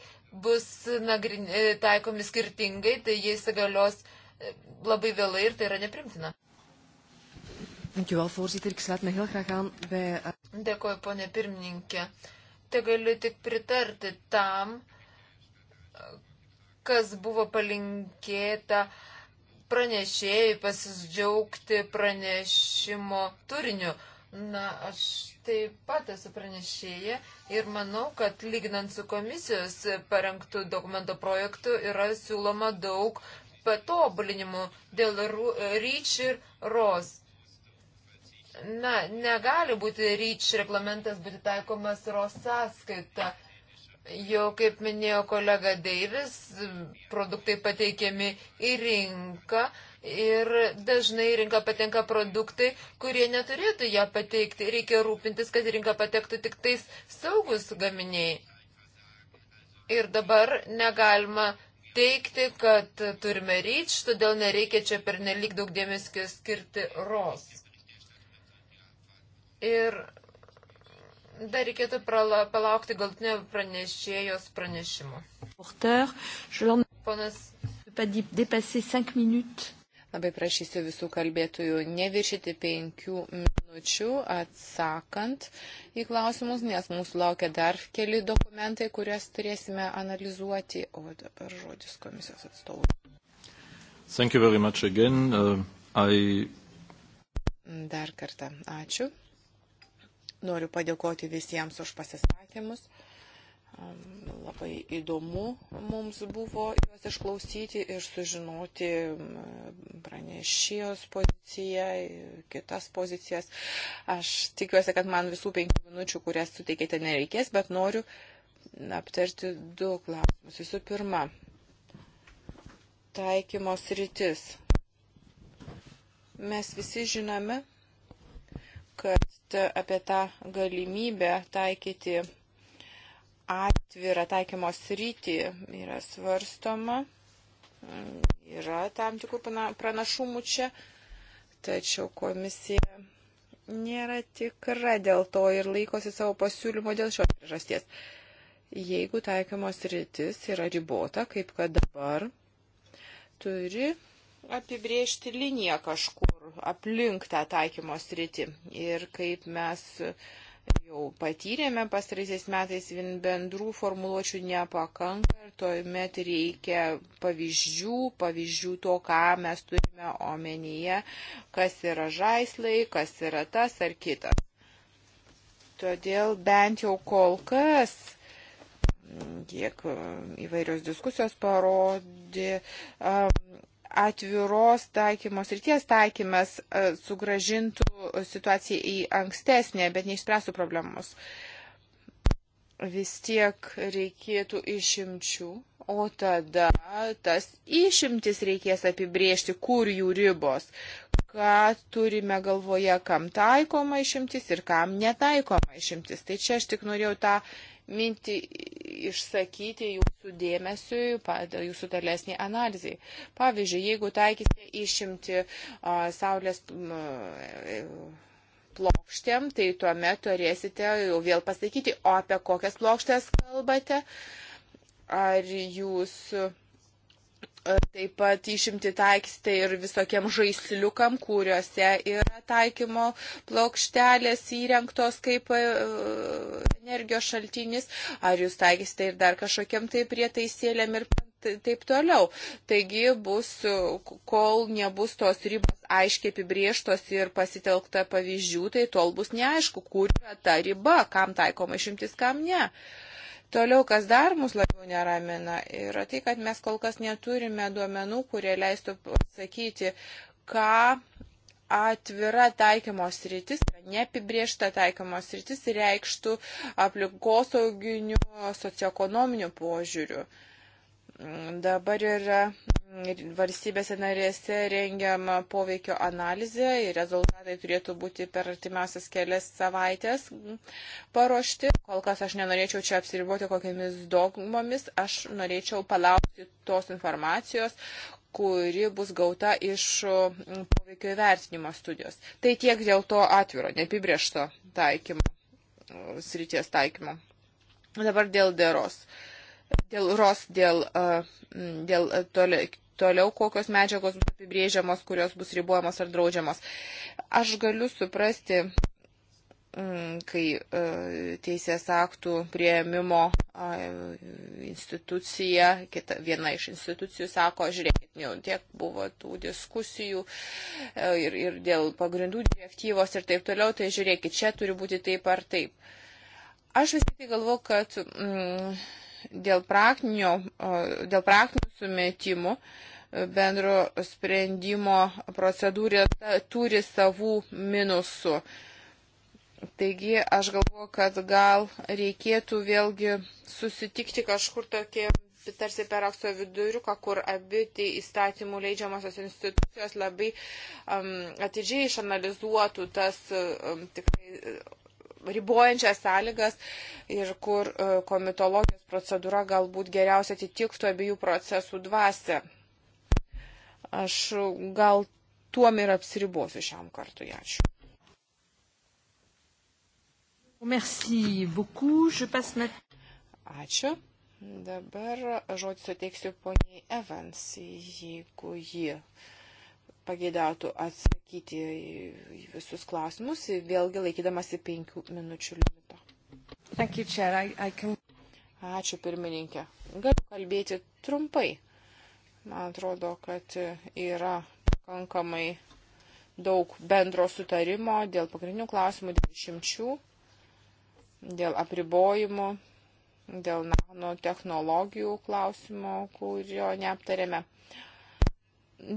bus nagrin, taikomi skirtingai, tai jie įsigalios e, labai vėlai ir tai yra neprimtina. Dankjewel, voorzitter. Ik sluit me heel graag aan bij... Eh, Dėkuoju, ponė pirmininkė. Te galiu tik pritarti tam, kas buvo palinkėta pranešėjai pasidžiaugti pranešimo turiniu. Na, aš taip pat esu pranešėja ir manau, kad lyginant su komisijos parengtų dokumento projektu yra siūloma daug patobulinimų dėl ryč ir ros. Na, negali būti ryč reglamentas būti taikomas ROS sąskaita. Jau, kaip minėjo kolega Deivis, produktai pateikiami į rinką ir dažnai į rinką patenka produktai, kurie neturėtų ją pateikti. Reikia rūpintis, kad į rinką patektų tik tais saugus gaminiai. Ir dabar negalima teikti, kad turime ryč, todėl nereikia čia per nelik daug dėmesio skirti ROS. Ir dar reikėtų prala, palaukti galtinio pranešėjos pranešimo. Ponas. Labai prašysiu visų kalbėtojų neviršyti penkių minučių atsakant į klausimus, nes mūsų laukia dar keli dokumentai, kurias turėsime analizuoti. O dabar žodis komisijos atstovų. Thank you very much again. Uh, I... Dar kartą ačiū. Noriu padėkoti visiems už pasisakymus. Labai įdomu mums buvo juos išklausyti ir sužinoti pranešėjos poziciją, kitas pozicijas. Aš tikiuosi, kad man visų penkių minučių, kurias suteikėte, nereikės, bet noriu aptarti du klausimus. Visų pirma, taikymos rytis. Mes visi žinome, kad apie tą galimybę taikyti atvirą taikymo sritį yra svarstoma. Yra tam tikrų pranašumų čia, tačiau komisija nėra tikra dėl to ir laikosi savo pasiūlymo dėl šios priežasties. Jeigu taikymos rytis yra ribota, kaip kad dabar, turi apibriežti liniją kažkur aplink tą taikymo sritį. Ir kaip mes jau patyrėme pastaraisiais metais, vien bendrų formuluočių nepakanka ir tuomet reikia pavyzdžių, pavyzdžių to, ką mes turime omenyje, kas yra žaislai, kas yra tas ar kitas. Todėl bent jau kol kas tiek e, įvairios diskusijos parodė, atviros taikymos ir ties taikymas e, sugražintų situaciją į ankstesnę, bet neišspręstų problemos. Vis tiek reikėtų išimčių, o tada tas išimtis reikės apibriežti, kur jų ribos, ką turime galvoje, kam taikoma išimtis ir kam netaikoma išimtis. Tai čia aš tik norėjau tą mintį išsakyti jūsų dėmesiui, jūsų tolesnį analizai. Pavyzdžiui, jeigu taikysite išimti a, saulės a, e, plokštėm, tai tuomet turėsite jau vėl pasakyti, o apie kokias plokštės kalbate. Ar jūs e, taip pat išimti taikstė ir visokiem žaisliukam, kuriuose ir taikymo plokštelės įrengtos kaip e, energijos šaltinis, ar jūs taikysite ir dar kažkokiam tai prietaisėlėm ir taip toliau. Taigi bus, kol nebus tos ribos aiškiai apibrieštos ir pasitelkta pavyzdžių, tai tol bus neaišku, kur yra ta riba, kam taikoma išimtis, kam ne. Toliau, kas dar mus labiau neramina, yra tai, kad mes kol kas neturime duomenų, kurie leistų pasakyti, ką atvira taikymos rytis, neapibriešta taikymos rytis reikštų aplinkosauginių, socioekonominių požiūrių. Mm, dabar yra mm, valstybėse narėse rengiama poveikio analizė ir rezultatai turėtų būti per artimiausias kelias savaitės mm, paruošti. Kol kas aš nenorėčiau čia apsiriboti kokiamis dogmomis, aš norėčiau palaukti tos informacijos, kuri bus gauta iš poveikio įvertinimo studijos. Tai tiek dėl to atviro, neapibriešto taikymo, srities taikymo. Dabar dėl deros. Dėl ros, dėl, dėl toliau, toliau kokios medžiagos bus apibrėžiamos, kurios bus ribojamos ar draudžiamos. Aš galiu suprasti Mm, kai e, teisės aktų prieimimo institucija, kita, viena iš institucijų sako, žiūrėkit, jau tiek buvo tų diskusijų e, ir, ir dėl pagrindų direktyvos ir taip toliau, tai žiūrėkit, čia turi būti taip ar taip. Aš vis tik tai galvoju, kad mm, dėl, praktinio, dėl praktinių sumetimų e, bendro sprendimo procedūrė turi savų minusų. Uh, Taigi aš galvoju, kad gal reikėtų vėlgi susitikti kažkur tokie tarsi per aukso viduriuką, kur abi tai įstatymų leidžiamosios institucijos labai um, atidžiai išanalizuotų tas um, tikrai ribojančias sąlygas ir kur uh, komitologijos procedūra galbūt geriausiai atitiktų abiejų procesų dvasę. Aš gal tuom ir apsiribosiu šiam kartui. Ačiū. Merci beaucoup. Je passe maintenant. Ačiū. Dabar žodį suteiksiu poniai Evans, jeigu ji pageidautų atsakyti į visus klausimus, vėlgi laikydamasi penkių minučių limito. Thank you, Chair. I, I can... Ačiū pirmininkė. Galiu kalbėti trumpai. Man atrodo, kad yra pakankamai daug bendro sutarimo dėl pagrindinių klausimų, dėl šimčių dėl apribojimų, dėl nanotehnologijų klausimo, kurio neaptarėme.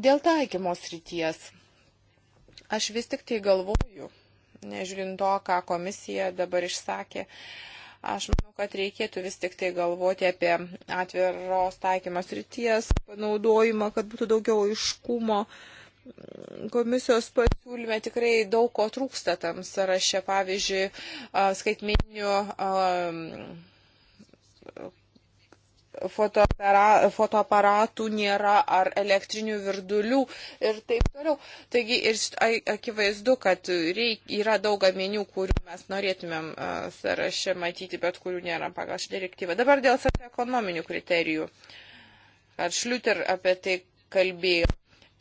Dėl taikymos ryties. Aš vis tik tai galvoju, nežiūrint to, ką komisija dabar išsakė, aš manau, kad reikėtų vis tik tai galvoti apie atviros taikymos ryties panaudojimą, kad būtų daugiau aiškumo. Uh, komisijos pasiūlyme tikrai daug ko trūksta tam sąraše, pavyzdžiui, skaitmeninių fotoaparatų nėra ar elektrinių virdulių ir taip toliau. Taigi ir akivaizdu, kad reik, yra daug gaminių, kurių mes norėtumėm sąraše matyti, bet kurių nėra pagal šią direktyvą. Dabar dėl ekonominių kriterijų. Ar šliuter apie tai kalbėjo?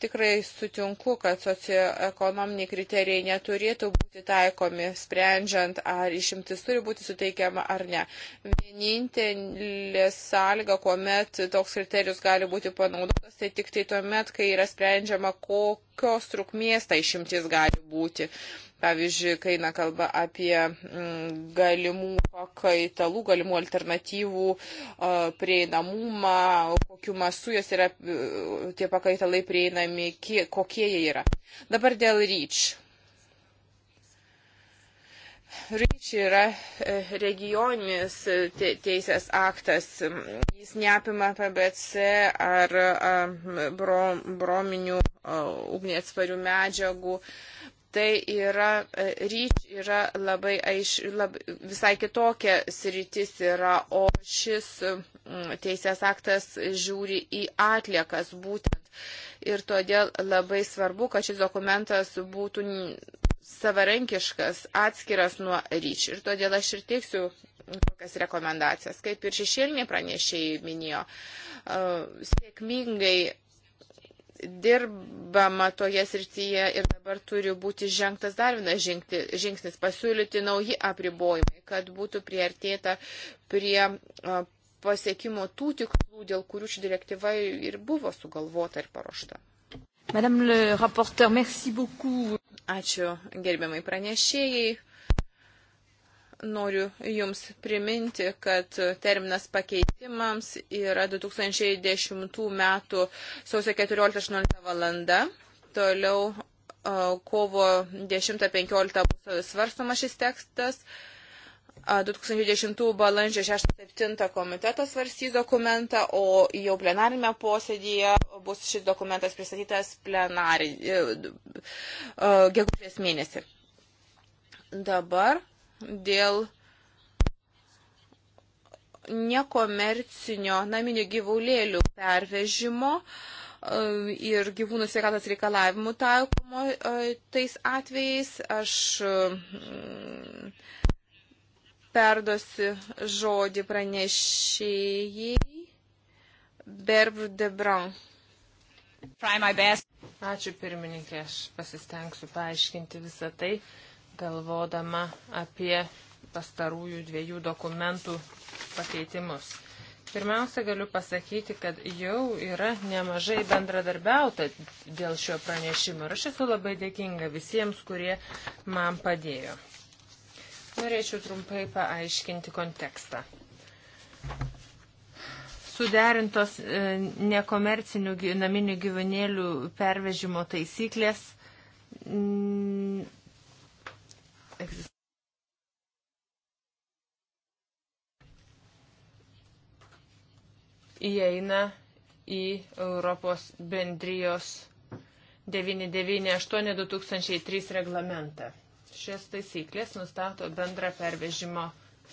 Tikrai sutinku, kad socioekonominiai kriterijai neturėtų būti taikomi, sprendžiant, ar išimtis turi būti suteikiama ar ne. Vienintelė sąlyga, kuomet toks kriterijus gali būti panaudotas, tai tik tai tuomet, kai yra sprendžiama, kokios trukmės ta išimtis gali būti. Uh, Pavyzdžiui, kai eina kalba apie mm, galimų pakaitalų, galimų alternatyvų prieinamumą, kokiu masu jos yra, e, tie pakaitalai prieinami, kiek, kokie jie yra. Dabar dėl ryč. Ryč yra e, regioninis e, teisės aktas. Jis neapima PBC ar brominių ugnėtsparių medžiagų tai yra, e, ryč yra labai, aiš, labai visai kitokia sritis yra, o šis mm, teisės aktas žiūri į atliekas būtent. Ir todėl labai svarbu, kad šis dokumentas būtų savarankiškas, atskiras nuo ryč. Ir todėl aš ir teiksiu kokias rekomendacijas. Kaip ir šešėlinė pranešėjai minėjo, e, sėkmingai dirbama toje srityje ir dabar turi būti žengtas dar vienas žingsnis, pasiūlyti nauji apribojimai, kad būtų priartėta prie pasiekimo tų tikslų, dėl kurių ši direktyva ir buvo sugalvota ir paruošta. Madame le rapporteur, merci beaucoup. Ačiū gerbiamai pranešėjai. Noriu Jums priminti, kad terminas pakeitimams yra 2010 metų sausio 14-18 valanda. Toliau kovo 10-15 bus svarstoma šis tekstas. 2010 balandžio 6-7 komitetas svarstys dokumentą, o jau plenarinėme posėdėje bus šis dokumentas pristatytas plenarį e, gegužės mėnesį. Dabar dėl nekomercinio naminių gyvulėlių pervežimo e, ir gyvūnų sveikatos reikalavimų taikomo e, tais atvejais. Aš mm, perdosi žodį pranešėjai Berbr Debran. Ačiū pirmininkė, aš pasistengsiu paaiškinti visą tai, galvodama apie pastarųjų dviejų dokumentų pakeitimus. Pirmiausia, galiu pasakyti, kad jau yra nemažai bendradarbiauta dėl šio pranešimo ir aš esu labai dėkinga visiems, kurie man padėjo. Norėčiau trumpai paaiškinti kontekstą. Suderintos e, nekomercinių naminių gyvūnėlių pervežimo taisyklės egzistuoja. įeina į Europos bendrijos 998-2003 reglamentą. Šias taisyklės nustato bendrą pervežimo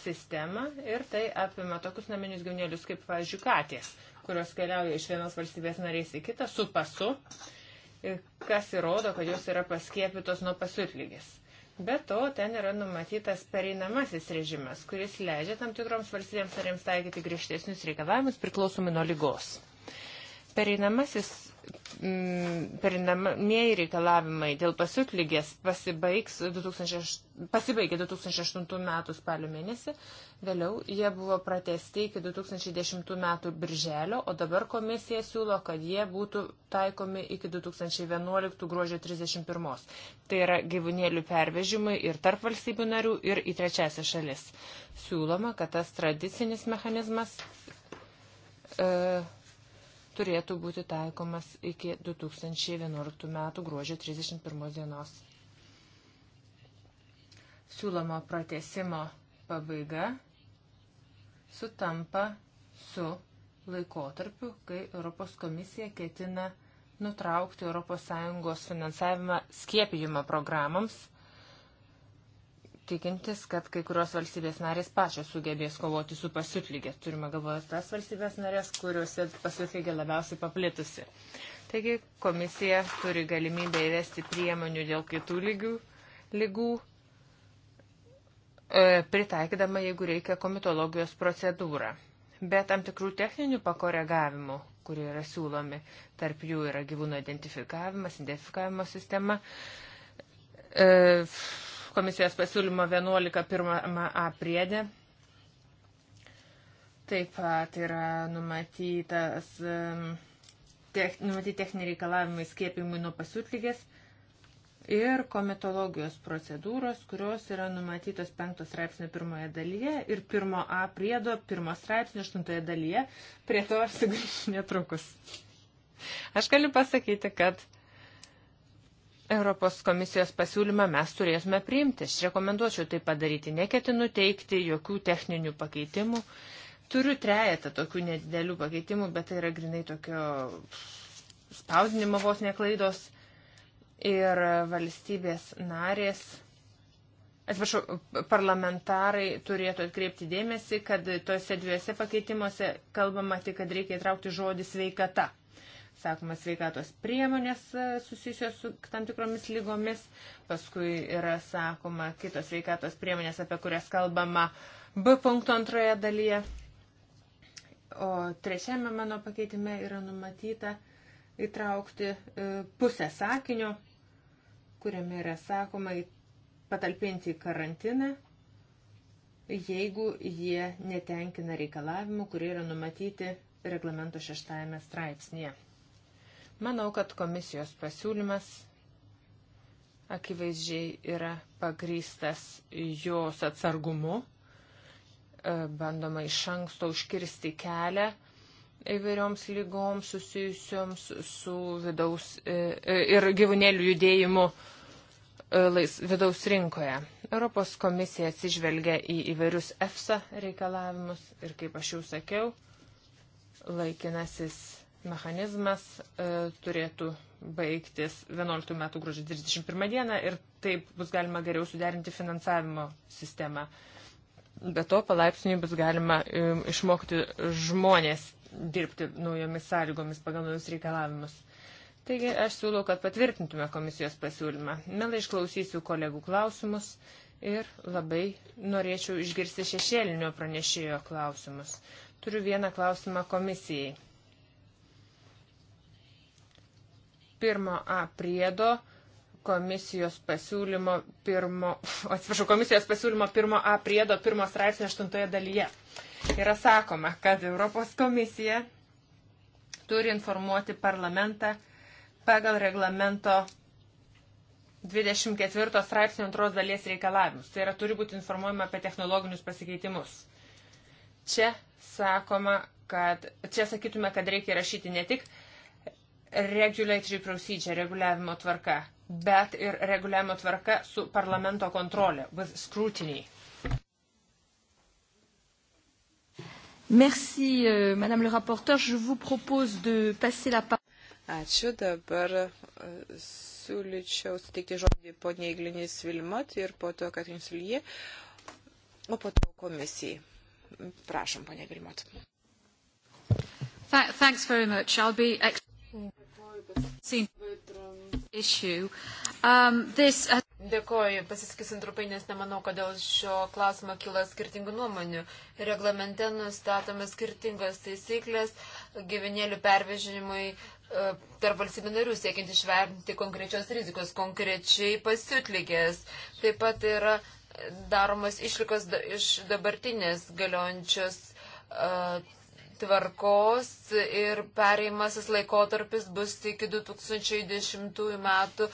sistemą ir tai apima tokius naminius gyvūnėlius kaip, pavyzdžiui, katės, kurios keliauja iš vienos valstybės narės į kitą su pasu, kas įrodo, kad jos yra paskėpytos nuo pasiutlygės. Be to, ten yra numatytas pereinamasis režimas, kuris leidžia tam tikroms valstybėms narėms taikyti griežtesnius reikalavimus priklausomai nuo lygos. Pereinamasis Mm, perinamieji reikalavimai dėl pasiutlygės pasibaigs 2008, pasibaigė 2008 metų spalio mėnesį, vėliau jie buvo pratesti iki 2010 metų birželio, o dabar komisija siūlo, kad jie būtų taikomi iki 2011 gruodžio 31. Tai yra gyvūnėlių pervežimai ir tarp valstybių narių ir į trečiasią šalis. Siūloma, kad tas tradicinis mechanizmas. Uh, e, turėtų būti taikomas iki 2011 metų gruodžio 31 dienos. Siūlomo pratesimo pabaiga sutampa su laikotarpiu, kai Europos komisija ketina nutraukti ES finansavimą skiepijimo programams – tikintis, kad kai kurios valstybės narės pačios sugebės kovoti su pasiutlygė. Turime galvoje tas valstybės narės, kuriuose pasiutlygė labiausiai paplitusi. Taigi komisija turi galimybę įvesti priemonių dėl kitų lygių, lygų, e, pritaikydama, jeigu reikia, komitologijos procedūrą. Bet tam tikrų techninių pakoregavimų, kurie yra siūlomi, tarp jų yra gyvūno identifikavimas, identifikavimo sistema. E, komisijos pasiūlymo 11.1a priedė. Taip pat yra numatytas, tech, numatyti techniniai reikalavimai skiepimui nuo pasiutlygės ir komitologijos procedūros, kurios yra numatytos 5 straipsnio pirmoje dalyje ir 1A priedo 1 straipsnio 8 dalyje. Prie to aš sugrįšiu netrukus. Aš galiu pasakyti, kad Europos komisijos pasiūlymą mes turėsime priimti. Aš rekomenduočiau tai padaryti. Neketinu teikti jokių techninių pakeitimų. Turiu trejetą tokių nedidelių pakeitimų, bet tai yra grinai tokio spausdinimo vos neklaidos. Ir valstybės narės, atsiprašau, parlamentarai turėtų atkreipti dėmesį, kad tose dviejose pakeitimuose kalbama tik, kad reikia įtraukti žodį sveikata sakoma, sveikatos priemonės e, susijusios su tam tikromis lygomis, paskui yra sakoma kitos sveikatos priemonės, apie kurias kalbama B punkto antroje dalyje. O trečiame mano pakeitime yra numatyta įtraukti e, pusę sakinio, kuriame yra sakoma patalpinti į karantiną, jeigu jie netenkina reikalavimų, kurie yra numatyti reglamento šeštajame straipsnėje. Manau, kad komisijos pasiūlymas akivaizdžiai yra pagrystas jos atsargumu, e, bandoma iš anksto užkirsti kelią įvairioms lygoms susijusioms su vidaus e, e, ir gyvūnėlių judėjimu lais, vidaus rinkoje. Europos komisija atsižvelgia į įvairius EFSA reikalavimus ir, kaip aš jau sakiau, laikinasis mechanizmas e, turėtų baigtis 11 metų gruodžio 31 dieną ir taip bus galima geriau suderinti finansavimo sistemą. Be to, palaipsniui bus galima e, išmokti žmonės dirbti naujomis sąlygomis pagal naujus reikalavimus. Taigi aš siūlau, kad patvirtintume komisijos pasiūlymą. Melai išklausysiu kolegų klausimus ir labai norėčiau išgirsti šešėlinio pranešėjo klausimus. Turiu vieną klausimą komisijai. 1A priedo komisijos pasiūlymo pirmo, *laughs* atsiprašau, komisijos pasiūlymo pirmo A priedo pirmo straipsnio aštuntoje dalyje. Yra sakoma, kad Europos komisija turi informuoti parlamentą pagal reglamento 24 straipsnio antros dalies reikalavimus. Tai yra turi būti informuojama apie technologinius pasikeitimus. Čia sakoma, kad čia sakytume, kad reikia rašyti ne tik regulatory procedure, reguliavimo tvarka, bet ir reguliavimo tvarka su parlamento kontrolė, with scrutiny. Merci, euh, Madame le rapporteur. Je vous propose de passer la parole. Ačiū dabar euh, siūlyčiau suteikti žodį poniai Glinis Vilmat ir po to Katrins Viljė, o po to komisijai. Prašom, ponia Vilmat. Thanks very much. I'll be... Issue. Um, this... Uh, Dėkoju, pasiskisim trupai, nes nemanau, kodėl šio klausimo kyla skirtingų nuomonių. Reglamente nustatome skirtingos taisyklės gyvenėlių pervežinimui e, tarp valstybinarių siekiant išvertinti konkrečios rizikos, konkrečiai pasiutlygės. Taip pat yra daromas išlikos da, iš dabartinės galiojančios uh, tvarkos ir pereimasis laikotarpis bus iki 2010 metų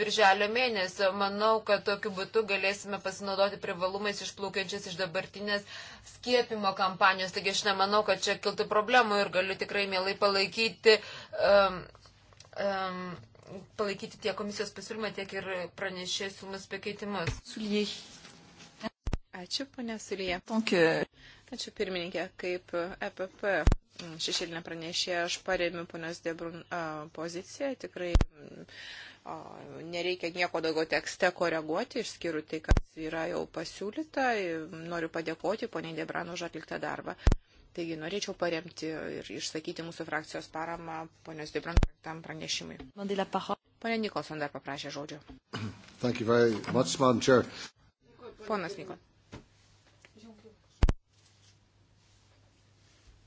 birželio mėnesio. Manau, kad tokiu būtų galėsime pasinaudoti privalumais išplaukiančiais iš dabartinės skiepimo kampanijos. Taigi aš nemanau, kad čia kiltų problemų ir galiu tikrai mielai palaikyti. Um, um, palaikyti tiek komisijos pasiūlymą, tiek ir pranešėjus sumas pakeitimus. Ačiū, ponia Sulėje. Ačiū pirmininkė, kaip EPP šešėlinė pranešė, aš paremiu ponios Debrun poziciją. Tikrai o, nereikia nieko daugiau tekste koreguoti, išskyrų tai, kas yra jau pasiūlyta. Noriu padėkoti poniai Debran už atliktą darbą. Taigi norėčiau paremti ir išsakyti mūsų frakcijos paramą ponios Debran tam pranešimui. Pone Nikolson dar paprašė žodžio. Much, Ponas Nikolson.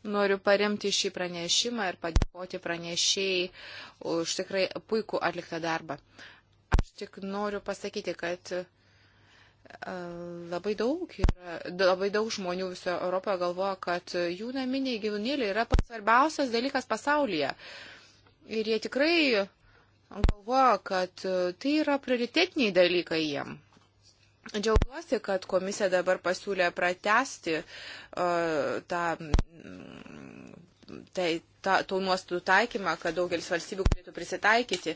Noriu paremti šį pranešimą ir padėkoti pranešėjai už tikrai puikų atliktą darbą. Aš tik noriu pasakyti, kad e, labai daug, yra, labai daug žmonių visoje Europoje galvoja, kad jų naminiai gyvūnėliai yra pats svarbiausias dalykas pasaulyje. Ir jie tikrai galvoja, kad e, tai yra prioritetiniai dalykai jiem. Džiaugiuosi, kad komisija dabar pasiūlė pratesti uh, tą. Mm, tai ta, tų nuostatų taikymą, kad daugelis valstybių galėtų prisitaikyti.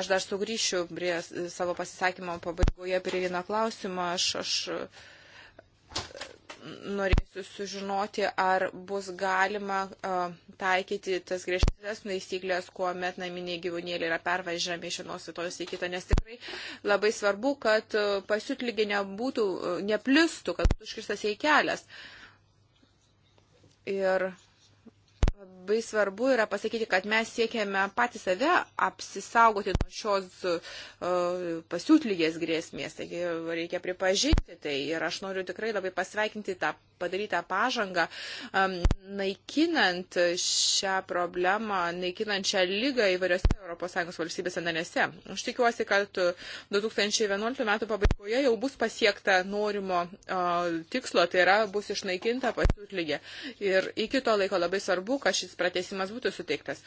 Aš dar sugrįšiu prie savo pasisakymo pabaigoje prie vieno klausimo. Aš, aš norėsiu sužinoti, ar bus galima uh, taikyti tas griežtas taisyklės, kuomet naminiai gyvūnėliai yra pervažiami iš vienos vietos į kitą, nes tikrai labai svarbu, kad uh, pasiutlygė nebūtų, uh, neplistų, kad būtų užkirstas jai kelias. Ir Labai svarbu yra pasakyti, kad mes siekiame patį save apsisaugoti nuo šios uh, e, pasiūtlygės grėsmės. Taigi reikia pripažinti tai. Ir aš noriu tikrai labai pasveikinti tą padarytą pažangą, um, naikinant šią problemą, naikinant šią lygą įvairiose ES valstybėse narėse. Aš tikiuosi, kad 2011 metų pabaigoje jau bus pasiekta norimo uh, tikslo, tai yra bus išnaikinta pasiūtlygė. Ir iki to laiko labai svarbu, kad kad šis pratesimas būtų suteiktas.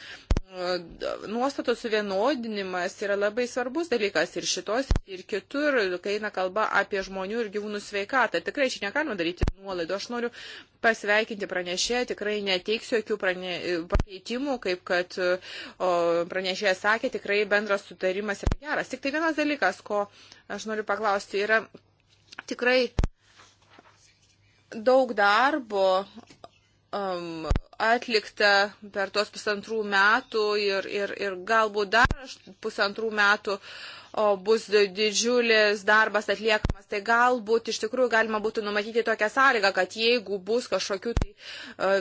Nuostatos suvienodinimas yra labai svarbus dalykas ir šitos, ir kitur, kai eina kalba apie žmonių ir gyvūnų sveikatą. Tikrai čia negalima daryti nuolaidų. Aš noriu pasveikinti pranešėją, tikrai neteiksiu jokių prane, pakeitimų, kaip kad pranešėjas sakė, tikrai bendras sutarimas yra geras. Tik tai vienas dalykas, ko aš noriu paklausti, yra tikrai daug darbo um, atlikta per tos pusantrų metų ir, ir, ir galbūt dar pusantrų metų o bus didžiulis darbas atliekamas, tai galbūt iš tikrųjų galima būtų numatyti tokią sąlygą, kad jeigu bus kažkokių tai e,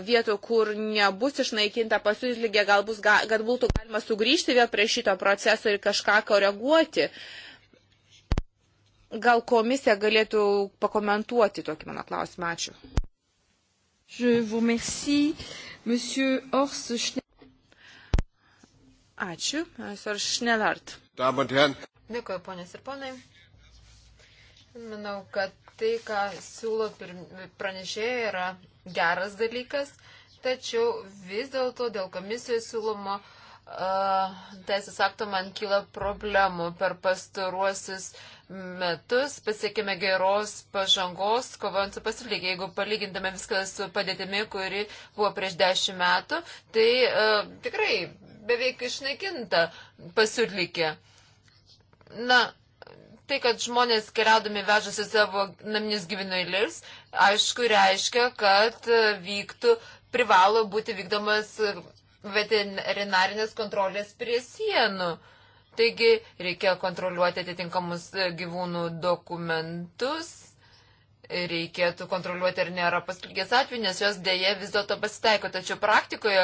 vietų, kur nebus išnaikinta pasiūlygė, gal bus, kad būtų galima sugrįžti vėl prie šito proceso ir kažką koreguoti. Gal komisija galėtų pakomentuoti tokį mano klausimą. Ačiū. Je vous remercie. Monsieur Horst Schnellhardt. Ačiū, Sir Schnellhardt. Dėkuoju, ponės ir ponai. Manau, kad tai, ką siūlo pranešėjai, yra geras dalykas, tačiau vis dėlto dėl komisijos siūlomo uh, teisės akto man kyla problemų per pastaruosius uh, metus pasiekime geros pažangos, kovojant su pasaulyje. Jeigu palygindame viską su padėtimi, kuri buvo prieš dešimt metų, tai e, tikrai beveik išnaikinta pasiūlykė. Na, tai, kad žmonės keliaudami vežasi savo naminius gyvinėlius, aišku, reiškia, kad e, vyktų, privalo būti vykdomas veterinarinės kontrolės prie sienų. Taigi reikia kontroliuoti atitinkamus e, gyvūnų dokumentus, reikėtų kontroliuoti, ar nėra paskirties atveju, nes jos dėje vis dėlto pasitaiko. Tačiau praktikoje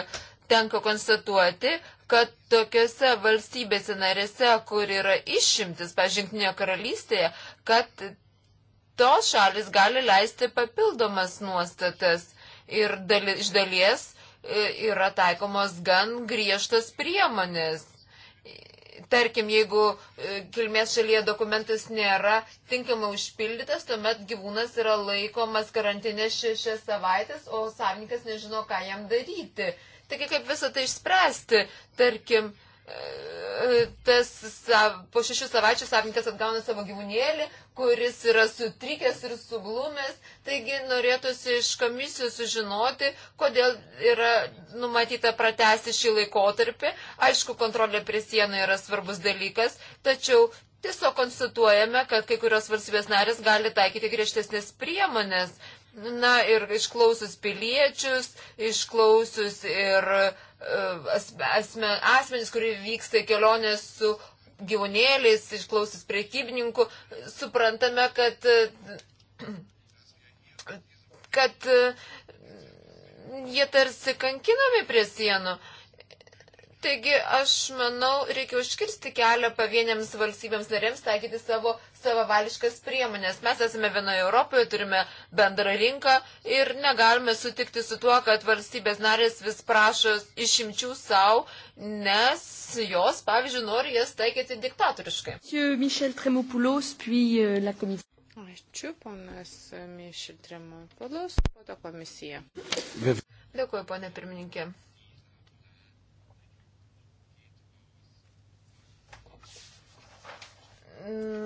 tenka konstatuoti, kad tokiuose valstybėse narėse, kur yra išimtis, pažinktinėje karalystėje, kad tos šalis gali leisti papildomas nuostatas ir dali, iš dalies e, yra taikomos gan griežtas priemonės tarkim, jeigu e, kilmės šalyje dokumentas nėra tinkamai užpildytas, tuomet gyvūnas yra laikomas karantinė šešias savaitės, o savininkas nežino, ką jam daryti. Taigi, kaip visą tai išspręsti, tarkim, tas po šešių savaičių savininkas atgauna savo gyvūnėlį, kuris yra sutrikęs ir suglumęs. Taigi norėtųsi iš komisijų sužinoti, kodėl yra numatyta pratesti šį laikotarpį. Aišku, kontrolė prie sienų yra svarbus dalykas, tačiau tiesiog konstatuojame, kad kai kurios valstybės narės gali taikyti griežtesnės priemonės. Na ir išklausus piliečius, išklausus ir uh, E, asme, asmenys, kurie vyksta į kelionę su gyvūnėliais, išklausus priekybininkų, suprantame, kad, e, kad e, jie tarsi kankinami prie sienų. Uh, Taigi, aš manau, reikia užkirsti kelią pavieniams valstybėms narėms taikyti savo savavališkas priemonės. Mes esame vienoje Europoje, turime bendrą rinką ir negalime sutikti su tuo, kad valstybės narės vis prašo išimčių savo, nes jos, pavyzdžiui, nori jas taikyti diktatoriškai. Euh, Ačiū, ponas Mišel Tremopulos, po to komisija. Dėkuoju, ponė pirmininkė.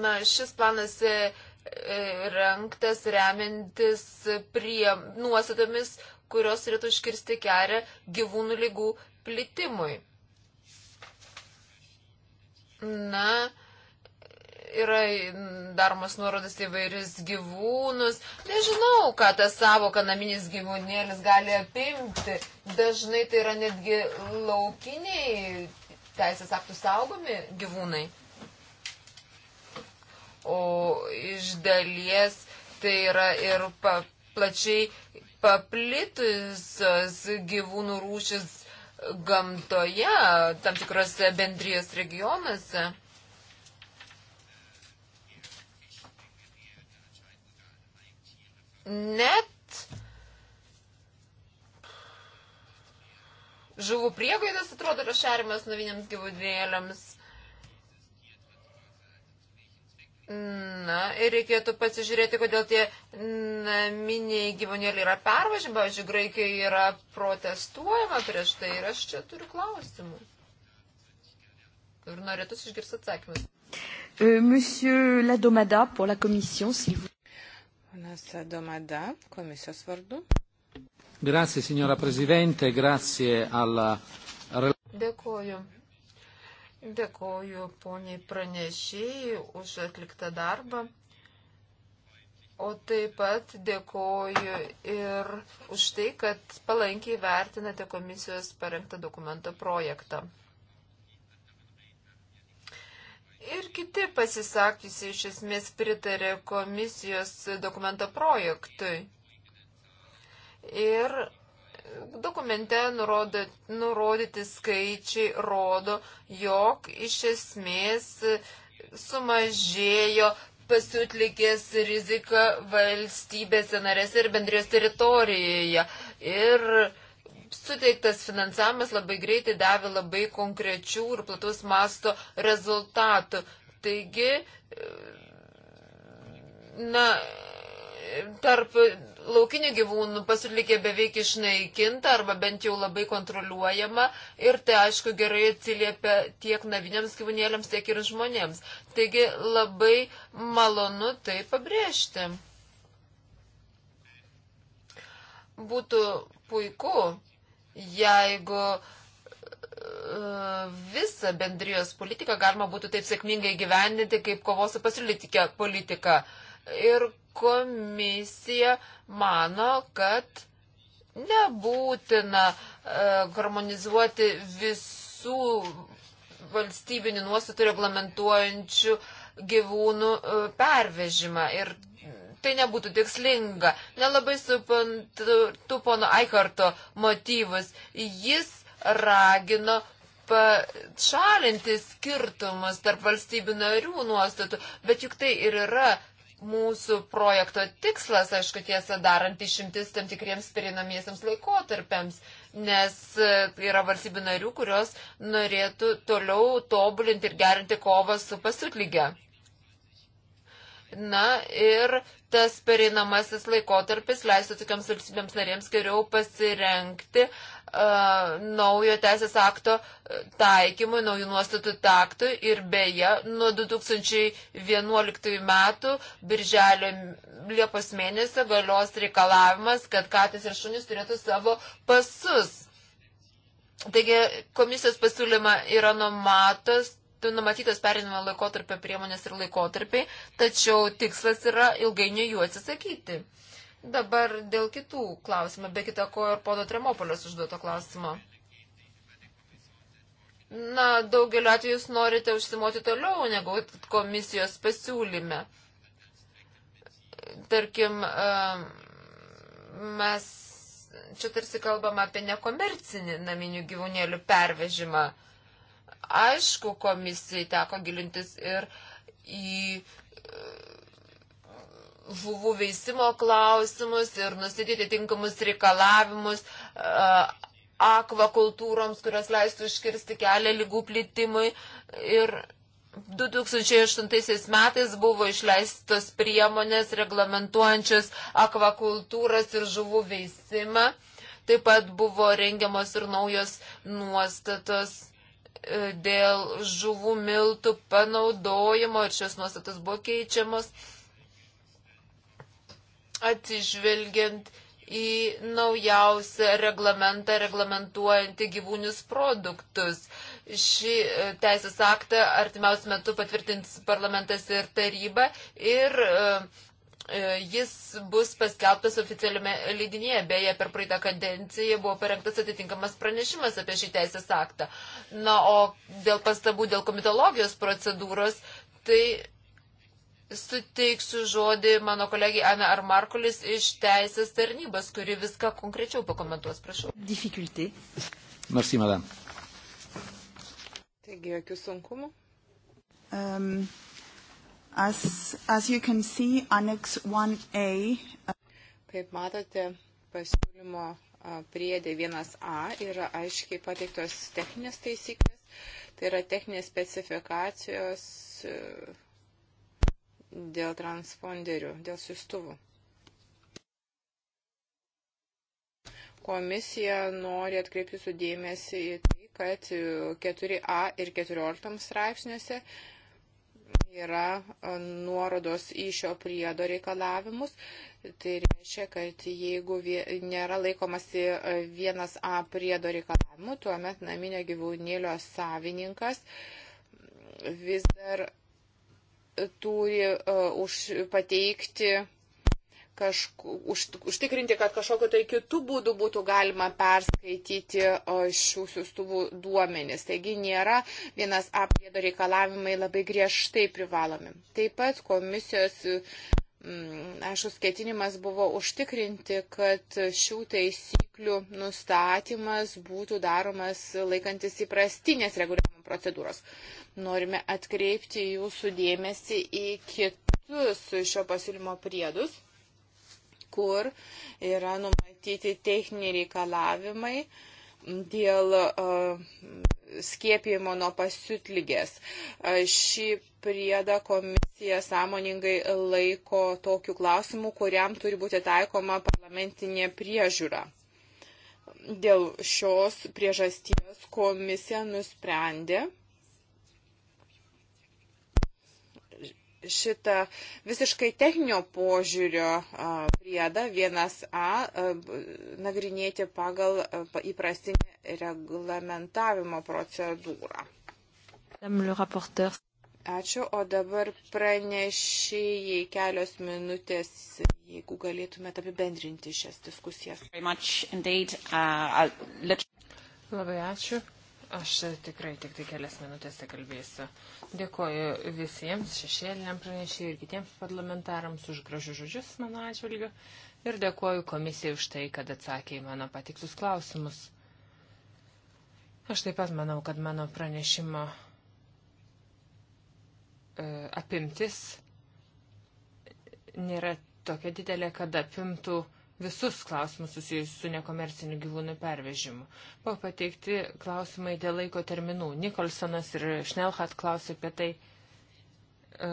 Na, šis planas e, e, renktas remiantis prie nuostatomis, kurios turėtų iškirsti kelią gyvūnų lygų plitimui. Na, yra daromas nuorodas įvairius gyvūnus. Nežinau, ką ta savoka naminis gyvūnėlis gali apimti. Dažnai tai yra netgi laukiniai teisės aktų saugomi gyvūnai o iš dalies tai yra ir pa, plačiai paplitusios gyvūnų rūšis gamtoje, tam tikrose bendrijos regionuose. Net žuvų priegaidas atrodo yra šerimas naviniams gyvūnėliams. Na ir reikėtų pasižiūrėti, kodėl tie naminiai gyvūnėliai yra pervažiami. Pavyzdžiui, Graikijoje yra protestuojama prieš tai ir aš čia turiu klausimų. Ir norėtų išgirsti atsakymus. E, Monsieur Ladomada, pour la commission, s'il vous Ponas Ladomada, komisijos vardu. Grazie, signora Presidente, grazie alla. Dėkuoju, Dėkoju poniai pranešėjai už atliktą darbą. O taip pat dėkoju ir už tai, kad palankiai vertinate komisijos parengtą dokumento projektą. Ir kiti pasisakysi iš esmės pritarė komisijos dokumento projektui. Ir Dokumente nurodo, nurodyti skaičiai rodo, jog iš esmės sumažėjo pasiutlikės rizika valstybėse narėse ir bendrijos teritorijoje. Ir suteiktas finansavimas labai greitai davė labai konkrečių ir platus masto rezultatų. Taigi, na, tarp laukinių gyvūnų pasilikė beveik išnaikinta arba bent jau labai kontroliuojama ir tai aišku gerai atsiliepia tiek naviniams gyvūnėliams, tiek ir žmonėms. Taigi labai malonu tai pabrėžti. Būtų puiku, jeigu e, visą bendrijos politiką galima būtų taip sėkmingai gyvendinti, kaip kovos su pasilitikė politika. politika ir komisija mano, kad nebūtina e, harmonizuoti visų valstybinių nuostatų reglamentuojančių gyvūnų e, pervežimą. Ir tai nebūtų tikslinga. Nelabai suprantu pono Aikarto motyvus. Jis ragino pašalinti skirtumus tarp valstybių narių nuostatų, bet juk tai ir yra mūsų projekto tikslas, aišku, tiesa, darant išimtis tam tikriems perinamiesiams laikotarpiams, nes e, yra valstybių narių, kurios norėtų toliau tobulinti ir gerinti kovą su pasiutlyge. Na ir tas pereinamasis laikotarpis leistų tokiams valstybėms narėms geriau pasirenkti uh, naujo teisės akto e, taikymui, naujų nuostatų taktui ir beje, nuo 2011 metų birželio Liepos mėnesio galios reikalavimas, kad katės ir šunys turėtų savo pasus. Taigi komisijos pasiūlyma yra numatas numatytos perinimo laikotarpio priemonės ir laikotarpiai, tačiau tikslas yra ilgainiui jų atsisakyti. Dabar dėl kitų klausimų, be kita ko ir pono Tremopolios užduoto klausimo. Na, daugeliu atveju jūs norite užsimoti toliau negu komisijos pasiūlyme. Tarkim, mes čia tarsi kalbam apie nekomercinį naminių gyvūnėlių pervežimą. Aišku, komisijai teko gilintis ir į e, žuvų veisimo klausimus ir nusidėti tinkamus reikalavimus e, akvakultūroms, kurios leistų iškirsti kelią lygų plitimui. Ir 2008 metais buvo išleistos priemonės reglamentuojančios akvakultūras ir žuvų veisimą. Taip pat buvo rengiamos ir naujos nuostatos E, dėl žuvų miltų panaudojimo ir šios nuostatos buvo keičiamos atsižvelgiant į naujausią reglamentą reglamentuojantį gyvūnius produktus. Šį e, teisės aktą artimiausiu metu patvirtins parlamentas ir taryba ir uh, E, jis bus paskelbtas oficialiame leidinėje. Beje, per praeitą kadenciją buvo parengtas atitinkamas pranešimas apie šį teisės aktą. Na, o dėl pastabų, dėl komitologijos procedūros, tai suteiksiu žodį mano kolegijai Ana Armarkulis iš teisės tarnybos, kuri viską konkrečiau pakomentuos, prašau. Difficulty. Merci, madame. Taigi, jokių sunkumų? Um, As, as you can see, Annex 1A. Uh, Kaip matote, pasiūlymo uh, priedė 1A yra aiškiai pateiktos techninės taisyklės, tai yra techninės specifikacijos uh, dėl transponderių, dėl siustuvų. Komisija nori atkreipti sudėmėsi į tai, kad 4A ir 14 straipsniuose yra nuorodos į šio priedo reikalavimus. Tai reiškia, kad jeigu nėra laikomasi vienas A priedo reikalavimų, tuomet naminio gyvūnėlio savininkas vis dar turi uh, už, pateikti kažku, už, užtikrinti, kad kažkokiu tai kitų būdų būtų galima perskaityti šių siūstuvų duomenis. Taigi nėra vienas apriedo reikalavimai labai griežtai privalomi. Taip pat komisijos mm, aiškus ketinimas buvo užtikrinti, kad šių taisyklių nustatymas būtų daromas laikantis įprastinės reguliavimo procedūros. Norime atkreipti jūsų dėmesį į kitus šio pasiūlymo priedus kur yra numatyti techniniai reikalavimai dėl e, skiepijimo nuo pasiutlygės. E, šį priedą komisija sąmoningai laiko tokiu klausimu, kuriam turi būti taikoma parlamentinė priežiūra. Dėl šios priežasties komisija nusprendė šitą visiškai techninio požiūrio priedą 1A nagrinėti pagal įprastinį reglamentavimo procedūrą. Ačiū, o dabar pranešėjai kelios minutės, jeigu galėtumėte apibendrinti šias diskusijas. Uh, Labai ačiū. Aš tikrai tik tai kelias minutės kalbėsiu. Dėkoju visiems šešėliniam pranešėjui ir kitiems parlamentarams už gražius žodžius mano atžvilgiu ir dėkoju komisijai už tai, kad atsakė į mano patiktus klausimus. Aš taip pat manau, kad mano pranešimo e, apimtis nėra tokia didelė, kad apimtų uh, visus klausimus susijusius su nekomerciniu gyvūnų pervežimu. Buvo pateikti klausimai dėl laiko terminų. Nikolsonas ir Šnelhat klausė apie tai. E,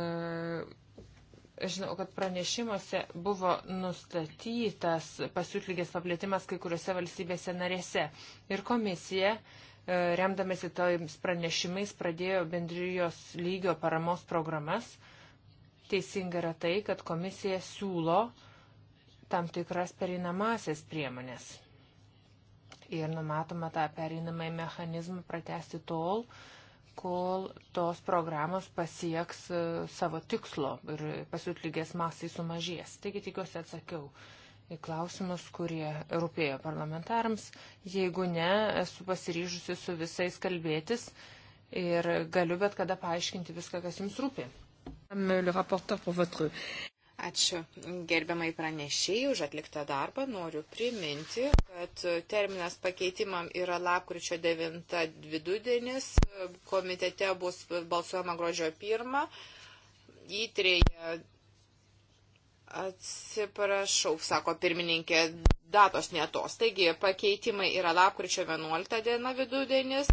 žinau, kad pranešimuose buvo nustatytas pasiutlygės paplėtimas kai kuriuose valstybėse narėse. Ir komisija, e, remdamėsi tojams pranešimais, pradėjo bendrijos lygio paramos programas. Teisinga yra tai, kad komisija siūlo uh, tam tikras pereinamasias priemonės. Ir numatoma tą pereinamąjį mechanizmą pratesti tol, kol tos programos pasieks e, savo tikslo ir pasiutlygės masai sumažės. Taigi tikiuosi atsakiau į klausimus, kurie rūpėjo parlamentarams. Jeigu ne, esu pasiryžusi su visais kalbėtis ir galiu bet kada paaiškinti viską, kas jums rūpi. Ačiū gerbiamai pranešėjai už atliktą darbą. Noriu priminti, kad terminas pakeitimam yra lapkričio 9 vidudienis. Komitete bus balsuojama gruodžio 1. Įtrėje atsiprašau, sako pirmininkė, datos netos. Taigi pakeitimai yra lapkričio 11 diena vidudienis.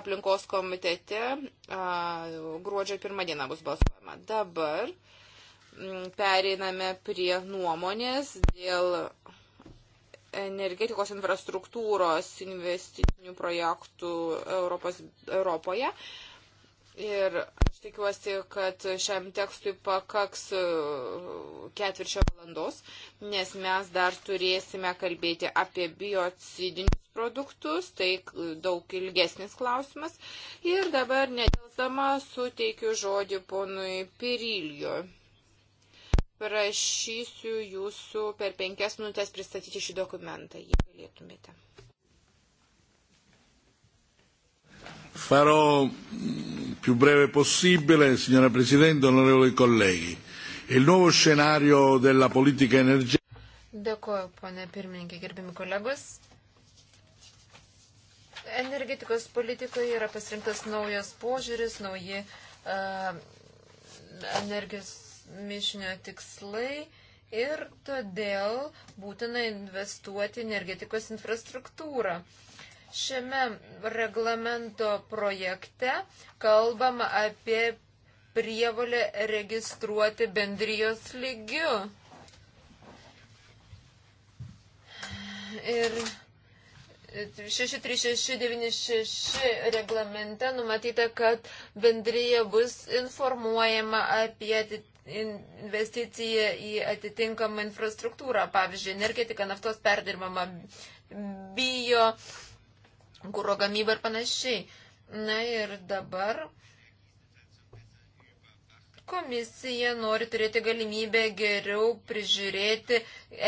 Aplinkos komitete a, gruodžio 1 diena bus balsuojama. Dabar pereiname prie nuomonės dėl energetikos infrastruktūros investicinių projektų Europos, Europoje. Ir aš tikiuosi, kad šiam tekstui pakaks e, ketvirčio valandos, nes mes dar turėsime kalbėti apie biocidinius produktus, tai daug ilgesnis klausimas. Ir dabar nedelsama suteikiu žodį ponui Pirilijui prašysiu jūsų per penkias minutės pristatyti šį dokumentą, jei galėtumėte. Farò mm, più breve possibile, signora Presidente, onorevoli colleghi. Il nuovo scenario della politica energetica. Dėkuoju, ponė pirmininkė, gerbimi kolegos. Energetikos politikoje yra pasirinktas naujas požiūris, nauji uh, energijos mišinio tikslai ir todėl būtina investuoti energetikos infrastruktūrą. Šiame reglamento projekte kalbama apie prievalę registruoti bendrijos lygių. Ir 63696 reglamente numatyta, kad bendryje bus informuojama apie investicija į atitinkamą infrastruktūrą, pavyzdžiui, energetika, naftos perdirbama, bio, kūro gamyba ir panašiai. Na ir dabar komisija nori turėti galimybę geriau prižiūrėti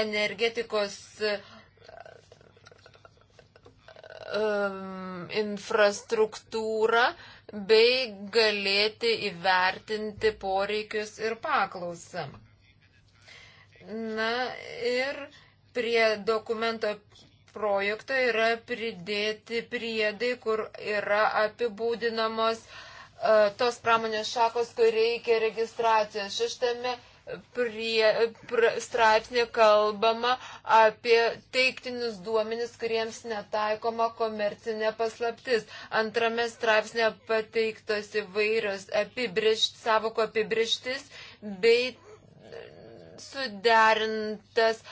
energetikos um, infrastruktūrą, bei galėti įvertinti poreikius ir paklausą. Na ir prie dokumento projekto yra pridėti priedai, kur yra apibūdinamos uh, tos pramonės šakos, kur reikia registracijos. Šeštame prie, prie straipsnė kalbama apie teiktinius duomenis, kuriems netaikoma komercinė paslaptis. Antrame straipsnė pateiktos įvairios apibrišt, savoko apibrištis bei suderintas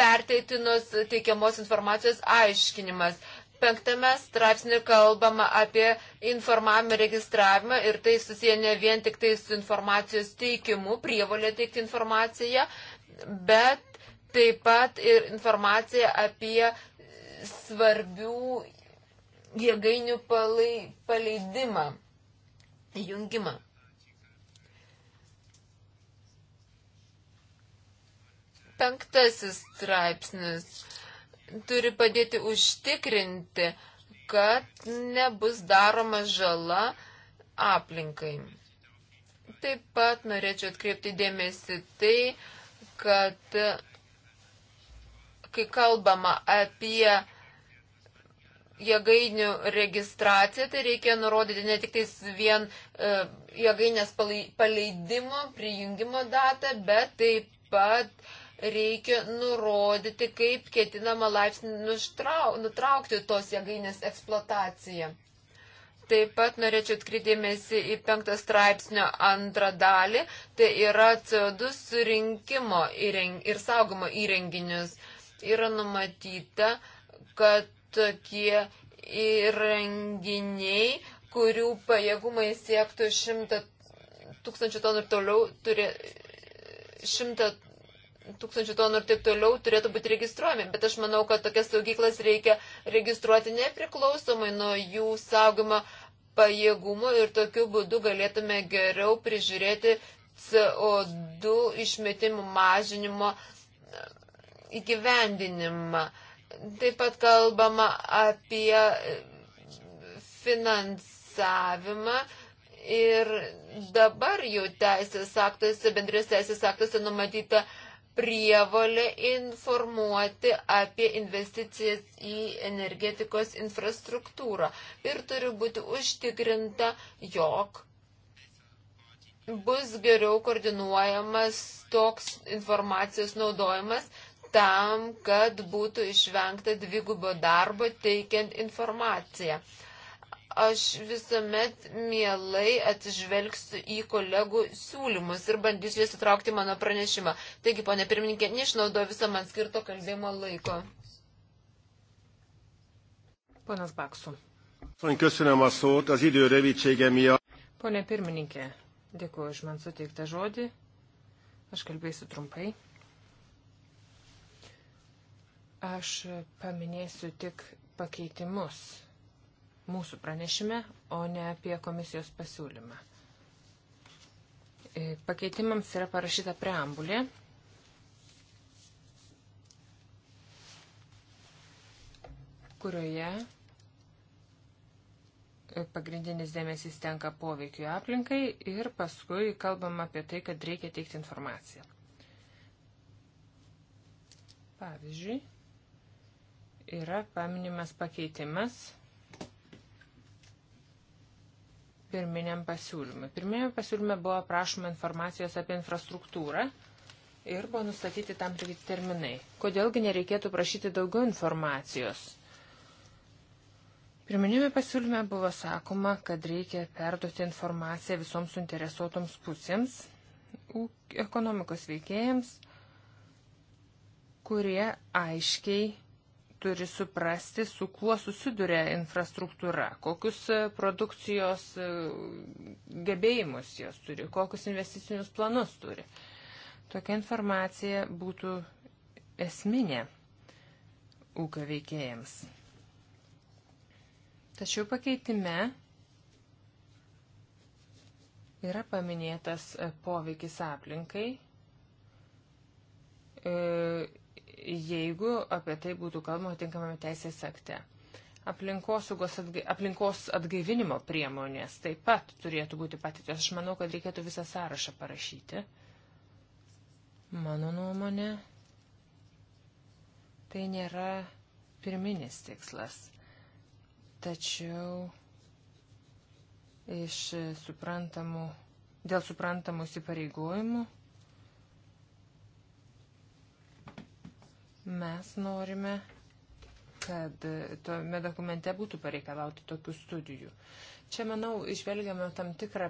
perteitinos teikiamos informacijos aiškinimas. Penktame straipsnė kalbama apie informavimą registravimą ir tai susiję ne vien tik tai su informacijos teikimu, prievalė teikti informaciją, bet taip pat ir informacija apie svarbių jėgainių palai, paleidimą, jungimą. Penktasis straipsnis turi padėti užtikrinti, kad nebus daroma žala aplinkai. Taip pat norėčiau atkreipti dėmesį tai, kad kai kalbama apie jėgainių registraciją, tai reikia nurodyti ne tik vien uh, jėgainės paleidimo, prijungimo datą, bet taip pat uh, reikia nurodyti, kaip ketinama laipsnį nutraukti tos jėgainės eksploataciją. Taip pat norėčiau atkreipdėmėsi į penktą straipsnio antrą dalį, tai yra CO2 surinkimo ir saugomo įrenginius. Yra numatyta, kad tokie įrenginiai, kurių pajėgumai siektų 100 tūkstančių tonų ir toliau, turi 100 tūkstančių tonų ir taip toliau turėtų būti registruojami. Bet aš manau, kad tokias saugyklas reikia registruoti nepriklausomai nuo jų saugimo pajėgumų ir tokiu būdu galėtume geriau prižiūrėti CO2 išmetimų mažinimo e, įgyvendinimą. Taip pat kalbama apie finansavimą. Ir dabar jau teisės aktuose, bendrės teisės aktuose numatyta uh, prievolė informuoti apie investicijas į energetikos infrastruktūrą ir turi būti užtikrinta, jog bus geriau koordinuojamas toks informacijos naudojimas tam, kad būtų išvengta dvigubo darbo teikiant informaciją aš visuomet mielai atsižvelgsiu į kolegų siūlymus ir bandysiu juos įtraukti mano pranešimą. Taigi, ponė pirmininkė, neišnaudo visą man skirto kalbėjimo laiko. Ponas Baksu. Pone pirmininkė, dėkuoju už man suteiktą žodį. Aš kalbėsiu trumpai. Aš paminėsiu tik pakeitimus mūsų pranešime, o ne apie komisijos pasiūlymą. E, pakeitimams yra parašyta preambulė. kurioje e, pagrindinis dėmesys tenka poveikiu aplinkai ir paskui kalbam apie tai, kad reikia teikti informaciją. Pavyzdžiui, yra paminimas pakeitimas pirminiam pasiūlymui. Pirminėme pasiūlyme buvo prašoma informacijos apie infrastruktūrą ir buvo nustatyti tam tikri terminai. Kodėlgi nereikėtų prašyti daugiau informacijos? Pirminėme pasiūlyme buvo sakoma, kad reikia perduoti informaciją visoms suinteresuotoms pusėms, ekonomikos veikėjams, kurie aiškiai turi suprasti, su kuo susiduria infrastruktūra, kokius e, produkcijos e, gebėjimus jos turi, kokius investicinius planus turi. Tokia informacija būtų esminė ūkio veikėjams. Tačiau pakeitime yra paminėtas e, poveikis aplinkai jeigu apie tai būtų kalbama tinkamame teisės akte. Aplinkos, atga, aplinkos atgaivinimo priemonės taip pat turėtų būti patiktos. Aš manau, kad reikėtų visą sąrašą parašyti. Mano nuomonė, tai nėra pirminis tikslas. Tačiau iš suprantamų, dėl suprantamų įsipareigojimų Mes norime, kad tome dokumente būtų pareikalauti tokių studijų. Čia, manau, išvelgiame tam tikrą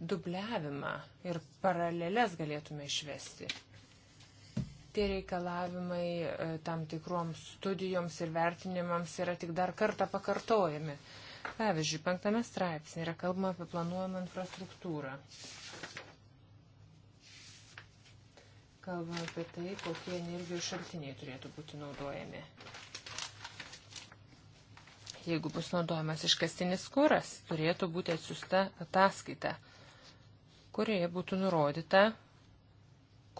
dubliavimą ir paralelės galėtume išvesti. Tie reikalavimai e, tam tikroms studijoms ir vertinimams yra tik dar kartą pakartojami. Pavyzdžiui, penktame straipsnė yra kalbama apie planuojamą infrastruktūrą. kalbam apie tai, kokie energijos šaltiniai turėtų būti naudojami. Jeigu bus naudojamas iškastinis kuras, turėtų būti atsiusta ataskaita, kurioje būtų nurodyta,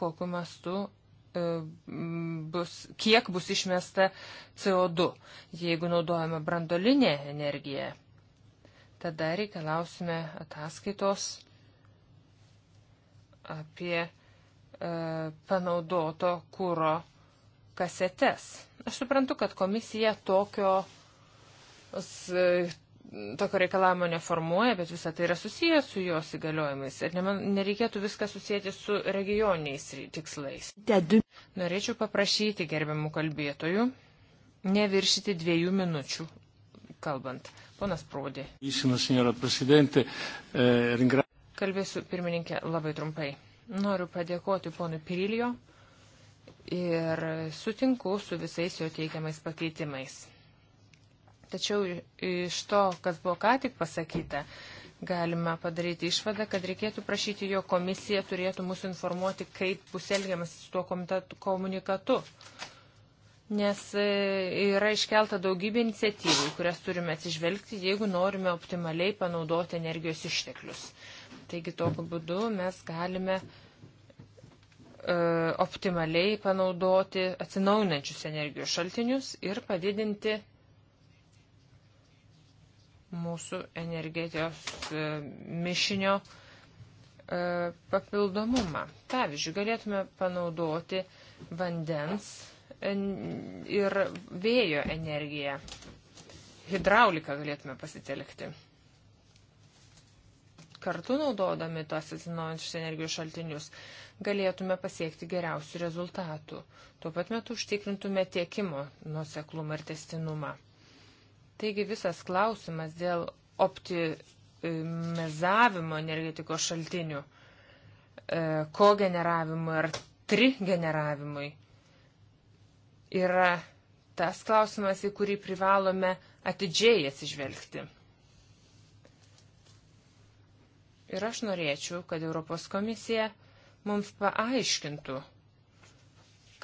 kokiu mastu e, bus, kiek bus išmesta CO2. Jeigu naudojama brandolinė energija, tada reikalausime ataskaitos apie E, panaudoto kūro kasetes. Aš suprantu, kad komisija tokio, e, tokio reikalavimo neformuoja, bet visą tai yra susijęs su jos įgaliojimais. Ir ne, nereikėtų viską susijęti su regioniais tikslais. Norėčiau paprašyti gerbiamų kalbėtojų neviršyti dviejų minučių kalbant. Ponas Prūdė. Eh, Kalbėsiu pirmininkė labai trumpai. Noriu padėkoti ponui Pirilijo ir sutinku su visais jo teikiamais pakeitimais. Tačiau iš to, kas buvo ką tik pasakyta, galime padaryti išvadą, kad reikėtų prašyti, jo komisija turėtų mūsų informuoti, kaip bus elgiamas su tuo komunikatu. Nes e, yra iškelta daugybė iniciatyvų, kurias turime atsižvelgti, jeigu norime optimaliai panaudoti energijos išteklius. Taigi tokiu būdu mes galime uh, E, optimaliai panaudoti atsinaujinančius energijos šaltinius ir padidinti mūsų energetijos e, mišinio e, papildomumą. Pavyzdžiui, galėtume panaudoti vandens ir vėjo energiją. Hidrauliką galėtume pasitelkti kartu naudodami tos atsinaujančius energijos šaltinius galėtume pasiekti geriausių rezultatų. Tuo pat metu užtikrintume tiekimo nuseklumą ir testinumą. Taigi visas klausimas dėl optimizavimo energetikos šaltinių, e, kogeneravimui ar trigeneravimui yra tas klausimas, į kurį privalome atidžiai atsižvelgti. Ir aš norėčiau, kad Europos komisija mums paaiškintų,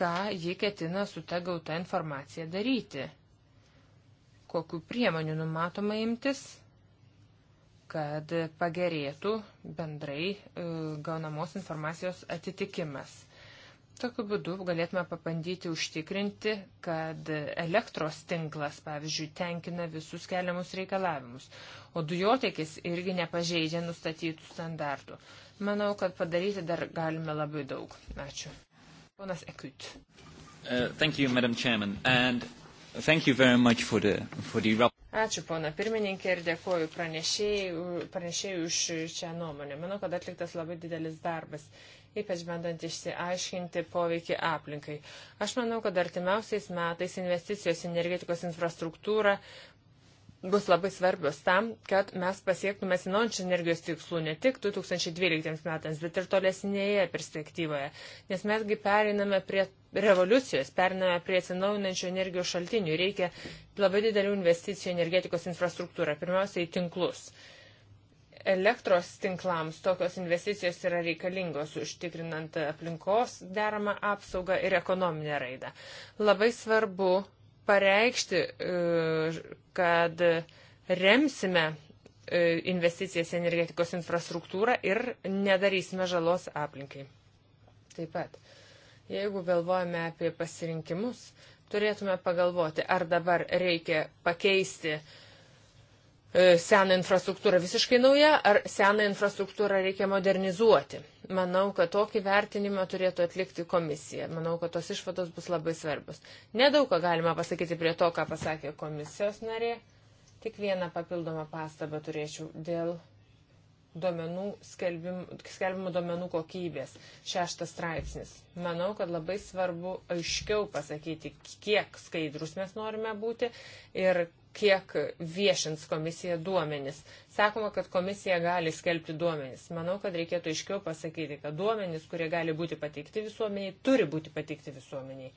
ką ji ketina su ta gauta informacija daryti, kokiu priemonių numatoma imtis, kad pagerėtų bendrai e, gaunamos informacijos atitikimas. Tokiu būdu galėtume papandyti užtikrinti, kad elektros tinklas, pavyzdžiui, tenkina visus keliamus reikalavimus, o dujotekis irgi nepažeidžia nustatytų standartų. Manau, kad padaryti dar galime labai daug. Ačiū. Ponas Ekut. Uh, thank you, Madam Chairman, and thank you very much for the, for the... Ačiū, pona pirmininkė, ir dėkoju pranešėjai už čia nuomonę. Manau, kad atliktas labai didelis darbas. Uh, ypač bandant išsiaiškinti poveikį aplinkai. Aš manau, kad artimiausiais metais investicijos į energetikos infrastruktūrą bus labai svarbios tam, kad mes pasiektume sinončių energijos tikslų ne tik 2012 metams, bet ir tolesnėje perspektyvoje. Nes mesgi periname prie revoliucijos, periname prie atsinaujinančių energijos šaltinių. Reikia labai didelių investicijų energetikos infrastruktūrą, pirmiausia į tinklus. Uh, elektros tinklams tokios investicijos yra reikalingos užtikrinant aplinkos deramą apsaugą ir ekonominę raidą. Labai svarbu pareikšti, e, kad remsime e, investicijas į energetikos infrastruktūrą ir nedarysime žalos aplinkai. Taip pat, jeigu galvojame apie pasirinkimus, turėtume pagalvoti, ar dabar reikia pakeisti uh, E, seną infrastruktūrą visiškai nauja, ar seną infrastruktūrą reikia modernizuoti. Manau, kad tokį vertinimą turėtų atlikti komisija. Manau, kad tos išvados bus labai svarbios. Nedaug ką galima pasakyti prie to, ką pasakė komisijos narė. Tik vieną papildomą pastabą turėčiau dėl duomenų, skelbimų, skelbimų duomenų kokybės. Šeštas straipsnis. Manau, kad labai svarbu aiškiau pasakyti, kiek skaidrus mes norime būti ir kiek viešins komisija duomenis. Sakoma, kad komisija gali skelbti duomenis. Manau, kad reikėtų aiškiau pasakyti, kad duomenis, kurie gali būti pateikti visuomeniai, turi būti pateikti visuomeniai,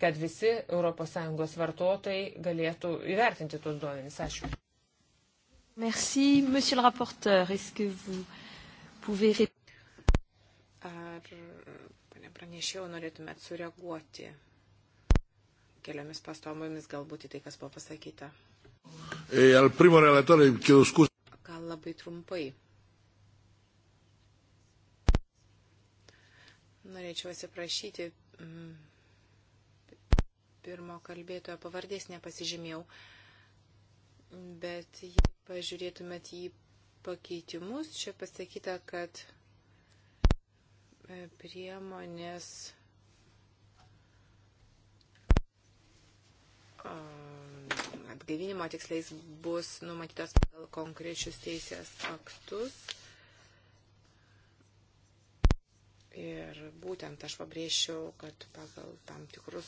kad visi ES vartotojai galėtų įvertinti tuos duomenis. Ačiū. Merci, monsieur le rapporteur. Est-ce que vous pouvez... Ar, pranešėjau, norėtumėt sureaguoti keliomis pastomomis galbūt į tai, kas buvo pasakyta. E, Gal labai trumpai. Norėčiau atsiprašyti. Mm, pirmo kalbėtojo pavardės nepasižymėjau, bet jei pažiūrėtumėt į pakeitimus, čia pasakyta, kad e, priemonės atgaivinimo tiksliais bus numatytos pagal konkrečius teisės aktus. Ir būtent aš pabrėžčiau, kad pagal tam tikrus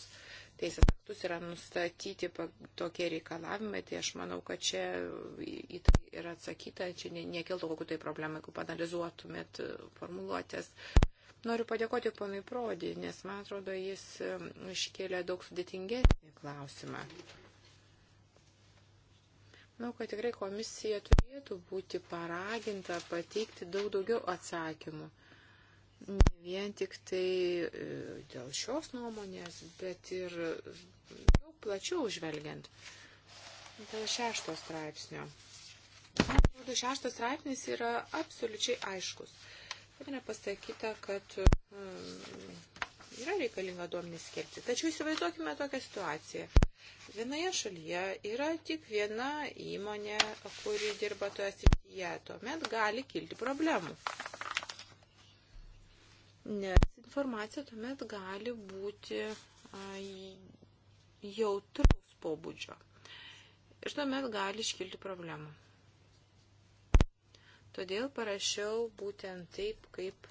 teisės aktus yra nustatyti tokie reikalavimai, tai aš manau, kad čia į tai yra atsakyta, čia nekiltų kokių tai problemų, jeigu panalizuotumėt formuluotės. Noriu padėkoti ponui Prodi, nes man atrodo, jis um, iškėlė daug sudėtingesnį klausimą. Manau, kad tikrai komisija turėtų būti paraginta pateikti daug daugiau atsakymų. Ne vien tik tai e, dėl šios nuomonės, bet ir daug plačiau žvelgiant. Dėl šešto straipsnio. Man atrodo, šeštas straipsnis yra absoliučiai aiškus. Ir nepasakyta, kad mm, Yra reikalinga duomenys skelbti. Tačiau įsivaizduokime tokią situaciją. Vienoje šalyje yra tik viena įmonė, kuri dirba toje srityje. Tuomet gali kilti problemų. Nes informacija tuomet gali būti jautraus pobūdžio. Ir tuomet gali iškilti problemų. Todėl parašiau būtent taip, kaip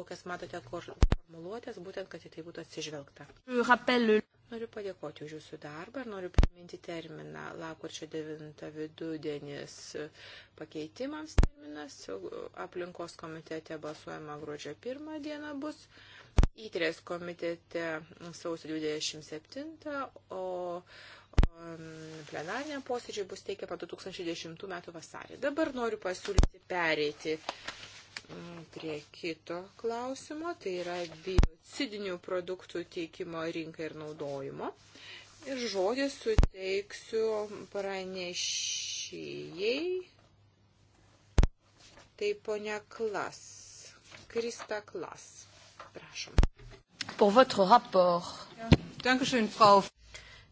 kokias matote kortas formuluotės, būtent, kad į tai būtų atsižvelgta. Rappel. Noriu padėkoti už jūsų darbą ir noriu priminti terminą lakurčio 9 vidudienis pakeitimams terminas. Aplinkos komitete balsuojama gruodžio 1 diena bus. Įtrės komitete sausio 27, o, o um, plenarinė posėdžiai bus teikiama 2010 m. vasarį. Dabar noriu pasiūlyti pereiti Mm, prie kito klausimo, tai yra biocidinių produktų teikimo rinkai ir naudojimo. Ir žodį suteiksiu pranešėjai. Tai ponia Klas. Krista Klas. Prašom. Pour votre rapport. Dankeschön, Frau.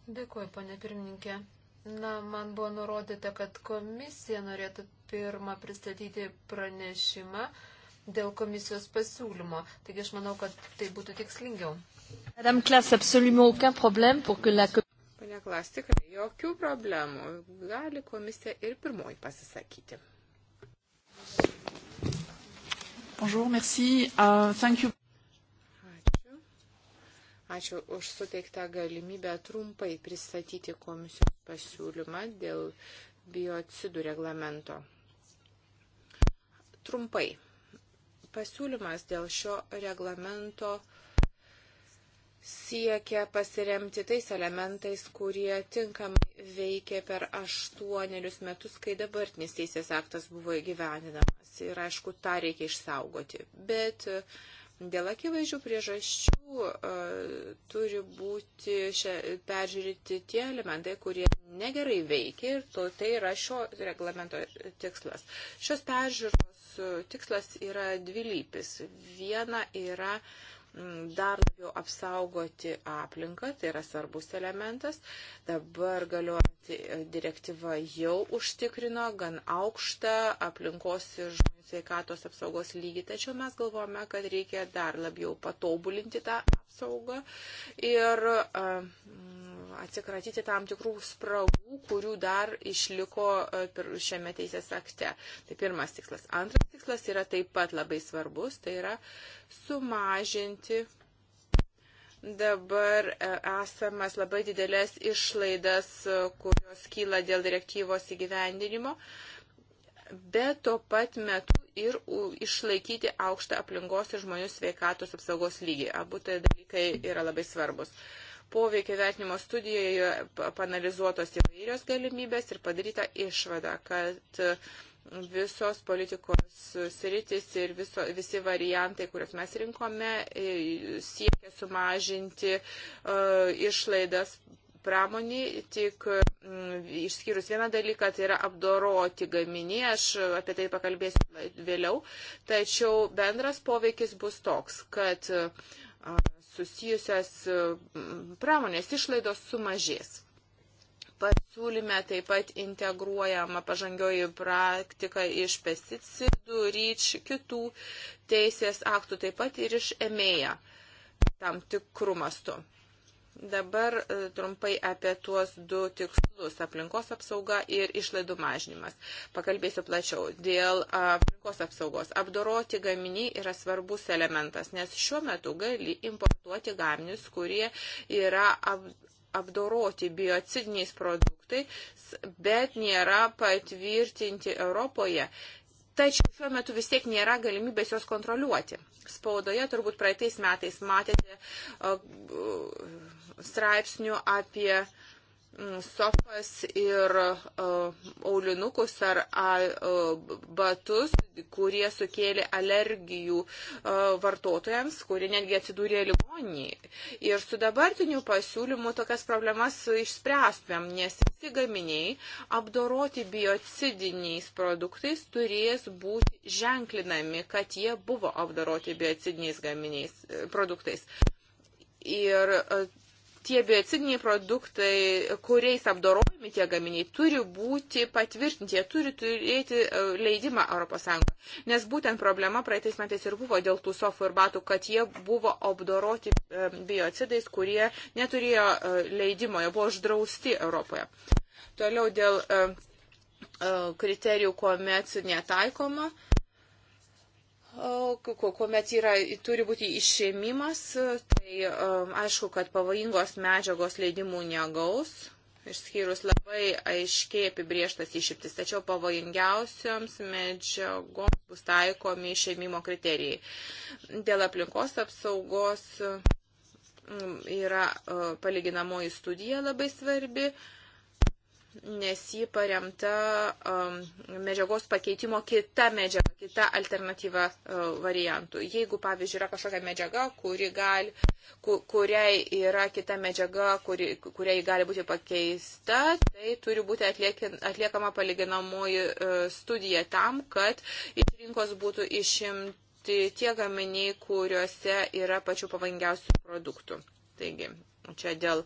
Dėkuoju, ponia pirmininkė. Na, man buvo nurodyta, kad komisija norėtų pirmą pristatyti pranešimą dėl komisijos pasiūlymo. Taigi aš manau, kad tai būtų tikslingiau. Madame Klas, absoliument aucun problème pour que la Pane Klas, tikrai jokių problemų. Gali komisija ir pirmoji pasisakyti. Bonjour, merci. Uh, thank you. Ačiū už suteiktą galimybę trumpai pristatyti komisijos pasiūlymą dėl biocidų reglamento. Trumpai. Pasiūlymas dėl šio reglamento siekia pasiremti tais elementais, kurie tinkamai veikė per aštuonerius metus, kai dabartinis teisės aktas buvo įgyveninamas. Ir aišku, tą reikia išsaugoti. Bet uh, Dėl akivaizdžių priežasčių e, turi būti šia, peržiūrėti tie elementai, kurie negerai veikia ir to, tai yra šio reglamento tikslas. Šios peržiūros e, tikslas yra dvilypis. Viena yra uh, dar labiau apsaugoti aplinką, tai yra svarbus elementas. Dabar galiuojanti e, direktyva jau užtikrino gan aukštą aplinkos ir žmonių sveikatos apsaugos lygį, tačiau mes galvojame, kad reikia dar labiau patobulinti tą apsaugą ir uh, atsikratyti tam tikrų spragų, kurių dar išliko e, šiame teisės akte. Tai pirmas tikslas. Antras tikslas yra taip pat labai svarbus, tai yra sumažinti dabar e, esamas labai didelės išlaidas, e, kurios kyla dėl direktyvos įgyvendinimo, bet tuo pat metu ir išlaikyti aukštą aplinkos ir žmonių sveikatos apsaugos lygį. Abu tai dalykai yra labai svarbus. Uh, poveikio vertinimo studijoje panalizuotos įvairios galimybės ir padaryta išvada, kad e, visos politikos sritis ir viso, visi variantai, kuriuos mes rinkome, e, siekia sumažinti uh, išlaidas pramonį, tik mm, išskyrus vieną dalyką, tai yra apdoroti gaminiai, aš apie tai pakalbėsiu vėliau, tačiau bendras poveikis bus toks, kad uh, susijusios pramonės išlaidos sumažės. Pasiūlyme taip pat integruojama pažangioji praktika iš pesticidų, ryč, kitų teisės aktų, taip pat ir iš emėja e tam tikrų mastų. Dabar e, trumpai apie tuos du tikslus - aplinkos apsauga ir išlaidų mažinimas. Pakalbėsiu plačiau. Dėl aplinkos apsaugos apdoroti gaminiai yra svarbus elementas, nes šiuo metu gali importuoti gaminius, kurie yra ap apdoroti biocidiniais produktais, bet nėra patvirtinti Europoje. Tačiau šiuo metu vis tiek nėra galimybės juos kontroliuoti. Spaudoje turbūt praeitais metais matėte uh, uh, straipsnių apie mm, sofas ir e, aulinukus ar e, batus, kurie sukėlė alergijų e, vartotojams, kurie netgi atsidūrė ligoniai. Ir su dabartiniu pasiūlymu tokias problemas išspręstumėm, nes visi gaminiai apdoroti biocidiniais produktais turės būti ženklinami, kad jie buvo apdoroti biocidiniais gaminiais produktais. Ir tie biocidiniai produktai, kuriais apdorojami tie gaminiai, turi būti patvirtinti, jie turi turėti e, leidimą ES. Nes būtent problema praeitais metais ir buvo dėl tų sofų ir batų, kad jie buvo apdoroti e, biocidais, kurie neturėjo e, leidimo, jie buvo uždrausti Europoje. Toliau dėl kriterijų, kuomet netaikoma. Uh, kuomet yra, turi būti išėmimas, tai um, aišku, kad pavojingos medžiagos leidimų negaus, išskyrus labai aiškiai apibrieštas išimtis, tačiau pavojingiausioms medžiagoms bus taikomi išėmimo kriterijai. Dėl aplinkos apsaugos um, yra uh, palyginamoji studija labai svarbi nes ji paremta um, medžiagos pakeitimo kita medžiaga, kita alternatyva uh, variantų. Jeigu, pavyzdžiui, yra kažkokia medžiaga, kuri gali, ku, kuriai yra kita medžiaga, kuri, kuriai gali būti pakeista, tai turi būti atliekin, atliekama palyginamoji uh, studija tam, kad iš rinkos būtų išimti tie gaminiai, kuriuose yra pačių pavangiausių produktų. Taigi, Čia dėl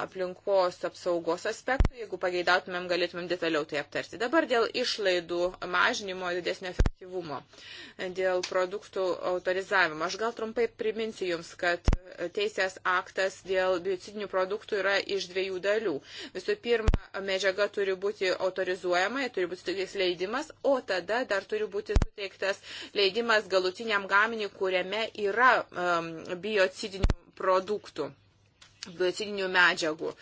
aplinkos apsaugos aspektų, jeigu pageidautumėm, galėtumėm detaliau tai aptarti. Dabar dėl išlaidų mažinimo didesnio efektyvumo, dėl produktų autorizavimo. Aš gal trumpai priminsiu Jums, kad teisės aktas dėl biocidinių produktų yra iš dviejų dalių. Visų pirma, medžiaga turi būti autorizuojama, turi būti suteiktas leidimas, o tada dar turi būti suteiktas leidimas galutiniam gaminiui, kuriame yra um, biocidinių produktų biocidinių medžiagų.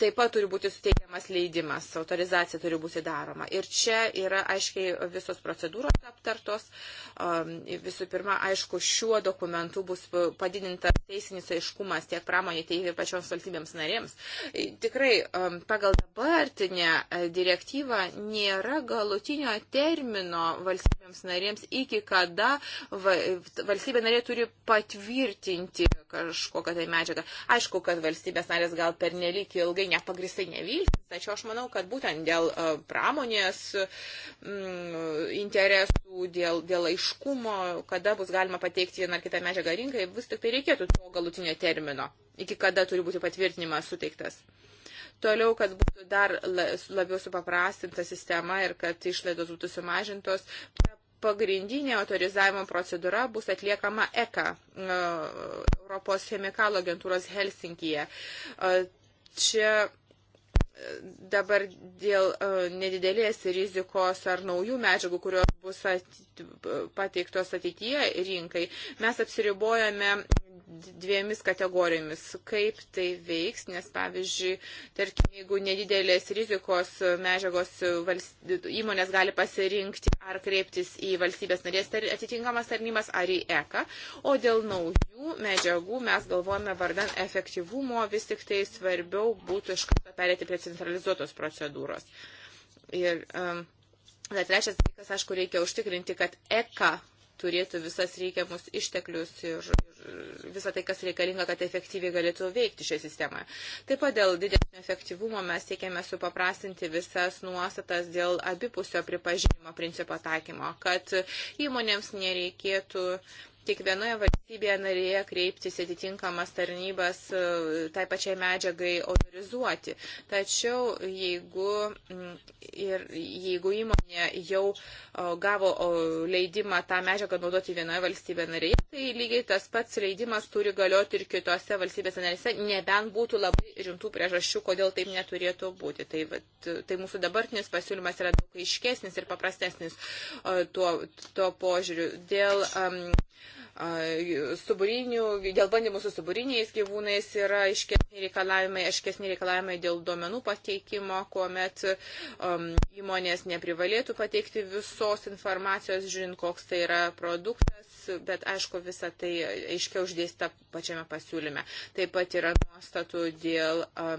Taip pat turi būti suteikiamas leidimas, autorizacija turi būti daroma. Ir čia yra aiškiai visos procedūros aptartos. Visų pirma, aišku, šiuo dokumentu bus padidintas teisinis aiškumas tiek pramonė, tiek ir pačioms valstybėms narėms. Tikrai, pagal dabartinę direktyvą nėra galutinio termino valstybės valstybėms narėms, iki kada valstybė narė turi patvirtinti kažkokią tai medžiagą. Aišku, kad valstybės narės gal per nelik ilgai nepagristai neviltis, tačiau aš manau, kad būtent dėl e, pramonės m, mm, interesų, dėl, dėl aiškumo, kada bus galima pateikti vieną ar kitą medžiagą rinkai, vis tik tai reikėtų to galutinio termino, iki kada turi būti patvirtinimas suteiktas toliau, kad būtų dar labiau supaprastinta sistema ir kad išlaidos būtų sumažintos, pagrindinė autorizavimo procedūra bus atliekama ECA, e, Europos chemikalo agentūros Helsinkije. E, čia e, dabar dėl nedidelės rizikos ar naujų medžiagų, kurios bus at, pateiktos ateityje rinkai, mes apsiribojame dviemis kategorijomis, kaip tai veiks, nes pavyzdžiui, tarkim, jeigu nedidelės rizikos medžiagos valst... įmonės gali pasirinkti ar kreiptis į valstybės narės tar... atitinkamas tarnybas ar į ECA, o dėl naujų medžiagų mes galvojame vardan efektyvumo vis tik tai svarbiau būtų iš karto perėti prie centralizuotos procedūros. Ir, um, trečias dalykas, aišku, reikia užtikrinti, kad ECA turėtų visas reikiamus išteklius ir, ir visą tai, kas reikalinga, kad efektyviai galėtų veikti šią sistemą. Taip pat dėl didesnio efektyvumo mes siekėme supaprastinti visas nuostatas dėl abipusio pripažinimo principo taikymo, kad įmonėms nereikėtų kiekvienoje valstybėje narėje kreiptis atitinkamas tarnybas e, tai pačiai medžiagai autorizuoti. Tačiau jeigu, ir, jeigu įmonė jau e, gavo leidimą tą medžiagą naudoti vienoje valstybėje narėje, tai lygiai tas pats leidimas turi galioti ir kitose valstybėse narėse, nebent būtų labai rimtų priežasčių, kodėl taip neturėtų būti. Tai, vat, tai mūsų dabartinis pasiūlymas yra daug aiškesnis ir paprastesnis e, tuo, tuo požiūriu. Dėl um, Suburinių, dėl bandymų su suburiniais gyvūnais yra aiškesni reikalavimai, aiškesni reikalavimai dėl duomenų pateikimo, kuomet um, įmonės neprivalėtų pateikti visos informacijos, žinint, koks tai yra produktas, bet aišku, visa tai aiškiau uždėsta pačiame pasiūlyme. Taip pat yra nuostatų dėl uh,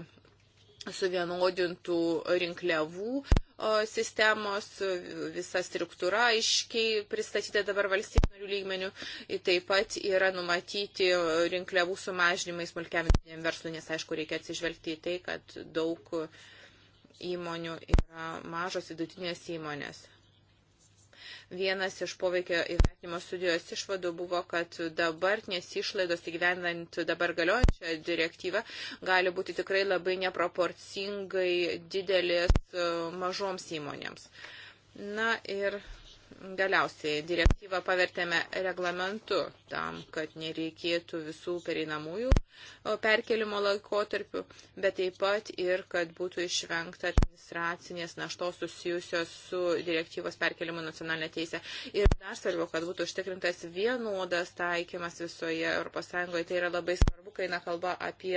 suvienodintų rinkliavų. Uh, sistemos, visa struktūra aiškiai pristatyta dabar valstybinių lygmenių. Taip pat yra numatyti rinkliavų sumažinimai smulkiam verslui, nes aišku, reikia atsižvelgti į tai, kad daug įmonių yra mažos vidutinės įmonės. Vienas iš poveikio įvertinimo studijos išvadų buvo, kad dabartinės išlaidos įgyvendant dabar galiojančią direktyvą gali būti tikrai labai neproporcingai didelės e, mažoms įmonėms. Na ir Galiausiai direktyvą pavertėme reglamentu tam, kad nereikėtų visų pereinamųjų perkelimo laikotarpių, bet taip pat ir, kad būtų išvengta administracinės naštos susijusios su direktyvos perkelimu nacionalinė teisė. Ir dar svarbiau, kad būtų užtikrintas vienodas taikymas visoje ES. Tai yra labai svarbu, kai eina kalba apie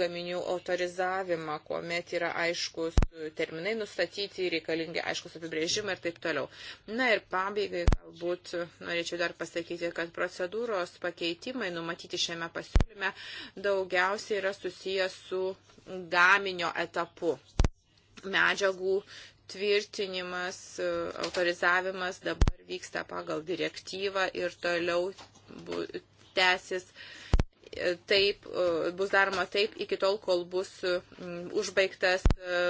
gaminių autorizavimą, kuomet yra aiškus terminai nustatyti, reikalingi aiškus apibrėžimai ir taip toliau. Na ir pabaigai galbūt norėčiau dar pasakyti, kad procedūros pakeitimai numatyti šiame pasiūlyme daugiausiai yra susijęs su gaminio etapu. Medžiagų tvirtinimas, autorizavimas dabar vyksta pagal direktyvą ir toliau tęsis taip, bus daroma taip iki tol, kol bus užbaigtas e,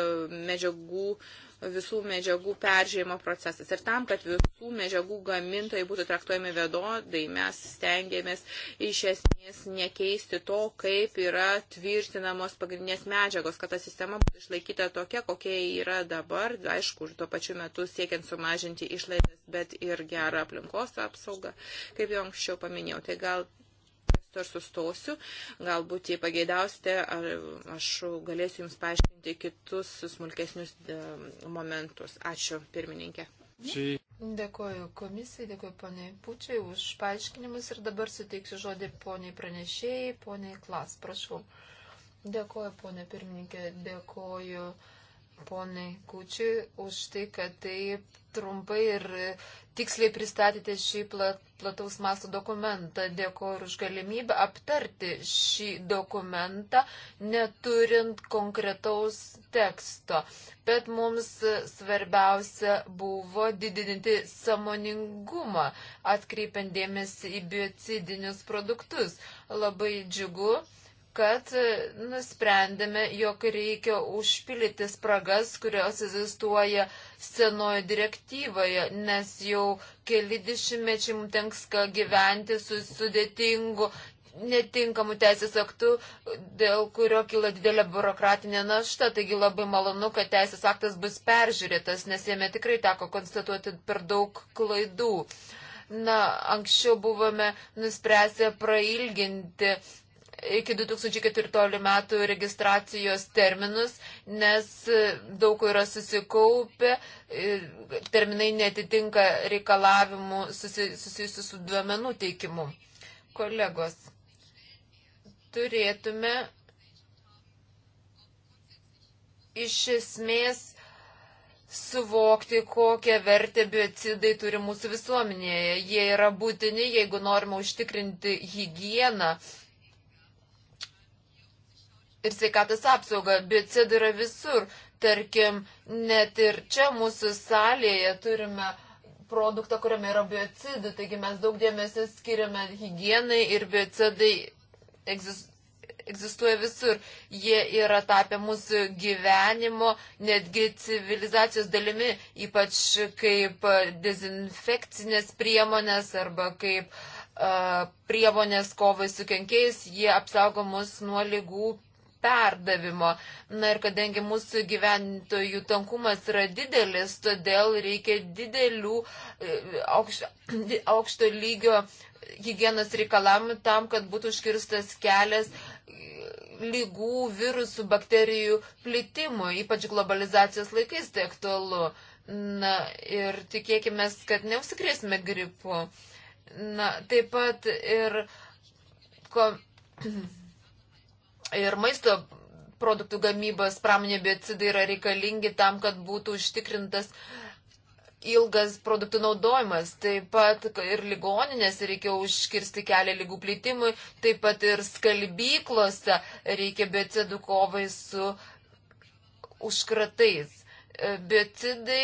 medžiagų visų medžiagų peržiūrėjimo procesas. Ir tam, kad visų medžiagų gamintojai būtų traktuojami vienodai, mes stengiamės iš esmės nekeisti to, kaip yra tvirtinamos pagrindinės medžiagos, kad ta sistema būtų išlaikyta tokia, kokia yra dabar, aišku, tuo pačiu metu siekiant sumažinti išlaidas, bet ir gerą aplinkos apsaugą, kaip jau anksčiau paminėjau. Tai gal to ir sustosiu. Galbūt, jei pageidausite, aš galėsiu Jums paaiškinti kitus smulkesnius e, momentus. Ačiū, pirmininkė. Čia. Dėkuoju komisijai, dėkuoju poniai Pučiai už paaiškinimus ir dabar suteiksiu žodį poniai pranešėjai, poniai Klas, prašau. Dėkuoju, ponė pirmininkė, dėkuoju ponai Kučiui už tai, kad taip trumpai ir tiksliai pristatėte šį plataus masto dokumentą. Dėkuoju ir už galimybę aptarti šį dokumentą, neturint konkretaus teksto. Bet mums svarbiausia buvo didinti samoningumą, atkreipiant dėmesį į biocidinius produktus. Labai džiugu kad e, nusprendėme, jog reikia užpildyti spragas, kurios egzistuoja senojo direktyvoje, nes jau keli dešimtmečiai mums tenks gyventi su sudėtingu netinkamų teisės aktų, dėl kurio kyla didelė biurokratinė našta. Taigi labai malonu, kad teisės aktas bus peržiūrėtas, nes jame tikrai teko konstatuoti per daug klaidų. Na, anksčiau buvome nuspręsę prailginti iki 2014 metų registracijos terminus, nes e, daug kur yra susikaupę, e, terminai netitinka reikalavimų susijusių su duomenų teikimu. Kolegos, turėtume iš esmės suvokti, kokią vertę biocidai turi mūsų visuomenėje. Jie yra būtini, jeigu norime užtikrinti hygieną ir sveikatos apsaugą. Biocidai yra visur. Tarkim, net ir čia mūsų salėje turime produktą, kuriame yra biocidų, taigi mes daug dėmesio skiriame higienai ir biocidai egzistuoja egzistuoja visur. Jie yra tapę mūsų gyvenimo, netgi civilizacijos dalimi, ypač kaip dezinfekcinės priemonės arba kaip uh, priemonės kovai su kenkėjais, jie apsaugo mus nuo lygų perdavimo. Na ir kadangi mūsų gyventojų tankumas yra didelis, todėl reikia didelių e, aukšto, *clears throat* aukšto lygio hygienos reikalavimų tam, kad būtų užkirstas kelias e, lygų, virusų, bakterijų plitimui, ypač globalizacijos laikais tai aktualu. Na ir tikėkime, kad neusikrėsime gripu. Na, taip pat ir. Ko, *clears throat* ir maisto produktų gamybos pramonė biocidai yra reikalingi tam, kad būtų užtikrintas ilgas produktų naudojimas. Taip pat ir ligoninės reikia užkirsti kelią lygų plitimui, taip pat ir skalbyklose reikia biocidų kovai su užkratais. Biocidai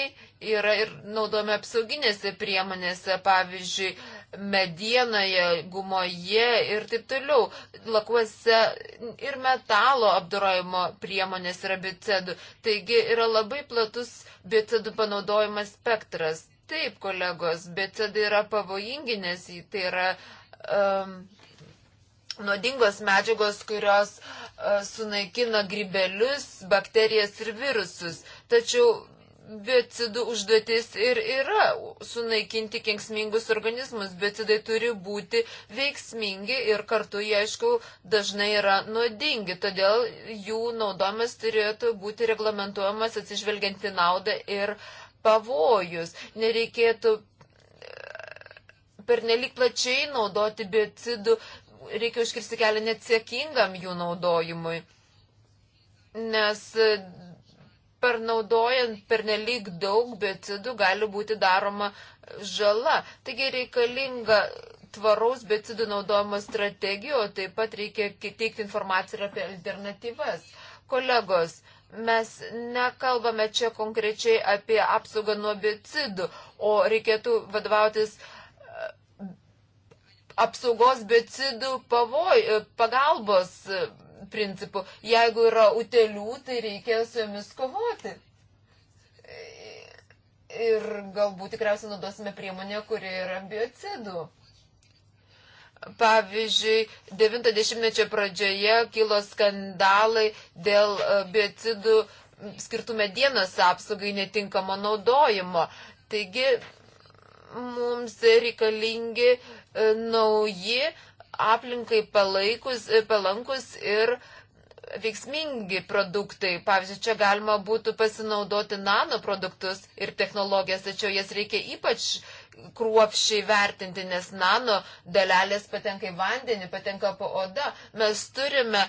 yra ir naudojami apsauginėse priemonėse, pavyzdžiui, medienoje, gumoje ir taip toliau, lakuose ir metalo apdorojimo priemonės yra bicedų. Taigi yra labai platus bicedų panaudojimas spektras. Taip, kolegos, bicedai yra pavojingi, nes tai yra um, nuodingos medžiagos, kurios uh, sunaikina grybelius, bakterijas ir virusus. Tačiau biocidų užduotis ir yra sunaikinti kenksmingus organizmus. Biocidai turi būti veiksmingi ir kartu jie, aišku, dažnai yra nuodingi. Todėl jų naudomas turėtų būti reglamentuojamas atsižvelgiant į naudą ir pavojus. Nereikėtų e, pernelik plačiai naudoti biocidų, reikia užkirsti kelią neatsiekingam jų naudojimui. Nes per naudojant pernelyg daug biocidų gali būti daroma žala. Taigi reikalinga tvaraus biocidų naudojimo strategijų, o taip pat reikia teikti informaciją apie alternatyvas. Kolegos, mes nekalbame čia konkrečiai apie apsaugą nuo biocidų, o reikėtų vadovautis e, apsaugos biocidų pavoj, e, pagalbos e, principu. Jeigu yra utelių, tai reikia su jomis kovoti. Ir galbūt tikriausiai naudosime priemonę, kuri yra biocidų. Pavyzdžiui, 90-mečio pradžioje kilo skandalai dėl e, biocidų skirtų medienos apsaugai netinkamo naudojimo. Taigi, mums reikalingi e, nauji aplinkai palaikus, palankus ir veiksmingi produktai. Pavyzdžiui, čia galima būtų pasinaudoti nanoproduktus ir technologijas, tačiau jas reikia ypač uh, kruopščiai vertinti, nes nano dalelės patenka į vandenį, patenka po oda. Mes turime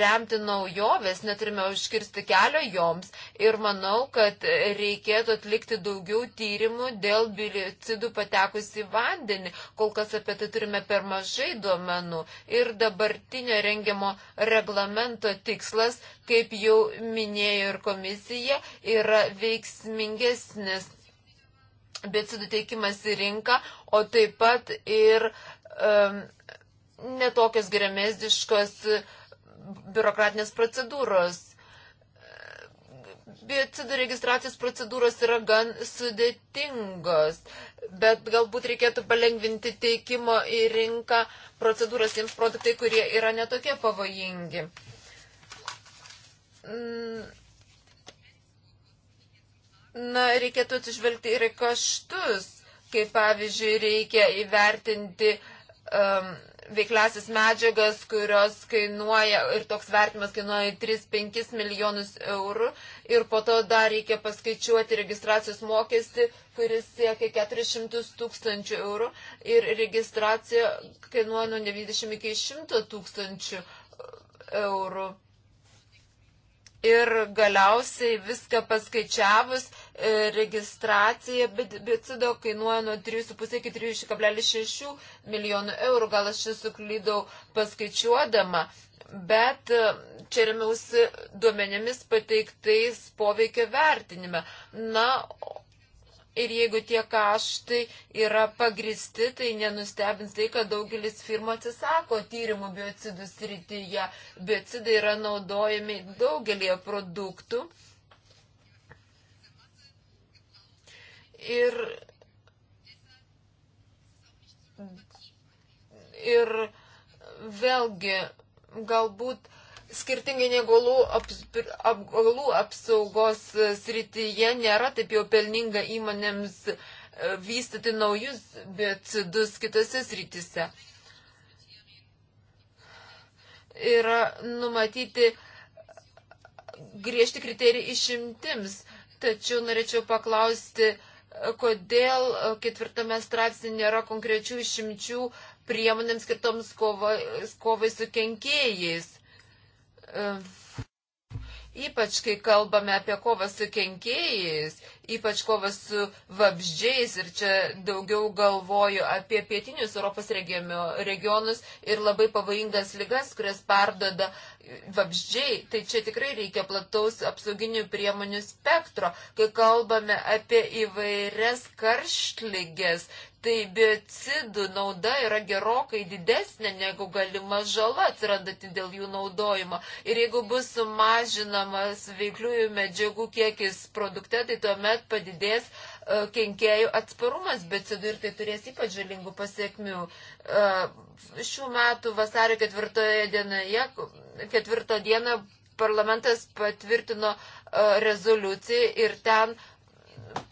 remti naujoves, neturime užkirsti kelio joms ir manau, kad reikėtų atlikti daugiau tyrimų dėl biliocidų patekus į vandenį. Kol kas apie tai turime per mažai duomenų ir dabartinio rengiamo reglamento tikslas, kaip jau minėjo ir komisija, yra veiksmingesnis biocidų teikimas į rinką, o taip pat ir um, netokios geremėsdiškos biurokratinės procedūros. Biocidų registracijos procedūros yra gan sudėtingos, bet galbūt reikėtų palengvinti teikimo į rinką procedūras tiems produktai, kurie yra netokie pavojingi. Mm na, reikėtų atsižvelgti ir kaštus, kaip pavyzdžiui reikia įvertinti um, veikliasis medžiagas, kurios kainuoja ir toks vertimas kainuoja 3-5 milijonus eurų ir po to dar reikia paskaičiuoti registracijos mokestį, kuris siekia 400 tūkstančių eurų ir registracija kainuoja nuo 90 iki 100 tūkstančių eurų ir galiausiai viską paskaičiavus e, registracija bicido kainuoja nuo 3,5 iki 3,6 milijonų eurų. Gal aš čia suklydau paskaičiuodama, bet e, čia remiausi duomenėmis pateiktais poveikio vertinime. Na, Ir jeigu tie kaštai yra pagristi, tai nenustebins tai, kad daugelis firmų atsisako tyrimų biocidų srityje. Biocidai yra naudojami daugelie produktų. Ir, ir vėlgi, galbūt skirtingai negu augalų apsaugos srityje nėra taip jau pelninga įmonėms e, vystyti naujus biocidus kitose srityse. Yra numatyti griežti kriterijai išimtims, tačiau norėčiau paklausti, kodėl ketvirtame straipsnė nėra konkrečių išimčių priemonėms kitoms kovai, kovai su kenkėjais Ypač, kai kalbame apie kovą su kenkėjais, ypač kovą su vabzdžiais, ir čia daugiau galvoju apie pietinius Europos regionus ir labai pavojingas lygas, kurias perdoda vabzdžiai, tai čia tikrai reikia plataus apsauginių priemonių spektro. Kai kalbame apie įvairias karštlygės, tai biocidų nauda yra gerokai didesnė negu galima žala atsirandanti dėl jų naudojimo. Ir jeigu bus sumažinamas veikliųjų medžiagų kiekis produkte, tai tuomet padidės e, kenkėjų atsparumas biocidų ir tai turės ypač žalingų pasiekmių. E, šių metų vasario ketvirtoje dienoje, ketvirto dieną parlamentas patvirtino e, rezoliuciją ir ten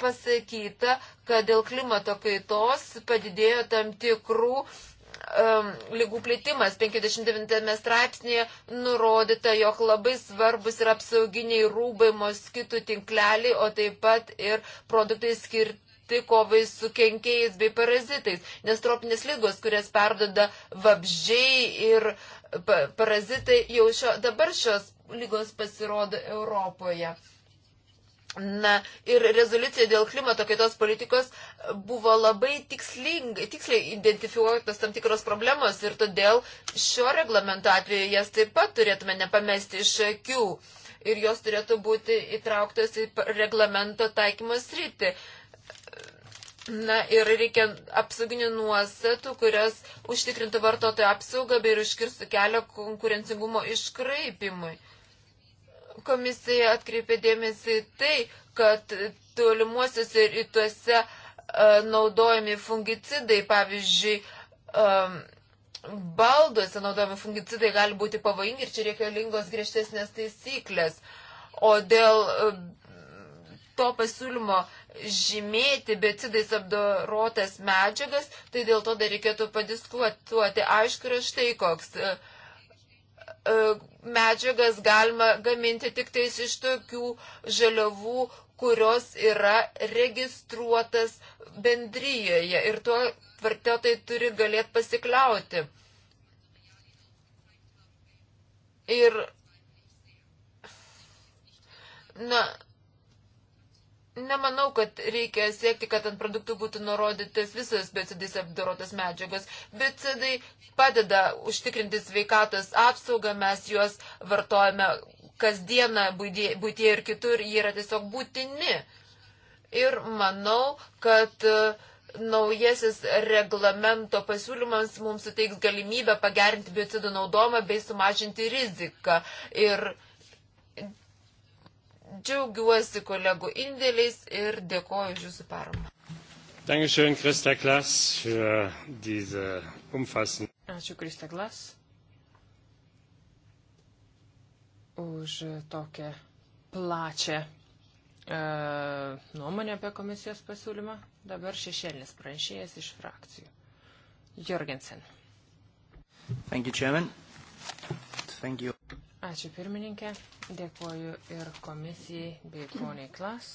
pasakyta, kad dėl klimato kaitos padidėjo tam tikrų um, lygų plėtimas. 59 straipsnėje nurodyta, jog labai svarbus yra apsauginiai rūbai, moskitų tinkleliai, o taip pat ir produktai skirti kovai su kenkėjais bei parazitais, nes tropinės lygos, kurias perdoda vabžiai ir parazitai, jau šio, dabar šios lygos pasirodo Europoje. Na ir rezoliucija dėl klimato kaitos politikos buvo labai tikslingai, tiksliai identifikuotas tam tikros problemos ir todėl šio reglamento atveju jas taip pat turėtume nepamesti iš akių ir jos turėtų būti įtrauktos į reglamento taikymo sritį. Na ir reikia apsauginių nuostatų, kurios užtikrintų vartotojų apsaugą bei užkirstų kelią konkurencingumo iškraipimui. Komisija atkreipė dėmesį tai, kad tolimuosiuose rytuose e, naudojami fungicidai, pavyzdžiui, e, balduose naudojami fungicidai gali būti pavojingi ir čia reikalingos griežtesnės taisyklės. O dėl e, to pasiūlymo žymėti becidais apdorotas medžiagas, tai dėl to dar reikėtų padiskutuoti. Aišku, yra štai koks medžiagas galima gaminti tik tais iš tokių žaliavų, kurios yra registruotas bendryjoje ir tuo vartotojai turi galėti pasikliauti. Ir, na, Nemanau, kad reikia siekti, kad ant produktų būtų nurodytas visas biocidais apdorotas medžiagos. Biocidai padeda užtikrinti sveikatos apsaugą, mes juos vartojame kasdieną būtie ir kitur, jie yra tiesiog būtini. Ir manau, kad e, naujasis reglamento pasiūlymas mums suteiks galimybę pagerinti biocidų naudomą bei sumažinti riziką. Ir Džiaugiuosi kolegų indėliais ir dėkoju už jūsų paramą. Dankeschön, Christa Klaas, für diese umfassende. Ačiū, Krista Glas, už tokią plačią e, nuomonę apie komisijos pasiūlymą. Dabar šešėlinis pranešėjas iš frakcijų. Jorgensen. Thank you, Chairman. Thank you. Ačiū pirmininkė, dėkuoju ir komisijai bei poniai Klas.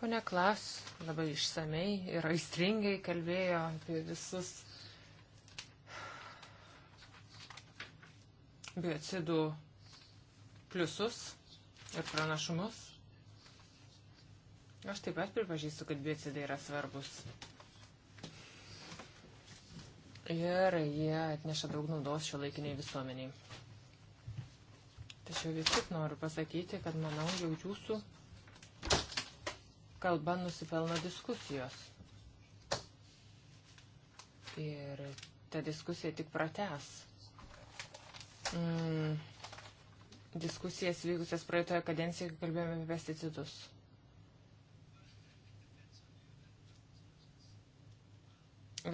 Pone Klas labai išsamei ir aistringai kalbėjo apie visus biocidų pliusus ir pranašumus. Aš taip pat pripažįstu, kad biocidai yra svarbus. Ir jie atneša daug naudos šio laikiniai visuomeniai. Tačiau vis tik noriu pasakyti, kad manau, jau jūsų kalba nusipelno diskusijos. Ir ta diskusija tik prates. Mm, diskusijas vykusias praeitoje kadencijoje kalbėjome apie pesticidus.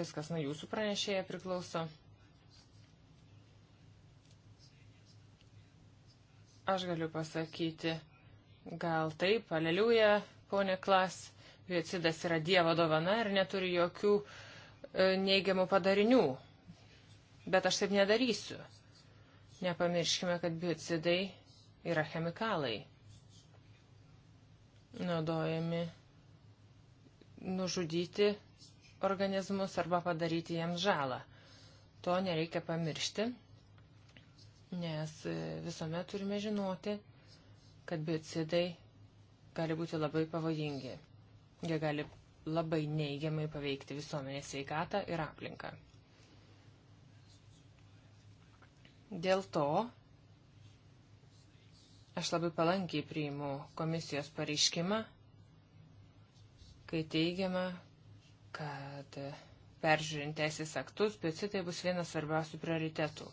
Viskas nuo jūsų pranešėja priklauso. Aš galiu pasakyti, gal taip, aleliuja, ponė Klas, viecidas yra Dievo dovana ir neturi jokių e, neigiamų padarinių. Bet aš taip nedarysiu. Nepamirškime, kad biocidai yra chemikalai. Naudojami nužudyti organizmus arba padaryti jiems žalą. To nereikia pamiršti nes e, visuomet turime žinoti, kad biocidai gali būti labai pavojingi. Jie gali labai neigiamai paveikti visuomenės sveikatą ir aplinką. Dėl to aš labai palankiai priimu komisijos pareiškimą, kai teigiama, kad peržiūrint teisės aktus, biocidai bus vienas svarbiausių prioritetų.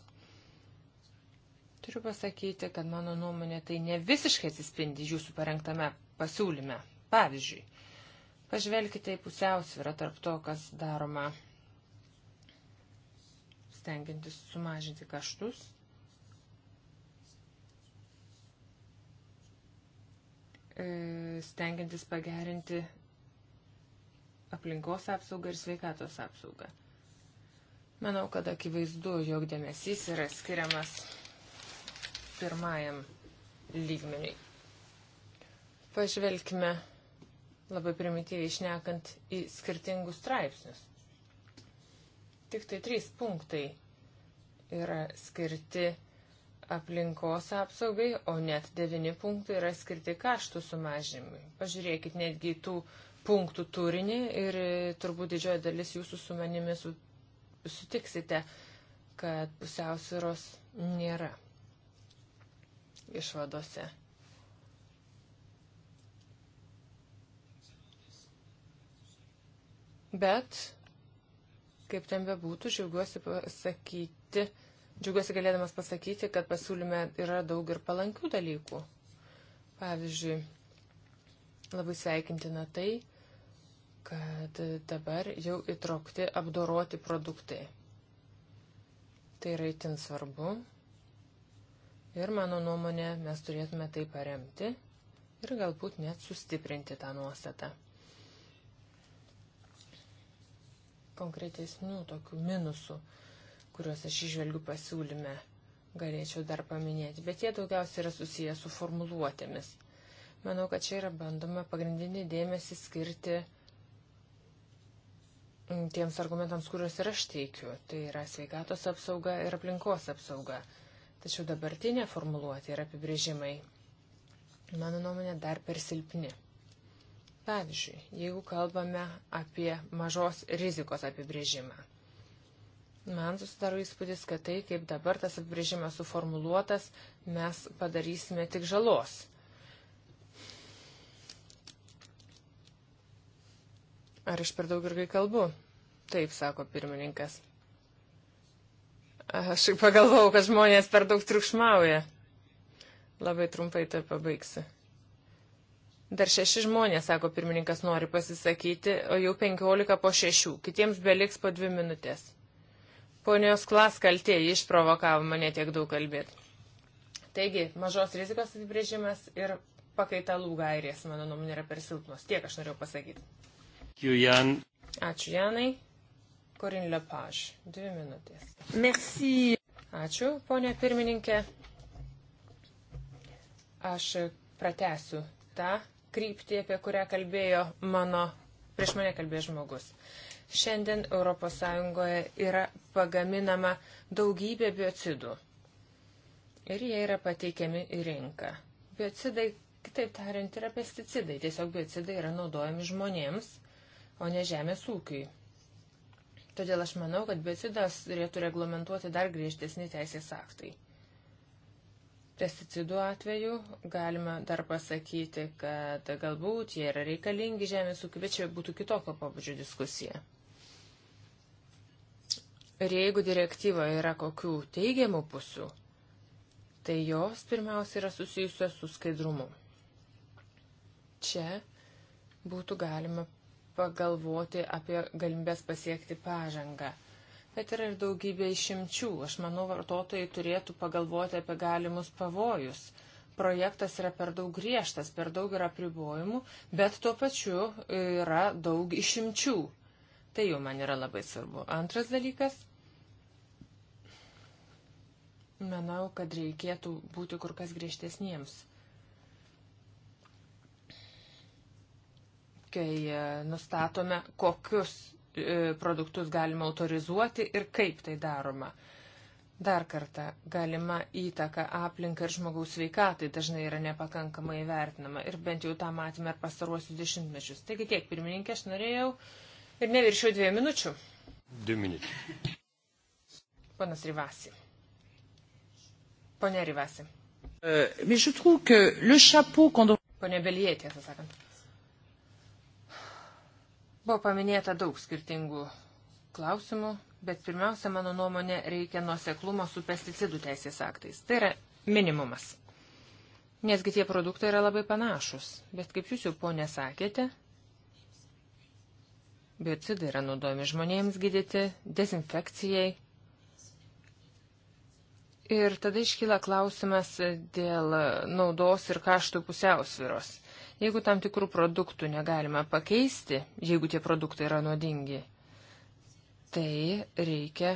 Turiu pasakyti, kad mano nuomonė tai ne visiškai atsispindi jūsų parengtame pasiūlyme. Pavyzdžiui, pažvelkite į pusiausvyrą tarp to, kas daroma stengiantis sumažinti kaštus. E, stengiantis pagerinti aplinkos apsaugą ir sveikatos apsaugą. Manau, kad akivaizdu, jog dėmesys yra skiriamas pirmajam lygmeniui. Pažvelkime labai primityviai išnekant į skirtingus straipsnius. Tik tai trys punktai yra skirti aplinkos apsaugai, o net devini punktai yra skirti kaštų sumažinimui. Pažiūrėkit netgi tų punktų turinį ir turbūt didžioji dalis jūsų su manimi su, sutiksite, kad pusiausvėros nėra išvadose. Bet, kaip ten bebūtų, džiaugiuosi pasakyti, džiaugiuosi galėdamas pasakyti, kad pasiūlyme yra daug ir palankių dalykų. Pavyzdžiui, labai sveikintina tai, kad dabar jau įtraukti apdoroti produktai. Tai yra itin svarbu, Ir mano nuomonė, mes turėtume tai paremti ir galbūt net sustiprinti tą nuostatą. Konkretesnių tokių minusų, kuriuos aš išvelgiu pasiūlyme, galėčiau dar paminėti, bet jie daugiausiai yra susiję su formuluotėmis. Manau, kad čia yra bandoma pagrindinį dėmesį skirti mm, tiems argumentams, kuriuos ir aš teikiu. Tai yra sveikatos apsauga ir aplinkos apsauga. Tačiau dabartinė formuluotė ir apibrėžimai, mano nuomonė, dar per silpni. Pavyzdžiui, jeigu kalbame apie mažos rizikos apibrėžimą. Man susidaro įspūdis, kad tai, kaip dabar tas apibrėžimas suformuluotas, mes padarysime tik žalos. Ar aš per daug irgi kalbu? Taip, sako pirmininkas. Aš pagalvojau, kad žmonės per daug triukšmauja. Labai trumpai tai pabaigsiu. Dar šeši žmonės, sako pirmininkas, nori pasisakyti, o jau penkiolika po šešių. Kitiems beliks po dvi minutės. Ponios klas kaltė, ji išprovokavo mane tiek daug kalbėti. Taigi, mažos rizikos apibrėžimas ir pakaitalų gairės, mano nuomonė, yra per silpnos. Tiek aš norėjau pasakyti. Ačiū, Janai. Korin Lepaš, dvi minutės. Merci. Ačiū, ponė pirmininkė. Aš pratęsiu tą kryptį, apie kurią kalbėjo mano, prieš mane kalbėjo žmogus. Šiandien ES yra pagaminama daugybė biocidų. Ir jie yra pateikiami į rinką. Biocidai, kitaip tariant, yra pesticidai. Tiesiog biocidai yra naudojami žmonėms, o ne žemės ūkiui. Todėl aš manau, kad biocidus turėtų reglamentuoti dar griežtesni teisės aktai. Pesticidų atveju galime dar pasakyti, kad galbūt jie yra reikalingi žemės ūkiu, bet čia būtų kitokio pabudžio diskusija. Ir jeigu direktyvoje yra kokių teigiamų pusių, tai jos pirmiausia yra susijusios su skaidrumu. Čia būtų galima pagalvoti apie galimybės pasiekti pažangą. Bet yra ir daugybė išimčių. Aš manau, vartotojai turėtų pagalvoti apie galimus pavojus. Projektas yra per daug griežtas, per daug yra pribojimų, bet tuo pačiu yra daug išimčių. Tai jau man yra labai svarbu. Antras dalykas. Manau, kad reikėtų būti kur kas griežtesniems kai e, nustatome, kokius e, produktus galima autorizuoti ir kaip tai daroma. Dar kartą, galima įtaka aplinka ir žmogaus sveikatai dažnai yra nepakankamai vertinama ir bent jau tą matėme ir pastaruosius dešimtmečius. Taigi tiek, pirmininkė, aš norėjau ir neviršiau dviejų minučių. Dvi minutės. Panas Rivasi. Pone Rivasi. Euh, Pone Belijė, tiesą sakant. Buvo paminėta daug skirtingų klausimų, bet pirmiausia, mano nuomonė, reikia nuoseklumo su pesticidų teisės aktais. Tai yra minimumas. Nesgi tie produktai yra labai panašus, bet kaip jūs jau ponė sakėte, biocidai yra naudojami žmonėms gydyti, dezinfekcijai. Ir tada iškyla klausimas dėl naudos ir kaštų pusiausviros. Jeigu tam tikrų produktų negalima pakeisti, jeigu tie produktai yra nuodingi, tai reikia